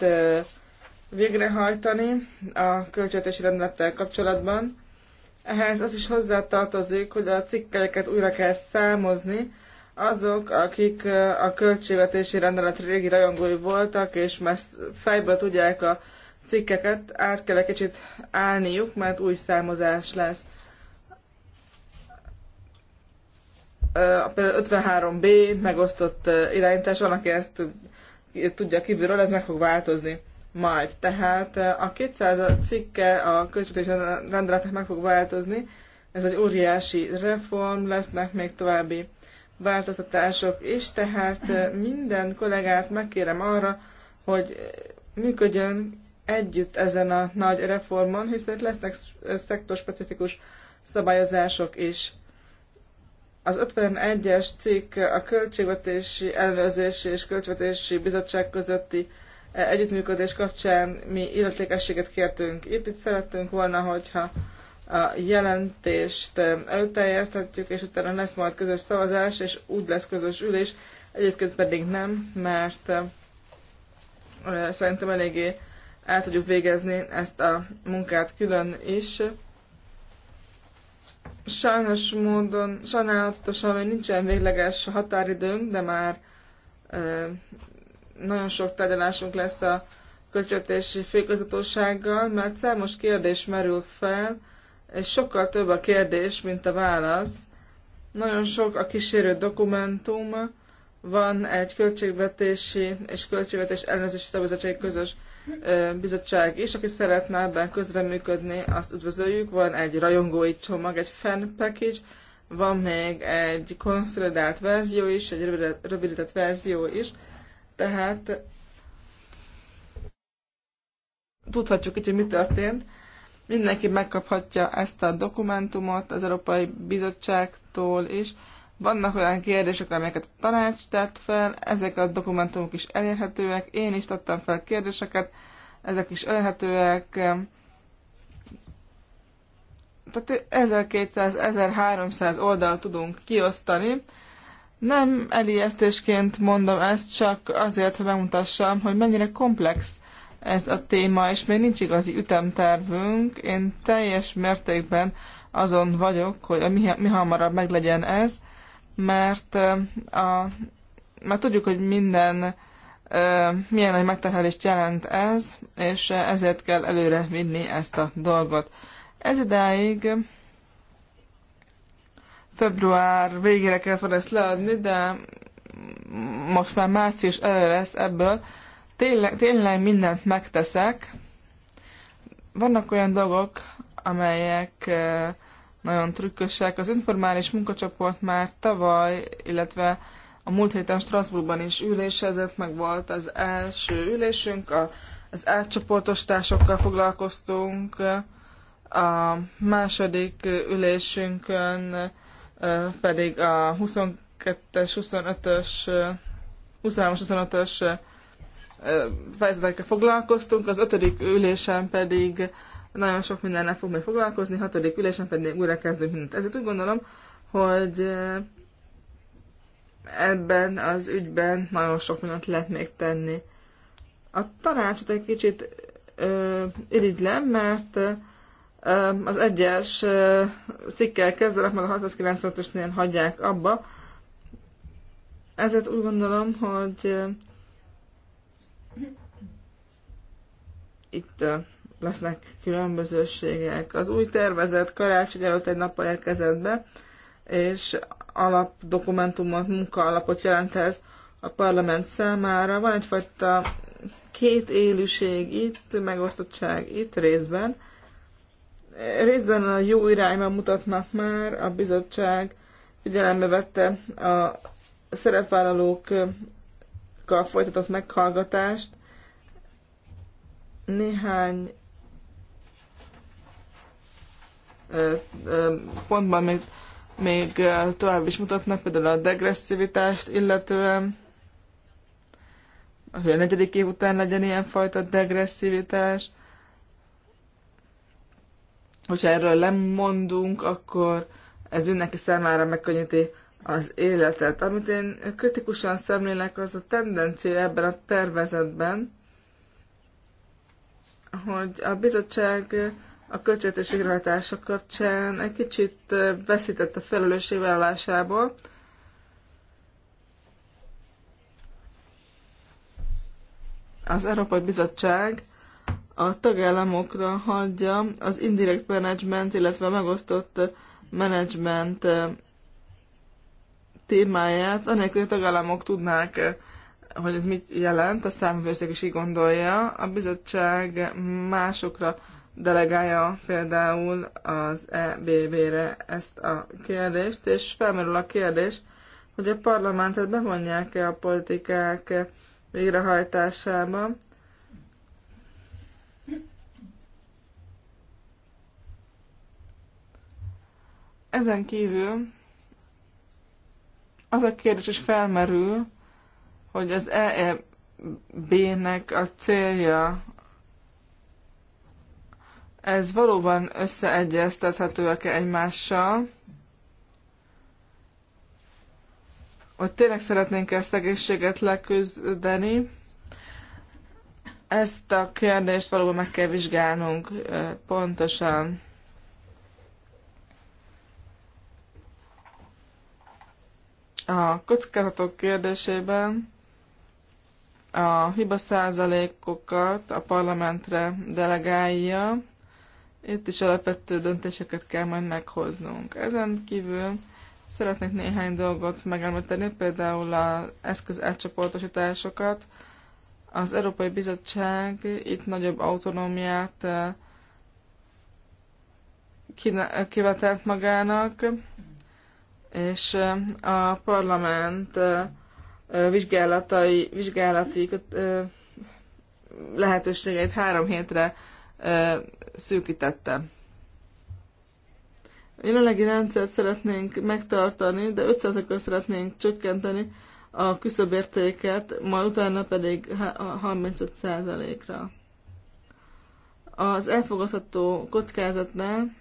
végrehajtani a költségvetési rendelettel kapcsolatban. Ehhez az is hozzátartozik, hogy a cikkelyeket újra kell számozni, azok, akik a költségvetési rendelet régi rajongói voltak, és mert fejből tudják a cikkeket, át kell egy kicsit állniuk, mert új számozás lesz. például 53B megosztott irányítás, van, aki ezt tudja kívülről, ez meg fog változni majd. Tehát a 200 cikke a költségvetés rendeletnek meg fog változni, ez egy óriási reform, lesznek még további változtatások is, tehát minden kollégát megkérem arra, hogy működjön együtt ezen a nagy reformon, hiszen lesznek szektorspecifikus szabályozások is. Az 51-es cikk a Költségvetési Ellenőrzési és Költségvetési Bizottság közötti eh, együttműködés kapcsán mi illetékességet kértünk. Itt, itt szerettünk volna, hogyha a jelentést eh, előteljeszthetjük, és utána lesz majd közös szavazás, és úgy lesz közös ülés. Egyébként pedig nem, mert eh, szerintem eléggé el tudjuk végezni ezt a munkát külön is. Sajnos módon, sajnálatosan még nincsen végleges határidőnk, de már ö, nagyon sok tárgyalásunk lesz a költségvetési főigazgatósággal, mert számos kérdés merül fel, és sokkal több a kérdés, mint a válasz. Nagyon sok a kísérő dokumentum, van egy költségvetési és költségvetés ellenőrzési szabadság közös bizottság is, aki szeretne ebben közreműködni, azt üdvözöljük. Van egy rajongói csomag, egy fan package, van még egy konszolidált verzió is, egy rövidített verzió is, tehát tudhatjuk itt, hogy mi történt. Mindenki megkaphatja ezt a dokumentumot az Európai Bizottságtól is, vannak olyan kérdések, amelyeket a tanács tett fel, ezek a dokumentumok is elérhetőek, én is tettem fel kérdéseket, ezek is elérhetőek. Tehát 1200-1300 oldal tudunk kiosztani. Nem elijesztésként mondom ezt, csak azért, hogy megmutassam, hogy mennyire komplex ez a téma, és még nincs igazi ütemtervünk. Én teljes mértékben azon vagyok, hogy mi, mi hamarabb meglegyen ez, mert, a, mert tudjuk, hogy minden milyen nagy megterhelést jelent ez, és ezért kell előre vinni ezt a dolgot. Ez idáig február végére kellett volna ezt leadni, de most már március elő lesz ebből. Tényleg, tényleg mindent megteszek. Vannak olyan dolgok, amelyek nagyon trükkösek. Az informális munkacsoport már tavaly, illetve a múlt héten Strasbourgban is ülésezett, meg volt az első ülésünk, a, az átcsoportostásokkal foglalkoztunk, a második ülésünkön pedig a 22-es, 25-ös, 23-25-ös fejezetekkel foglalkoztunk, az ötödik ülésen pedig nagyon sok mindennel fog még foglalkozni, hatodik ülésen pedig újra kezdünk mindent. Ezért úgy gondolom, hogy eh, ebben az ügyben nagyon sok mindent lehet még tenni. A tanácsot egy kicsit eh, irigylem, mert ö, eh, az egyes ö, cikkel kezdenek, meg a 695-ösnél hagyják abba. Ezért úgy gondolom, hogy ö, itt ö, lesznek különbözőségek. Az új tervezet karácsony előtt egy nappal érkezett be, és alapdokumentumot, munkaalapot jelent ez a parlament számára. Van egyfajta két élőség itt, megosztottság itt részben. Részben a jó irányba mutatnak már, a bizottság figyelembe vette a szerepvállalókkal folytatott meghallgatást. Néhány pontban még, még tovább is mutatnak, például a degresszivitást illetően, hogy a negyedik év után legyen ilyenfajta degresszivitás. Hogyha erről lemondunk, akkor ez mindenki számára megkönnyíti az életet. Amit én kritikusan szemlélek, az a tendencia ebben a tervezetben, hogy a bizottság a költségvetés végrehajtása kapcsán egy kicsit veszített a felelősségvállalásából. Az Európai Bizottság a tagállamokra hagyja az indirect management, illetve a megosztott management témáját, anélkül, hogy a tagállamok tudnák, hogy ez mit jelent, a számvőszék is így gondolja. A bizottság másokra delegálja például az EBB-re ezt a kérdést, és felmerül a kérdés, hogy a parlamentet bevonják-e a politikák végrehajtásába. Ezen kívül az a kérdés is felmerül, hogy az EEB-nek a célja ez valóban összeegyeztethetőek-e egymással, hogy tényleg szeretnénk ezt egészséget leküzdeni. Ezt a kérdést valóban meg kell vizsgálnunk pontosan. A kockázatok kérdésében a hiba százalékokat a parlamentre delegálja, itt is alapvető döntéseket kell majd meghoznunk. Ezen kívül szeretnék néhány dolgot megemlíteni, például az eszköz elcsoportosításokat. Az Európai Bizottság itt nagyobb autonómiát eh, eh, kivetelt magának, és eh, a parlament vizsgálatai, vizsgálati lehetőségeit három hétre szűkítette. A jelenlegi rendszert szeretnénk megtartani, de 5%-kal szeretnénk csökkenteni a küszöbértéket, majd utána pedig 35%-ra. Az elfogadható kockázatnál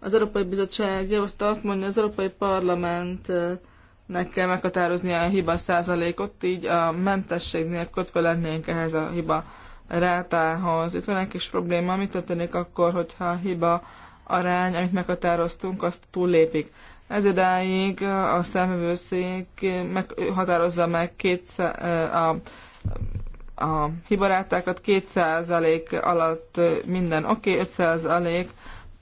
az Európai Bizottság javaslata azt mondja, az Európai Parlamentnek kell meghatározni a hiba százalékot, így a mentességnél kötve lennénk ehhez a hiba rátához. Itt van egy kis probléma, mi történik akkor, hogyha a hiba arány, amit meghatároztunk, azt túllépik. Ez idáig a számövőszék határozza meg két, a, a hibarátákat 2% alatt minden oké, okay, 5%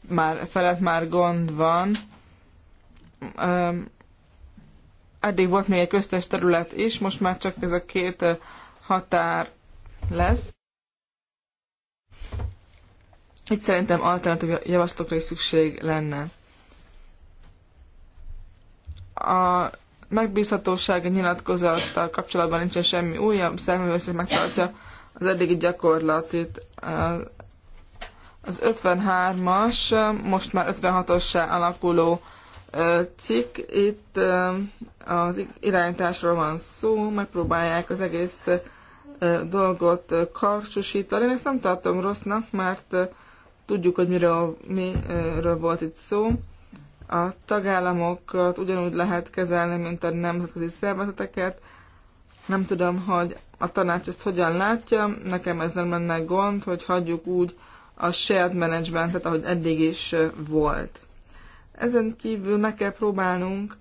már felett már gond van. Eddig volt még egy köztes terület is, most már csak ez a két határ lesz. Itt szerintem alternatív javaslatokra is szükség lenne. A megbízhatósági nyilatkozattal kapcsolatban nincsen semmi újabb, szemüvőszék megtartja az eddigi gyakorlatit. Az 53-as, most már 56-ossá alakuló cikk, itt az irányításról van szó, megpróbálják az egész dolgot karcsúsítani. Én ezt nem tartom rossznak, mert Tudjuk, hogy miről, miről volt itt szó. A tagállamokat ugyanúgy lehet kezelni, mint a nemzetközi szervezeteket. Nem tudom, hogy a tanács ezt hogyan látja. Nekem ez nem lenne gond, hogy hagyjuk úgy a shared managementet, ahogy eddig is volt. Ezen kívül meg kell próbálnunk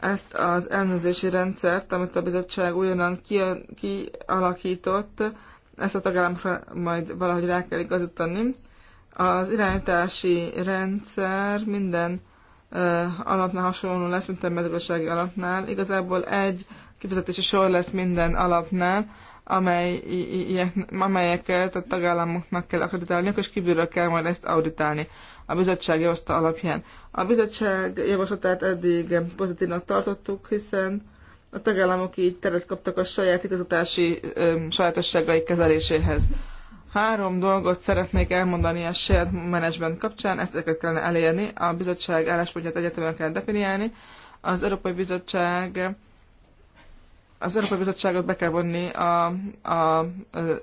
ezt az elnőzési rendszert, amit a bizottság újonnan kialakított, ezt a tagállamra majd valahogy rá kell igazítani. Az irányítási rendszer minden alapnál hasonló lesz, mint a mezőgazdasági alapnál. Igazából egy kifizetési sor lesz minden alapnál, amely, amelyeket a tagállamoknak kell akreditálni, és kívülről kell majd ezt auditálni a bizottság javaslata alapján. A bizottság javaslatát eddig pozitívnak tartottuk, hiszen a tagállamok így teret kaptak a saját igazgatási sajátosságai kezeléséhez. Három dolgot szeretnék elmondani a shared management kapcsán, ezeket kellene elérni, a bizottság álláspontját egyetemen kell definiálni, az Európai Bizottság az Európai Bizottságot be kell vonni a, a, a,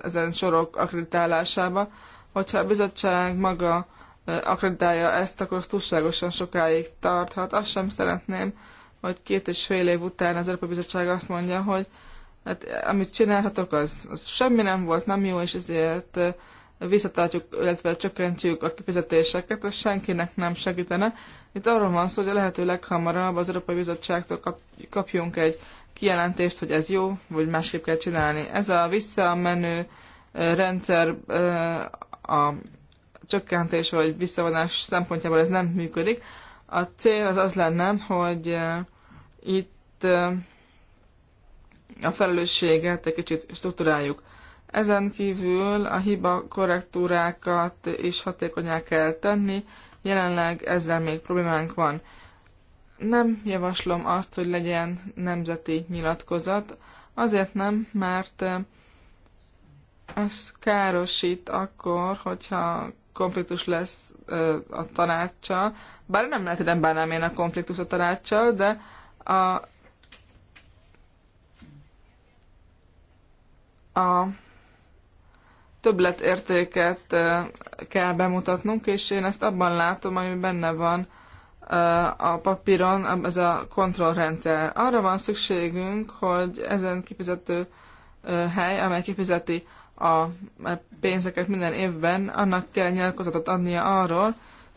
ezen sorok akreditálásába. Hogyha a bizottság maga akreditálja ezt, akkor az túlságosan sokáig tarthat. Azt sem szeretném, hogy két és fél év után az Európai Bizottság azt mondja, hogy hát amit csinálhatok, az, az semmi nem volt, nem jó, és ezért eh, visszatartjuk, illetve csökkentjük a kifizetéseket, ez senkinek nem segítene. Itt arról van szó, hogy a lehető leghamarabb az Európai Bizottságtól kap, kapjunk egy kijelentést, hogy ez jó, vagy másképp kell csinálni. Ez a visszamenő eh, rendszer eh, a csökkentés vagy visszavonás szempontjából ez nem működik. A cél az az lenne, hogy itt a felelősséget egy kicsit struktúráljuk. Ezen kívül a hiba korrektúrákat is hatékonyá kell tenni, jelenleg ezzel még problémánk van. Nem javaslom azt, hogy legyen nemzeti nyilatkozat, azért nem, mert eh, ez károsít akkor, hogyha konfliktus lesz eh, a tanácsa, bár nem lehet, hogy nem bánnám én a konfliktus a tanácsa, de a a többletértéket kell bemutatnunk, és én ezt abban látom, ami benne van a papíron, ez a kontrollrendszer. Arra van szükségünk, hogy ezen kifizető hely, amely kifizeti a pénzeket minden évben, annak kell nyilatkozatot adnia arról,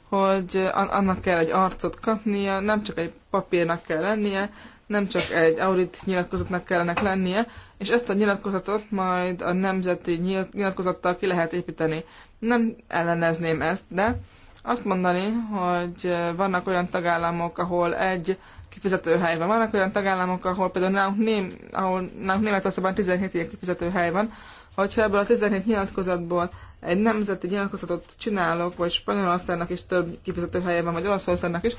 hogy annak kell egy arcot kapnia, nem csak egy papírnak kell lennie, nem csak egy audit nyilatkozatnak kellene lennie, és ezt a nyilatkozatot majd a nemzeti nyilatkozattal ki lehet építeni. Nem ellenezném ezt, de azt mondani, hogy vannak olyan tagállamok, ahol egy kifizetőhely van. Vannak olyan tagállamok, ahol például nálunk, Ném, ahol nálunk Németországban 17 ilyen kifizetőhely van. Hogyha ebből a 17 nyilatkozatból egy nemzeti nyilatkozatot csinálok, vagy Spanyolországnak is több kifizetőhelye van, vagy Olaszországnak is,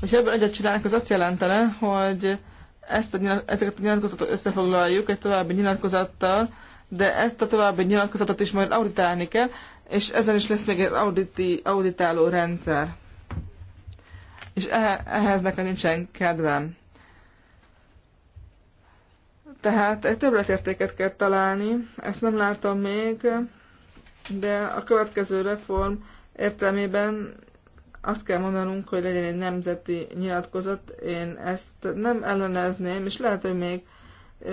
hogyha ebből egyet csinálnak, az azt jelentene, hogy ezt a, ezeket a nyilatkozatot összefoglaljuk egy további nyilatkozattal, de ezt a további nyilatkozatot is majd auditálni kell, és ezen is lesz még egy auditi, auditáló rendszer. És e, ehhez nekem nincsen kedvem. Tehát egy többletértéket kell találni, ezt nem látom még, de a következő reform értelmében azt kell mondanunk, hogy legyen egy nemzeti nyilatkozat. Én ezt nem ellenezném, és lehet, hogy még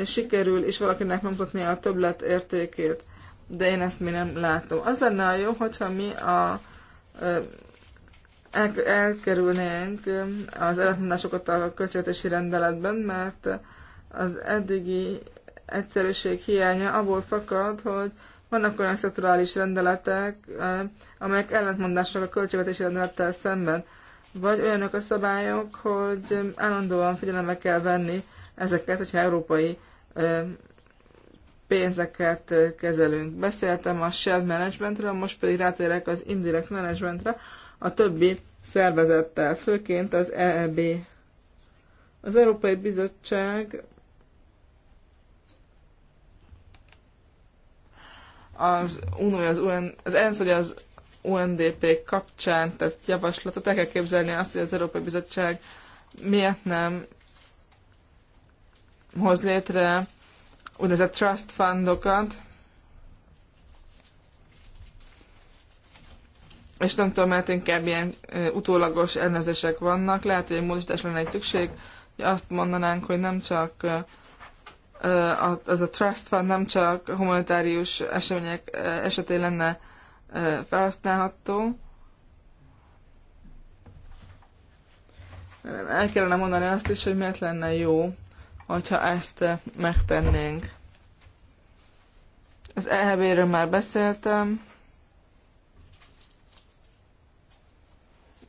sikerül is valakinek megmutatni a többlet értékét, de én ezt mi nem látom. Az lenne a jó, hogyha mi a, el, elkerülnénk az ellentmondásokat a költségvetési rendeletben, mert az eddigi egyszerűség hiánya abból fakad, hogy vannak olyan szektorális rendeletek, amelyek ellentmondásak a költségvetési rendelettel szemben, vagy olyanok a szabályok, hogy állandóan figyelembe kell venni ezeket, hogyha európai pénzeket kezelünk. Beszéltem a shared managementről, most pedig rátérek az indirect managementre, a többi szervezettel, főként az EEB. Az Európai Bizottság az UNO, az, UN, az ENSZ vagy az UNDP kapcsán tett javaslatot, el kell képzelni azt, hogy az Európai Bizottság miért nem hoz létre úgynevezett trust fundokat, és nem tudom, mert inkább ilyen ö, utólagos elnözések vannak, lehet, hogy egy módosítás lenne egy szükség, hogy azt mondanánk, hogy nem csak az a trust fund nem csak humanitárius események esetén lenne felhasználható. El kellene mondani azt is, hogy miért lenne jó, hogyha ezt megtennénk. Az EHB-ről már beszéltem.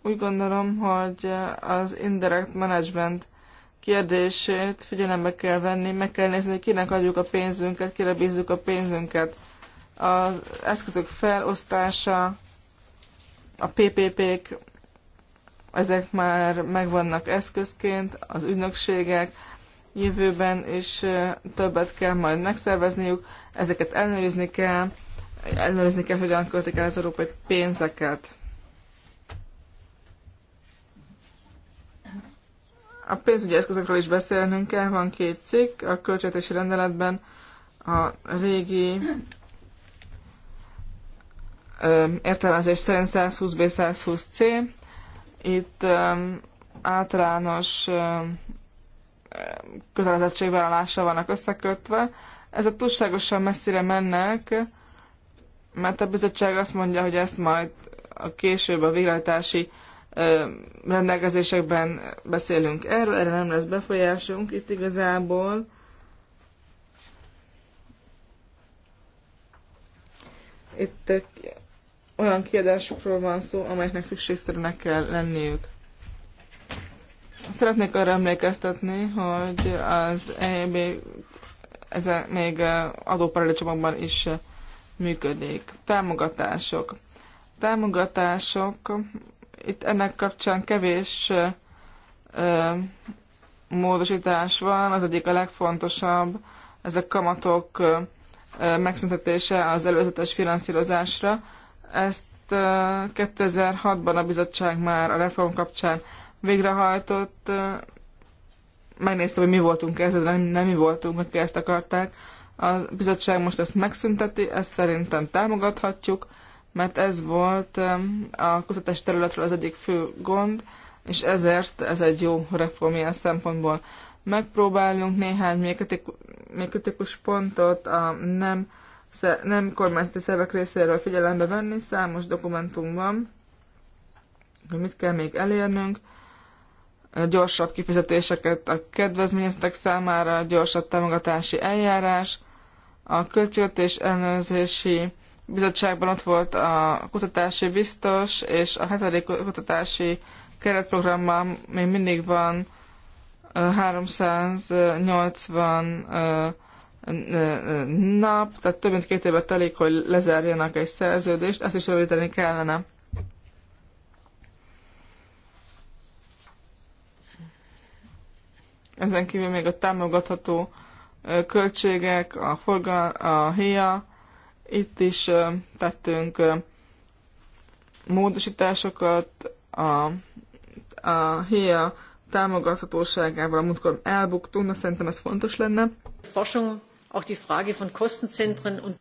Úgy gondolom, hogy az indirect management kérdését figyelembe kell venni, meg kell nézni, hogy kinek adjuk a pénzünket, kire bízzuk a pénzünket. Az eszközök felosztása, a PPP-k, ezek már megvannak eszközként, az ügynökségek, jövőben is többet kell majd megszervezniük, ezeket ellenőrizni kell, ellenőrizni kell, hogyan költik el az európai pénzeket. A pénzügyi eszközökről is beszélnünk kell, van két cikk, a költségvetési rendeletben a régi ö, értelmezés szerint 120B120C, itt ö, általános ö, kötelezettségvállalással vannak összekötve. Ezek túlságosan messzire mennek, mert a bizottság azt mondja, hogy ezt majd a később a végrehajtási rendelkezésekben beszélünk erről, erre nem lesz befolyásunk itt igazából. Itt olyan kiadásokról van szó, amelyeknek szükségszerűnek kell lenniük. Szeretnék arra emlékeztetni, hogy az EIB ez még adóparadicsomokban is működik. Támogatások. Támogatások itt ennek kapcsán kevés ö, módosítás van, az egyik a legfontosabb, ez a kamatok ö, megszüntetése az előzetes finanszírozásra. Ezt 2006-ban a bizottság már a reform kapcsán végrehajtott. Megnéztem, hogy mi voltunk ezzel, nem, nem mi voltunk, akik ezt akarták. A bizottság most ezt megszünteti, ezt szerintem támogathatjuk mert ez volt a kutatás területről az egyik fő gond, és ezért ez egy jó reform ilyen szempontból. Megpróbálunk néhány még kritikus, pontot a nem, nem kormányzati szervek részéről figyelembe venni, számos dokumentum van, hogy mit kell még elérnünk, gyorsabb kifizetéseket a kedvezményeztek számára, gyorsabb támogatási eljárás, a költségvetés ellenőrzési bizottságban ott volt a kutatási biztos, és a hetedik kutatási keretprogramban még mindig van 380 nap, tehát több mint két évet telik, hogy lezárjanak egy szerződést, ezt is rövidíteni kellene. Ezen kívül még a támogatható költségek, a, forgal, a héja, itt is tettünk módosításokat a, a HIA e támogathatóságával, amikor elbuktunk, de szerintem ez fontos lenne. Forschung,
auch die Frage von Kostenzentren und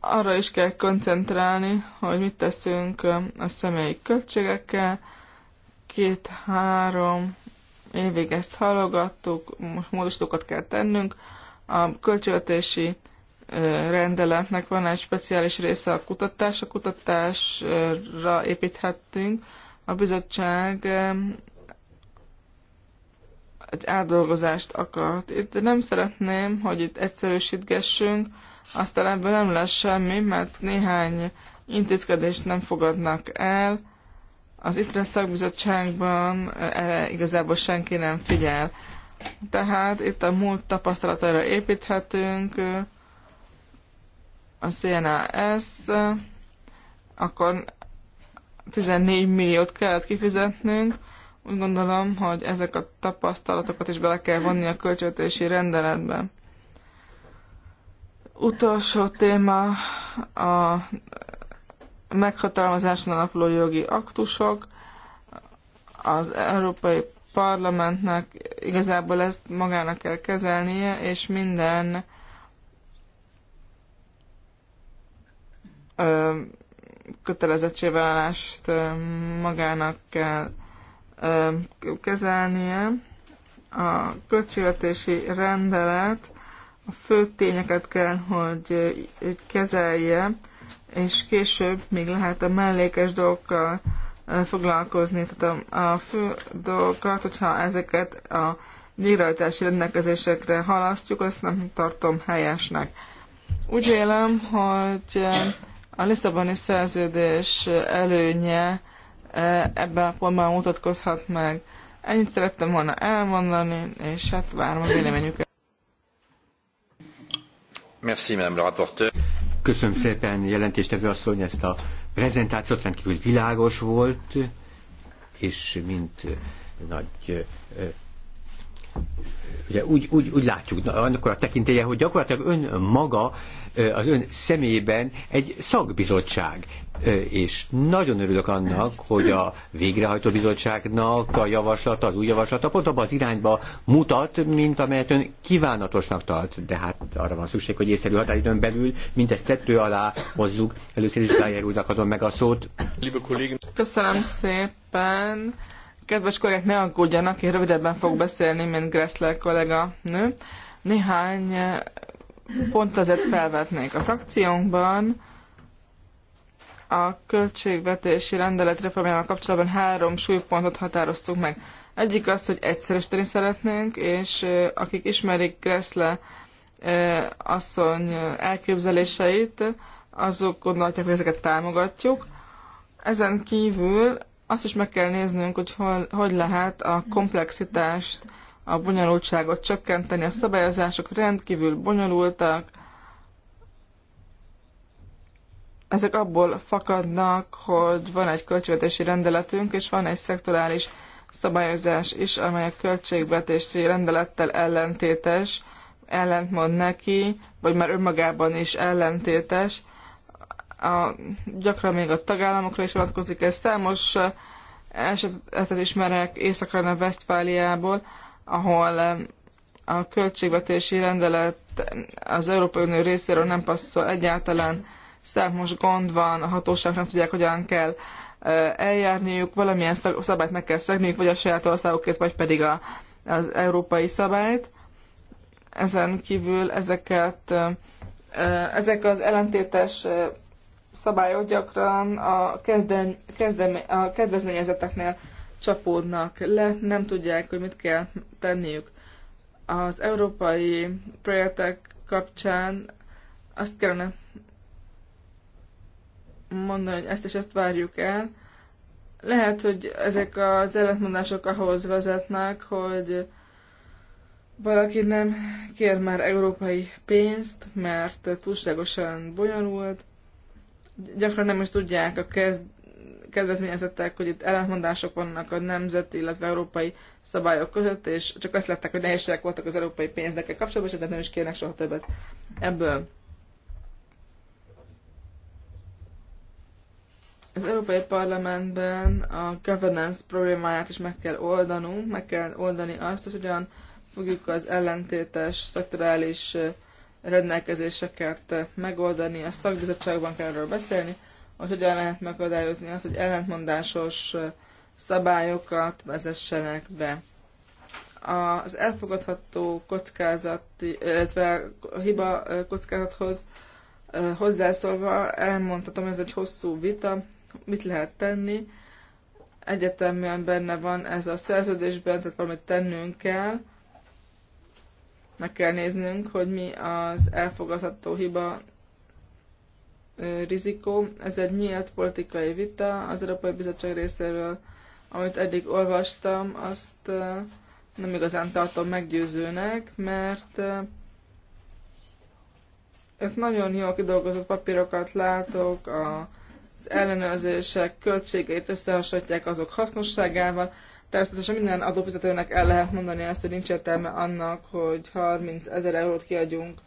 arra is kell koncentrálni, hogy mit teszünk a személyi költségekkel. Két-három évig ezt halogattuk, most módosítókat kell tennünk. A költségvetési rendeletnek van egy speciális része a kutatás. A kutatásra építhettünk. A bizottság egy átdolgozást akart. Itt nem szeretném, hogy itt egyszerűsítgessünk, aztán ebből nem lesz semmi, mert néhány intézkedést nem fogadnak el. Az ITRE szakbizottságban erre igazából senki nem figyel. Tehát itt a múlt tapasztalatára építhetünk, a CNAS, akkor 14 milliót kellett kifizetnünk. Úgy gondolom, hogy ezek a tapasztalatokat is bele kell vonni a költségvetési rendeletbe. Utolsó téma a meghatalmazáson alapuló jogi aktusok. Az Európai Parlamentnek igazából ezt magának kell kezelnie, és minden kötelezettségvállalást magának kell kezelnie. A költségvetési rendelet a fő tényeket kell, hogy kezelje, és később még lehet a mellékes dolgokkal foglalkozni. Tehát a, a fő dolgokat, hogyha ezeket a végrehajtási rendelkezésekre halasztjuk, azt nem tartom helyesnek. Úgy vélem, hogy a Lisszaboni szerződés előnye e, ebben a formában mutatkozhat meg. Ennyit szerettem volna elmondani, és hát várom a véleményüket.
Merci, Madame rapporteur. Köszönöm szépen, jelentéstevő asszony, ezt a prezentációt rendkívül világos volt, és mint nagy ugye úgy, úgy, úgy látjuk, annak a tekintélye, hogy gyakorlatilag ön maga az ön személyében egy szakbizottság, és nagyon örülök annak, hogy a végrehajtó bizottságnak a javaslata, az új javaslata pont abban az irányba mutat, mint amelyet ön kívánatosnak tart, de hát arra van szükség, hogy észszerű határidőn belül mindezt tető alá hozzuk. Először is Gájer úrnak adom meg a szót.
Köszönöm szépen. Kedves kollégák, ne aggódjanak, én rövidebben fogok beszélni, mint Gressler kollega nő. Néhány eh, pont azért felvetnék. A frakciónkban a költségvetési rendelet reformjával kapcsolatban három súlypontot határoztuk meg. Egyik az, hogy egyszerűsíteni szeretnénk, és eh, akik ismerik Gressle eh, asszony elképzeléseit, azok gondolják, hogy ezeket támogatjuk. Ezen kívül azt is meg kell néznünk, hogy hol, hogy lehet a komplexitást, a bonyolultságot csökkenteni. A szabályozások rendkívül bonyolultak. Ezek abból fakadnak, hogy van egy költségvetési rendeletünk, és van egy szektorális szabályozás is, amely a költségvetési rendelettel ellentétes, ellentmond neki, vagy már önmagában is ellentétes a, gyakran még a tagállamokra is vonatkozik ez. Számos eh, esetet ismerek észak Westfáliából, ahol eh, a költségvetési rendelet az Európai Unió részéről nem passzol egyáltalán, számos gond van, a hatóságok nem tudják, hogyan kell eh, eljárniuk, valamilyen szabályt meg kell szegniük, vagy a saját országokért, vagy pedig a, az európai szabályt. Ezen kívül ezeket, ezek az ellentétes szabályok gyakran a, kezdem, kezdem, a kedvezményezeteknél csapódnak le, nem tudják, hogy mit kell tenniük. Az európai projektek kapcsán azt kellene mondani, hogy ezt és ezt várjuk el. Lehet, hogy ezek az ellentmondások ahhoz vezetnek, hogy valaki nem kér már európai pénzt, mert túlságosan bonyolult, gyakran nem is tudják a kezd, kedvezményezettek, hogy itt ellentmondások vannak a nemzeti, illetve európai szabályok között, és csak azt látták, hogy nehézségek voltak az európai pénzekkel kapcsolatban, és ezért nem is kérnek soha többet ebből. Az Európai Parlamentben a governance problémáját is meg kell oldanunk, meg kell oldani azt, hogy hogyan fogjuk az ellentétes szektorális rendelkezéseket megoldani, a szakbizottságban kell erről beszélni, hogy hogyan lehet megadályozni azt, hogy ellentmondásos szabályokat vezessenek be. Az elfogadható kockázat, illetve a hiba kockázathoz hozzászólva elmondhatom, ez egy hosszú vita, mit lehet tenni. Egyetemben benne van ez a szerződésben, tehát valamit tennünk kell, meg kell néznünk, hogy mi az elfogadható hiba rizikó. Ez egy nyílt politikai vita az Európai Bizottság részéről, amit eddig olvastam, azt nem igazán tartom meggyőzőnek, mert itt nagyon jól kidolgozott papírokat látok, az ellenőrzések költségeit összehasonlítják azok hasznosságával, Természetesen minden adófizetőnek el lehet mondani ezt, hogy nincs értelme annak, hogy 30 ezer eurót kiadjunk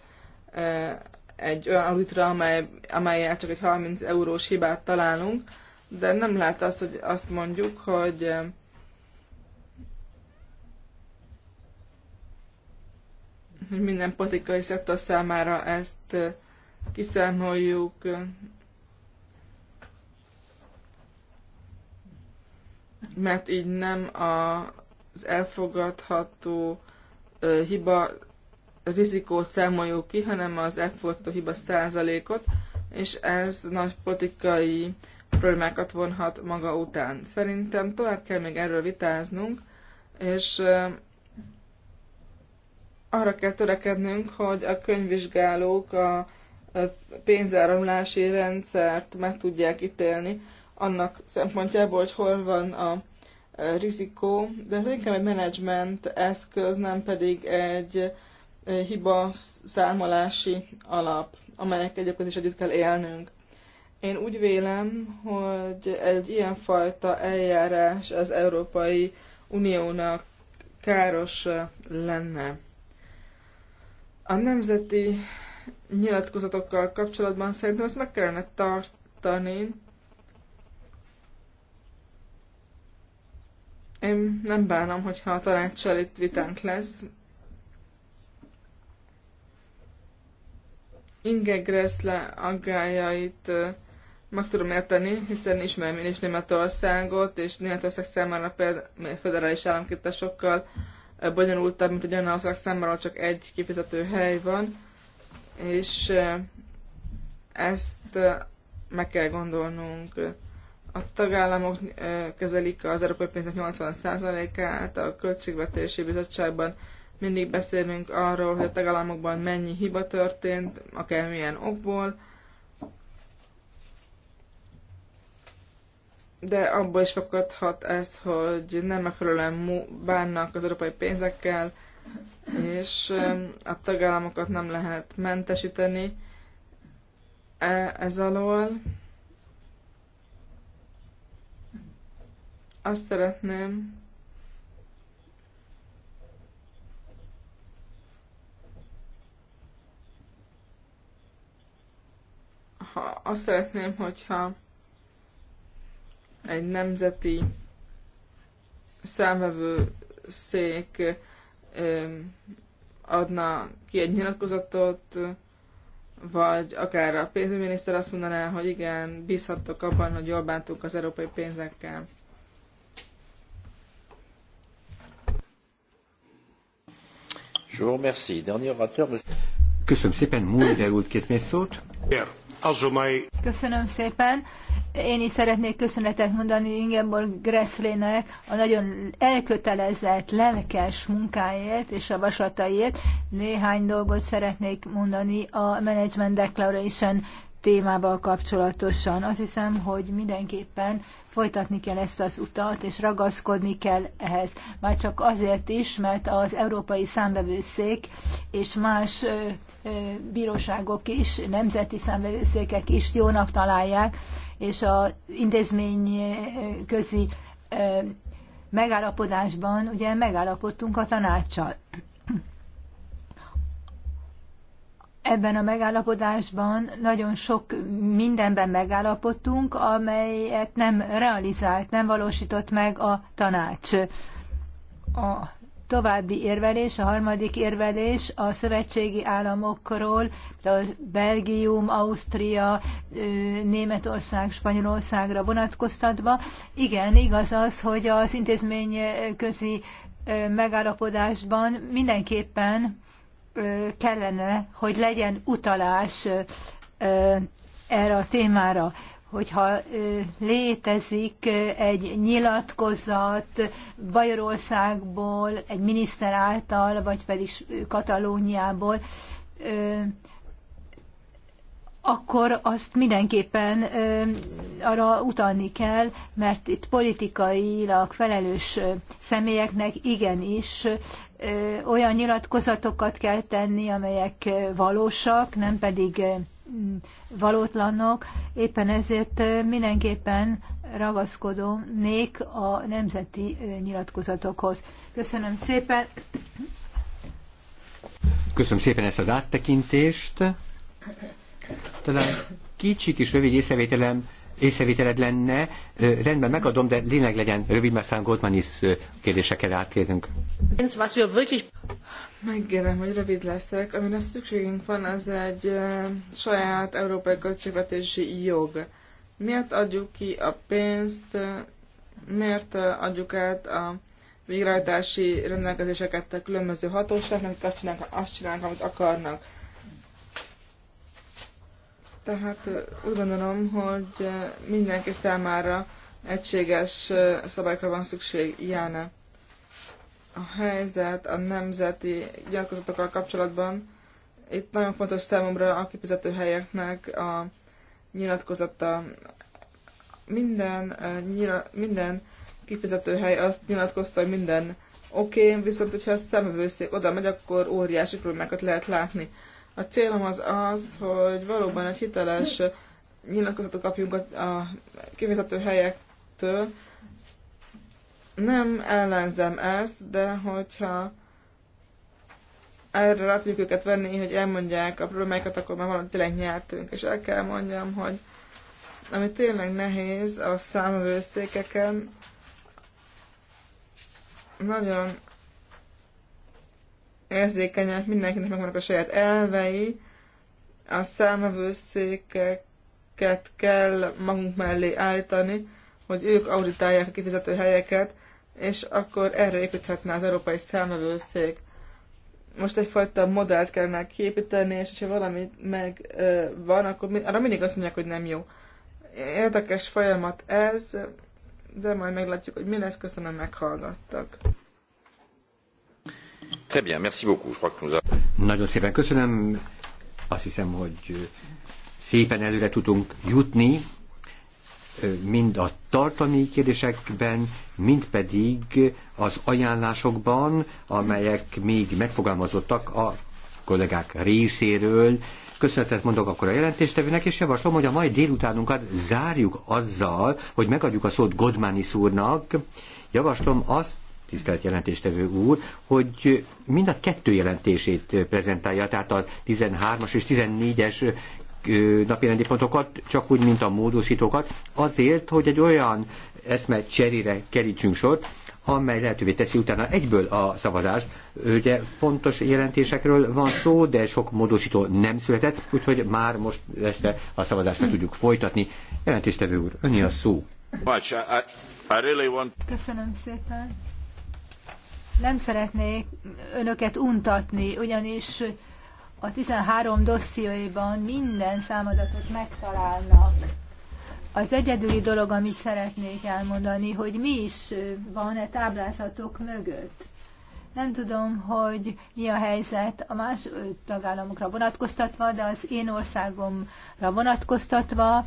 egy olyan auditra, amely, amelyel csak egy 30 eurós hibát találunk, de nem lehet azt, hogy azt mondjuk, hogy hogy minden politikai szektor számára ezt kiszámoljuk, mert így nem az elfogadható hiba rizikót számoljuk ki, hanem az elfogadható hiba százalékot, és ez nagy politikai problémákat vonhat maga után. Szerintem tovább kell még erről vitáznunk, és arra kell törekednünk, hogy a könyvvizsgálók a pénzáramlási rendszert meg tudják ítélni, annak szempontjából, hogy hol van a e, rizikó, de ez inkább egy menedzsment eszköz, nem pedig egy e, hiba számolási alap, amelyek egyébként is együtt kell élnünk. Én úgy vélem, hogy egy ilyenfajta eljárás az Európai Uniónak káros e, lenne. A nemzeti nyilatkozatokkal kapcsolatban szerintem ezt meg kellene tartani, Én nem bánom, hogyha a tanácssal itt vitánk lesz. Inge Gressle aggájait meg tudom érteni, hiszen ismerem én is Németországot, és Németország számára például federális államként bonyolultabb, mint egy olyan ország számára, csak egy kifizető hely van, és ezt meg kell gondolnunk a tagállamok kezelik az európai pénzek 80%-át, a Költségvetési Bizottságban mindig beszélünk arról, hogy a tagállamokban mennyi hiba történt, akármilyen okból, de abból is fakadhat ez, hogy nem megfelelően bánnak az európai pénzekkel, és a tagállamokat nem lehet mentesíteni e, ez alól. Azt szeretném, ha azt szeretném, hogyha egy nemzeti számvevő szék adna ki egy nyilatkozatot, vagy akár a pénzügyminiszter azt mondaná, hogy igen, bízhattok abban, hogy jól bántunk az európai pénzekkel.
Köszönöm szépen, Mulder úr két szót.
Köszönöm szépen. Én is szeretnék köszönetet mondani Ingeborg Gresslének a nagyon elkötelezett, lelkes munkáért és a javaslataiért. Néhány dolgot szeretnék mondani a Management Declaration témával kapcsolatosan. Azt hiszem, hogy mindenképpen folytatni kell ezt az utat, és ragaszkodni kell ehhez. Már csak azért is, mert az Európai Számbevőszék és más bíróságok is, nemzeti számbevőszékek is jónak találják, és az intézmény közi megállapodásban ugye megállapodtunk a tanácssal. ebben a megállapodásban nagyon sok mindenben megállapodtunk, amelyet nem realizált, nem valósított meg a tanács. A további érvelés, a harmadik érvelés a szövetségi államokról, Belgium, Ausztria, Németország, Spanyolországra vonatkoztatva. Igen, igaz az, hogy az intézményközi megállapodásban mindenképpen kellene, hogy legyen utalás erre a témára, hogyha létezik egy nyilatkozat Bajorországból, egy miniszter által, vagy pedig Katalóniából, akkor azt mindenképpen arra utalni kell, mert itt politikailag felelős személyeknek igenis olyan nyilatkozatokat kell tenni, amelyek valósak, nem pedig valótlanok. Éppen ezért mindenképpen ragaszkodnék a nemzeti nyilatkozatokhoz. Köszönöm szépen!
Köszönöm szépen ezt az áttekintést. Talán kicsi kis rövid észrevételem észrevételed lenne, rendben megadom, de lényeg legyen rövid, mert Goldman is kérdésekkel
átkérünk. Megérem, hogy rövid leszek. Amire szükségünk van, az egy saját európai költségvetési jog. Miért adjuk ki a pénzt, miért adjuk át a végrehajtási rendelkezéseket a különböző hatóságnak, azt azt csinálnak, amit akarnak tehát úgy gondolom, hogy mindenki számára egységes szabályokra van szükség, Jána. A helyzet a nemzeti gyakorlatokkal kapcsolatban, itt nagyon fontos számomra a kifizető helyeknek a nyilatkozata. Minden, nyila, minden kifizető hely azt nyilatkozta, hogy minden oké, okay, viszont hogyha a szemvőszék oda megy, akkor óriási problémákat lehet látni. A célom az az, hogy valóban egy hiteles nyilatkozatot kapjunk a, a kivizető helyektől. Nem ellenzem ezt, de hogyha erre rá tudjuk őket venni, hogy elmondják a problémáikat, akkor már valamit tényleg nyertünk. És el kell mondjam, hogy ami tényleg nehéz a számövőszékeken, nagyon érzékenyek, mindenkinek megvannak a saját elvei, a számvevőszékeket kell magunk mellé állítani, hogy ők auditálják a kifizető helyeket, és akkor erre építhetne az európai számvevőszék. Most egyfajta modellt kellene kiépíteni, és ha valami meg van, akkor mi, arra mindig azt mondják, hogy nem jó. Érdekes folyamat ez, de majd meglátjuk, hogy mi lesz. Köszönöm, meghallgattak.
Très bien, merci beaucoup. Je crois que nous a... Nagyon szépen köszönöm. Azt hiszem, hogy szépen előre tudunk jutni, mind a tartalmi kérdésekben, mind pedig az ajánlásokban, amelyek még megfogalmazottak a kollégák részéről. Köszönetet mondok akkor a jelentéstevőnek, és javaslom, hogy a mai délutánunkat zárjuk azzal, hogy megadjuk a szót Godmanis úrnak. Javaslom azt, tisztelt jelentéstevő úr, hogy mind a kettő jelentését prezentálja, tehát a 13-as és 14-es napirendi pontokat, csak úgy, mint a módosítókat, azért, hogy egy olyan eszme cserére kerítsünk sort, amely lehetővé teszi utána egyből a szavazást. Ugye fontos jelentésekről van szó, de sok módosító nem született, úgyhogy már most ezt a szavazást le tudjuk folytatni. Jelentéstevő úr, öni a
szó. Köszönöm
szépen nem szeretnék önöket untatni, ugyanis a 13 dosszióiban minden számadatot megtalálnak. Az egyedüli dolog, amit szeretnék elmondani, hogy mi is van-e táblázatok mögött. Nem tudom, hogy mi a helyzet a más tagállamokra vonatkoztatva, de az én országomra vonatkoztatva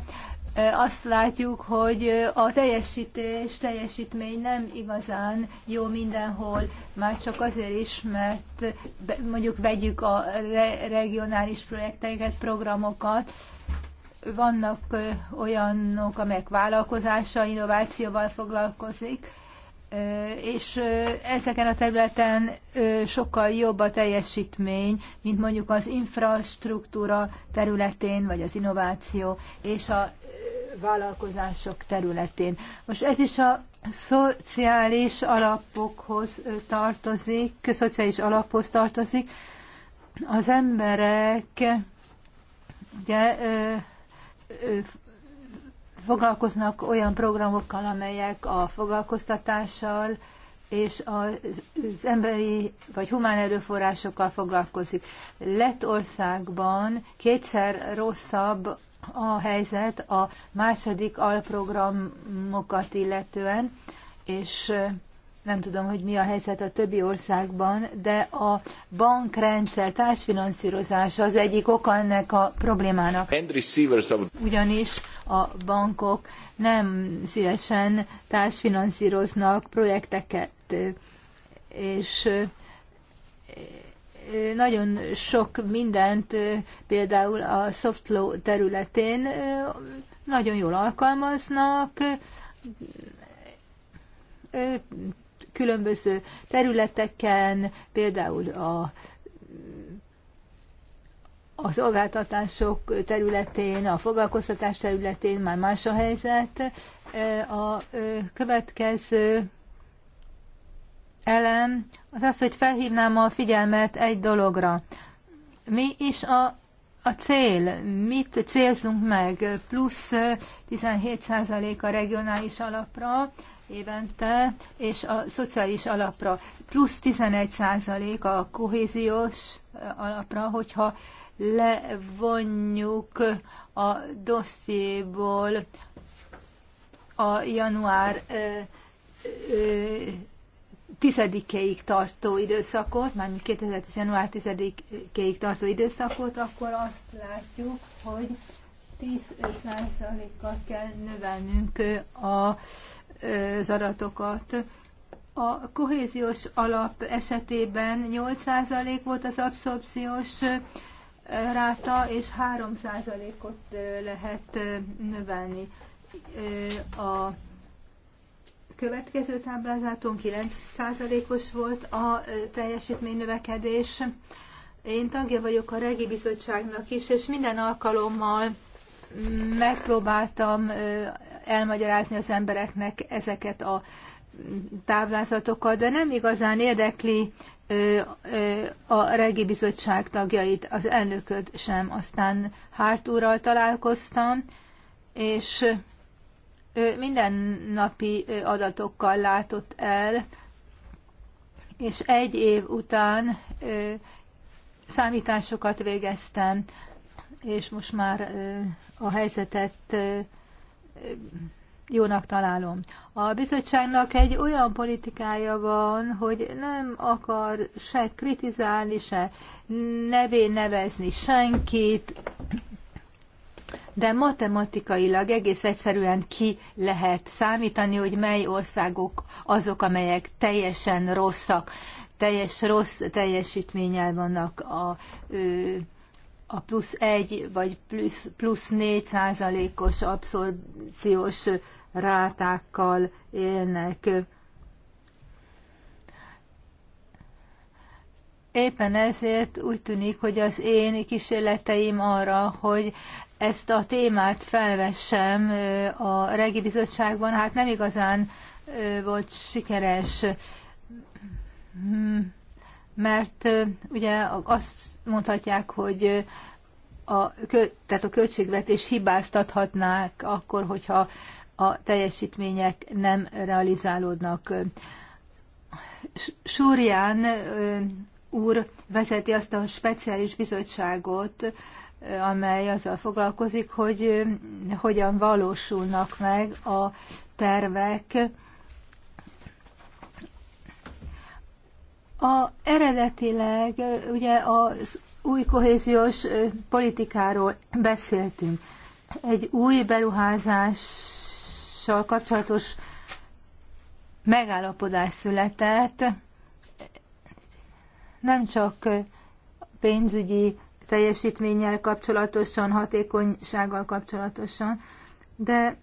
azt látjuk, hogy a teljesítés, teljesítmény nem igazán jó mindenhol, már csak azért is, mert mondjuk vegyük a regionális projekteket, programokat, vannak olyanok, amelyek vállalkozással, innovációval foglalkozik, és ezeken a területen sokkal jobb a teljesítmény, mint mondjuk az infrastruktúra területén, vagy az innováció és a vállalkozások területén. Most ez is a szociális alapokhoz tartozik, szociális alaphoz tartozik. Az emberek ugye, ö, ö, foglalkoznak olyan programokkal, amelyek a foglalkoztatással és az emberi vagy humán erőforrásokkal foglalkozik. Lettországban kétszer rosszabb a helyzet a második alprogramokat illetően, és nem tudom, hogy mi a helyzet a többi országban, de a bankrendszer társfinanszírozása az egyik oka ennek a problémának. Ugyanis a bankok nem szívesen társfinanszíroznak projekteket, és nagyon sok mindent, például a soft területén nagyon jól alkalmaznak, különböző területeken, például a a szolgáltatások területén, a foglalkoztatás területén már más a helyzet. A következő elem az az, hogy felhívnám a figyelmet egy dologra. Mi is a, a cél? Mit célzunk meg? Plusz 17% a regionális alapra évente, és a szociális alapra. Plusz 11% a kohéziós alapra, hogyha levonjuk a dossziéból a január 10 tartó időszakot, mármint 2010. január 10-ig tartó időszakot, akkor azt látjuk, hogy 10%-kal kell növelnünk a, az adatokat. A kohéziós alap esetében 8% volt az abszorpciós ráta, és 3%-ot lehet növelni. A következő táblázaton 9%-os volt a teljesítmény növekedés. Én tagja vagyok a Regi Bizottságnak is, és minden alkalommal megpróbáltam elmagyarázni az embereknek ezeket a táblázatokat, de nem igazán érdekli a Regi Bizottság tagjait, az elnököt sem. Aztán Hárt úrral találkoztam, és mindennapi adatokkal látott el, és egy év után számításokat végeztem, és most már a helyzetet jónak találom. A bizottságnak egy olyan politikája van, hogy nem akar se kritizálni, se nevén nevezni senkit, de matematikailag egész egyszerűen ki lehet számítani, hogy mely országok azok, amelyek teljesen rosszak, teljes rossz teljesítménnyel vannak a, a plusz egy vagy plusz, plusz négy százalékos abszorpciós rátákkal élnek. Éppen ezért úgy tűnik, hogy az én kísérleteim arra, hogy ezt a témát felvessem a regi bizottságban, hát nem igazán volt sikeres, hmm, mert ugye azt mondhatják, hogy a, tehát a költségvetés hibáztathatnák akkor, hogyha a teljesítmények nem realizálódnak. Súrján úr vezeti azt a speciális bizottságot, amely azzal foglalkozik, hogy hogyan valósulnak meg a tervek. A eredetileg ugye az új kohéziós politikáról beszéltünk. Egy új beruházással kapcsolatos megállapodás született, nem csak pénzügyi teljesítménnyel kapcsolatosan, hatékonysággal kapcsolatosan, de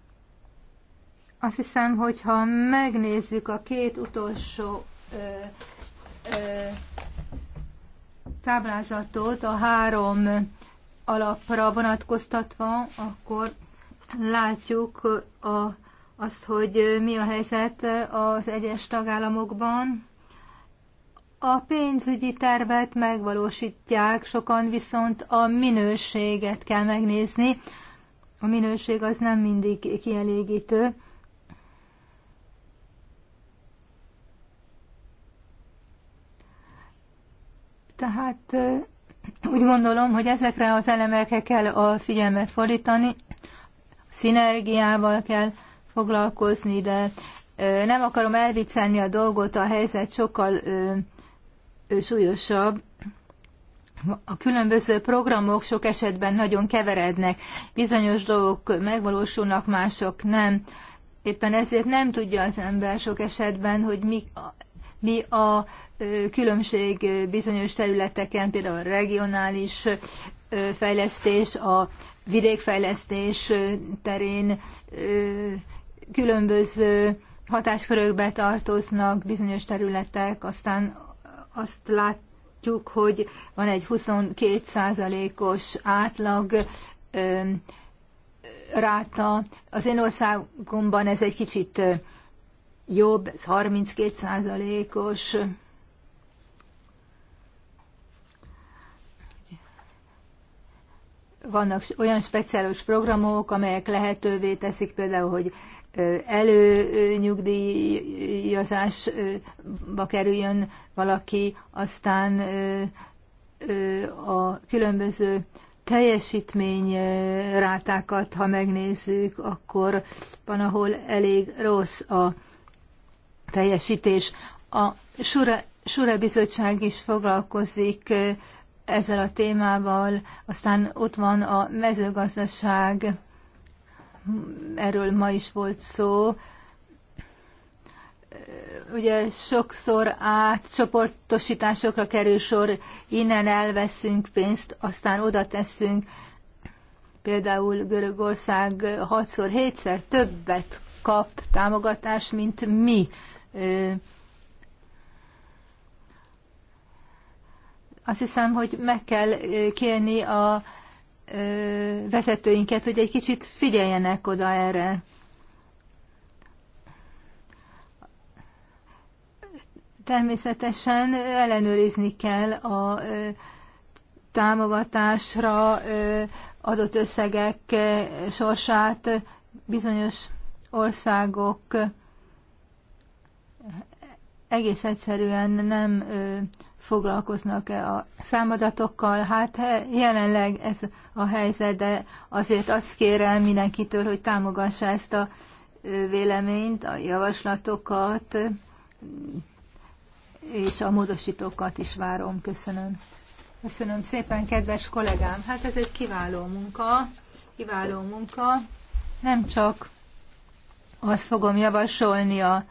azt hiszem, hogy ha megnézzük a két utolsó ö, ö, táblázatot, a három alapra vonatkoztatva, akkor látjuk a, azt, hogy mi a helyzet az egyes tagállamokban. A pénzügyi tervet megvalósítják, sokan viszont a minőséget kell megnézni. A minőség az nem mindig kielégítő. Tehát úgy gondolom, hogy ezekre az elemekre kell a figyelmet fordítani, szinergiával kell foglalkozni, de nem akarom elviccelni a dolgot, a helyzet sokkal súlyosabb. A különböző programok sok esetben nagyon keverednek, bizonyos dolgok megvalósulnak, mások nem. Éppen ezért nem tudja az ember sok esetben, hogy mi, mi a különbség bizonyos területeken, például a regionális fejlesztés, a vidékfejlesztés terén különböző hatáskörökbe tartoznak bizonyos területek, aztán azt látjuk, hogy van egy 22%-os átlag ö, ráta. Az én országomban ez egy kicsit jobb, ez 32%-os. Vannak olyan speciális programok, amelyek lehetővé teszik például, hogy előnyugdíjazásba kerüljön valaki, aztán a különböző teljesítményrátákat, ha megnézzük, akkor van, ahol elég rossz a teljesítés. A Sure, Sure Bizottság is foglalkozik ezzel a témával, aztán ott van a mezőgazdaság, erről ma is volt szó, ugye sokszor átcsoportosításokra kerül sor, innen elveszünk pénzt, aztán oda teszünk, például Görögország 6-szor, 7-szer többet kap támogatást, mint mi. Azt hiszem, hogy meg kell kérni a vezetőinket, hogy egy kicsit figyeljenek oda erre. Természetesen ellenőrizni kell a támogatásra adott összegek sorsát bizonyos országok egész egyszerűen nem foglalkoznak-e a számadatokkal. Hát jelenleg ez a helyzet, de azért azt kérem mindenkitől, hogy támogassa ezt a véleményt, a javaslatokat, és a módosítókat is várom. Köszönöm. Köszönöm szépen, kedves kollégám. Hát ez egy kiváló munka, kiváló munka. Nem csak azt fogom javasolni a,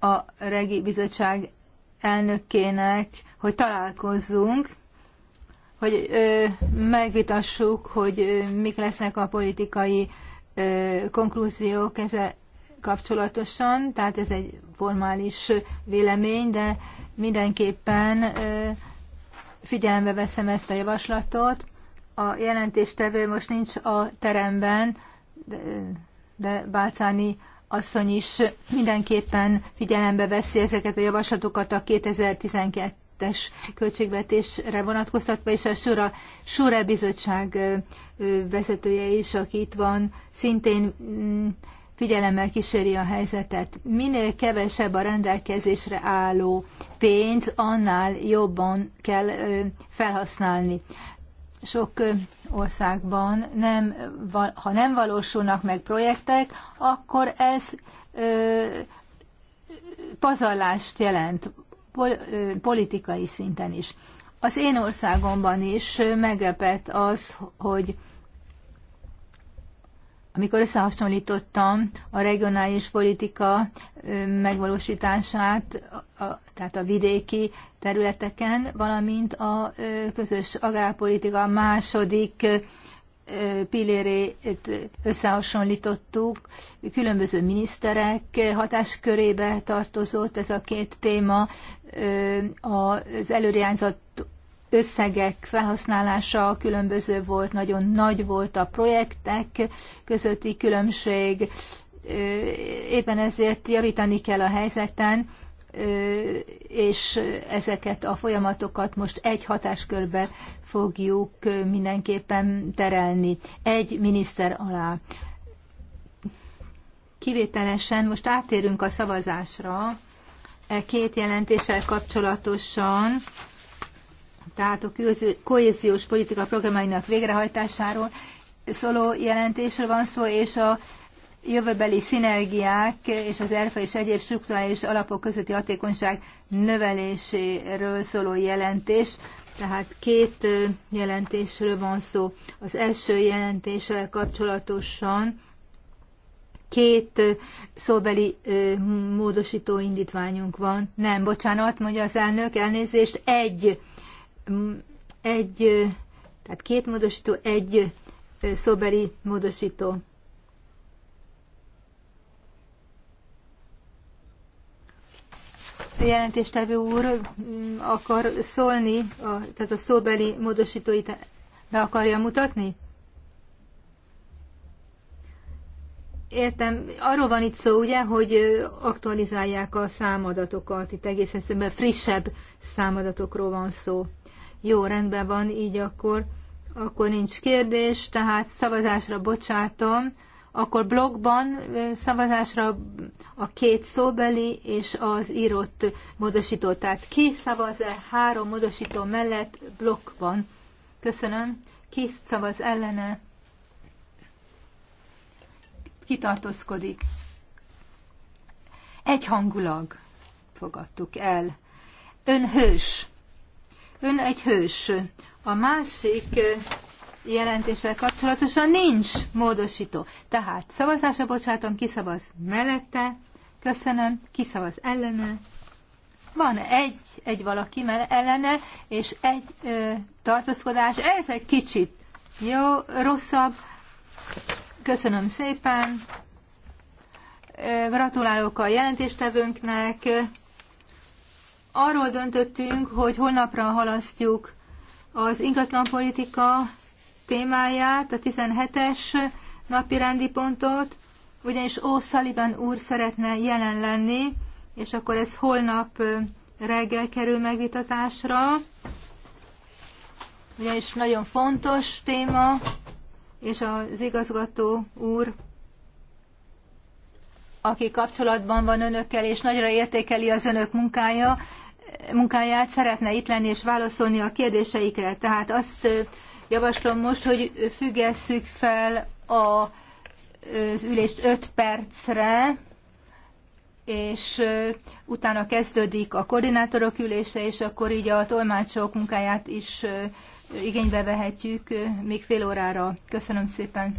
a Regi Bizottság elnökének, hogy találkozzunk, hogy ö, megvitassuk, hogy ö, mik lesznek a politikai ö, konklúziók ezzel kapcsolatosan, tehát ez egy formális vélemény, de mindenképpen ö, figyelembe veszem ezt a javaslatot. A jelentéstevő most nincs a teremben, de, de Bálcáni asszony is mindenképpen figyelembe veszi ezeket a javaslatokat a 2012-es költségvetésre vonatkoztatva, és a Sura, Sura Bizottság vezetője is, aki itt van, szintén mm, figyelemmel kíséri a helyzetet. Minél kevesebb a rendelkezésre álló pénz, annál jobban kell felhasználni sok országban nem, ha nem valósulnak meg projektek, akkor ez ö, pazarlást jelent politikai szinten is. Az én országomban is meglepett az, hogy amikor összehasonlítottam a regionális politika megvalósítását, a, tehát a vidéki területeken, valamint a közös agrárpolitika második pillérét összehasonlítottuk, különböző miniszterek hatáskörébe tartozott ez a két téma, az előirányzott összegek felhasználása különböző volt, nagyon nagy volt a projektek közötti különbség, éppen ezért javítani kell a helyzeten, és ezeket a folyamatokat most egy hatáskörbe fogjuk mindenképpen terelni, egy miniszter alá. Kivételesen most átérünk a szavazásra e két jelentéssel kapcsolatosan tehát a kohéziós politika programjainak végrehajtásáról szóló jelentésről van szó, és a jövőbeli szinergiák és az ERFA és egyéb struktúrális alapok közötti hatékonyság növeléséről szóló jelentés. Tehát két jelentésről van szó. Az első jelentéssel kapcsolatosan két szóbeli módosító indítványunk van. Nem, bocsánat, mondja az elnök, elnézést, egy egy, tehát két módosító, egy szóbeli módosító. A jelentéstevő úr mm, akar szólni, a, tehát a szóbeli módosítóit be akarja mutatni? Értem, arról van itt szó, ugye, hogy aktualizálják a számadatokat, itt egészen szemben frissebb számadatokról van szó. Jó, rendben van, így akkor, akkor nincs kérdés, tehát szavazásra bocsátom. Akkor blogban szavazásra a két szóbeli és az írott módosító. Tehát ki szavaz-e három módosító mellett blogban. Köszönöm. Ki szavaz ellene? tartózkodik? Egyhangulag fogadtuk el. Önhős Ön egy hős. A másik jelentéssel kapcsolatosan nincs módosító. Tehát szavazásra bocsátom, kiszavaz mellette, köszönöm, kiszavaz ellene. Van egy, egy valaki ellene, és egy ö, tartózkodás, ez egy kicsit jó, rosszabb. Köszönöm szépen. Gratulálok a jelentéstevőnknek. Arról döntöttünk, hogy holnapra halasztjuk az ingatlanpolitika témáját, a 17-es rendi pontot, ugyanis Ó Sullivan úr szeretne jelen lenni, és akkor ez holnap reggel kerül megvitatásra, ugyanis nagyon fontos téma, és az igazgató úr, aki kapcsolatban van önökkel, és nagyra értékeli az önök munkája, munkáját, szeretne itt lenni és válaszolni a kérdéseikre. Tehát azt javaslom most, hogy függesszük fel a, az ülést 5 percre, és utána kezdődik a koordinátorok ülése, és akkor így a tolmácsok munkáját is igénybe vehetjük még fél órára. Köszönöm szépen!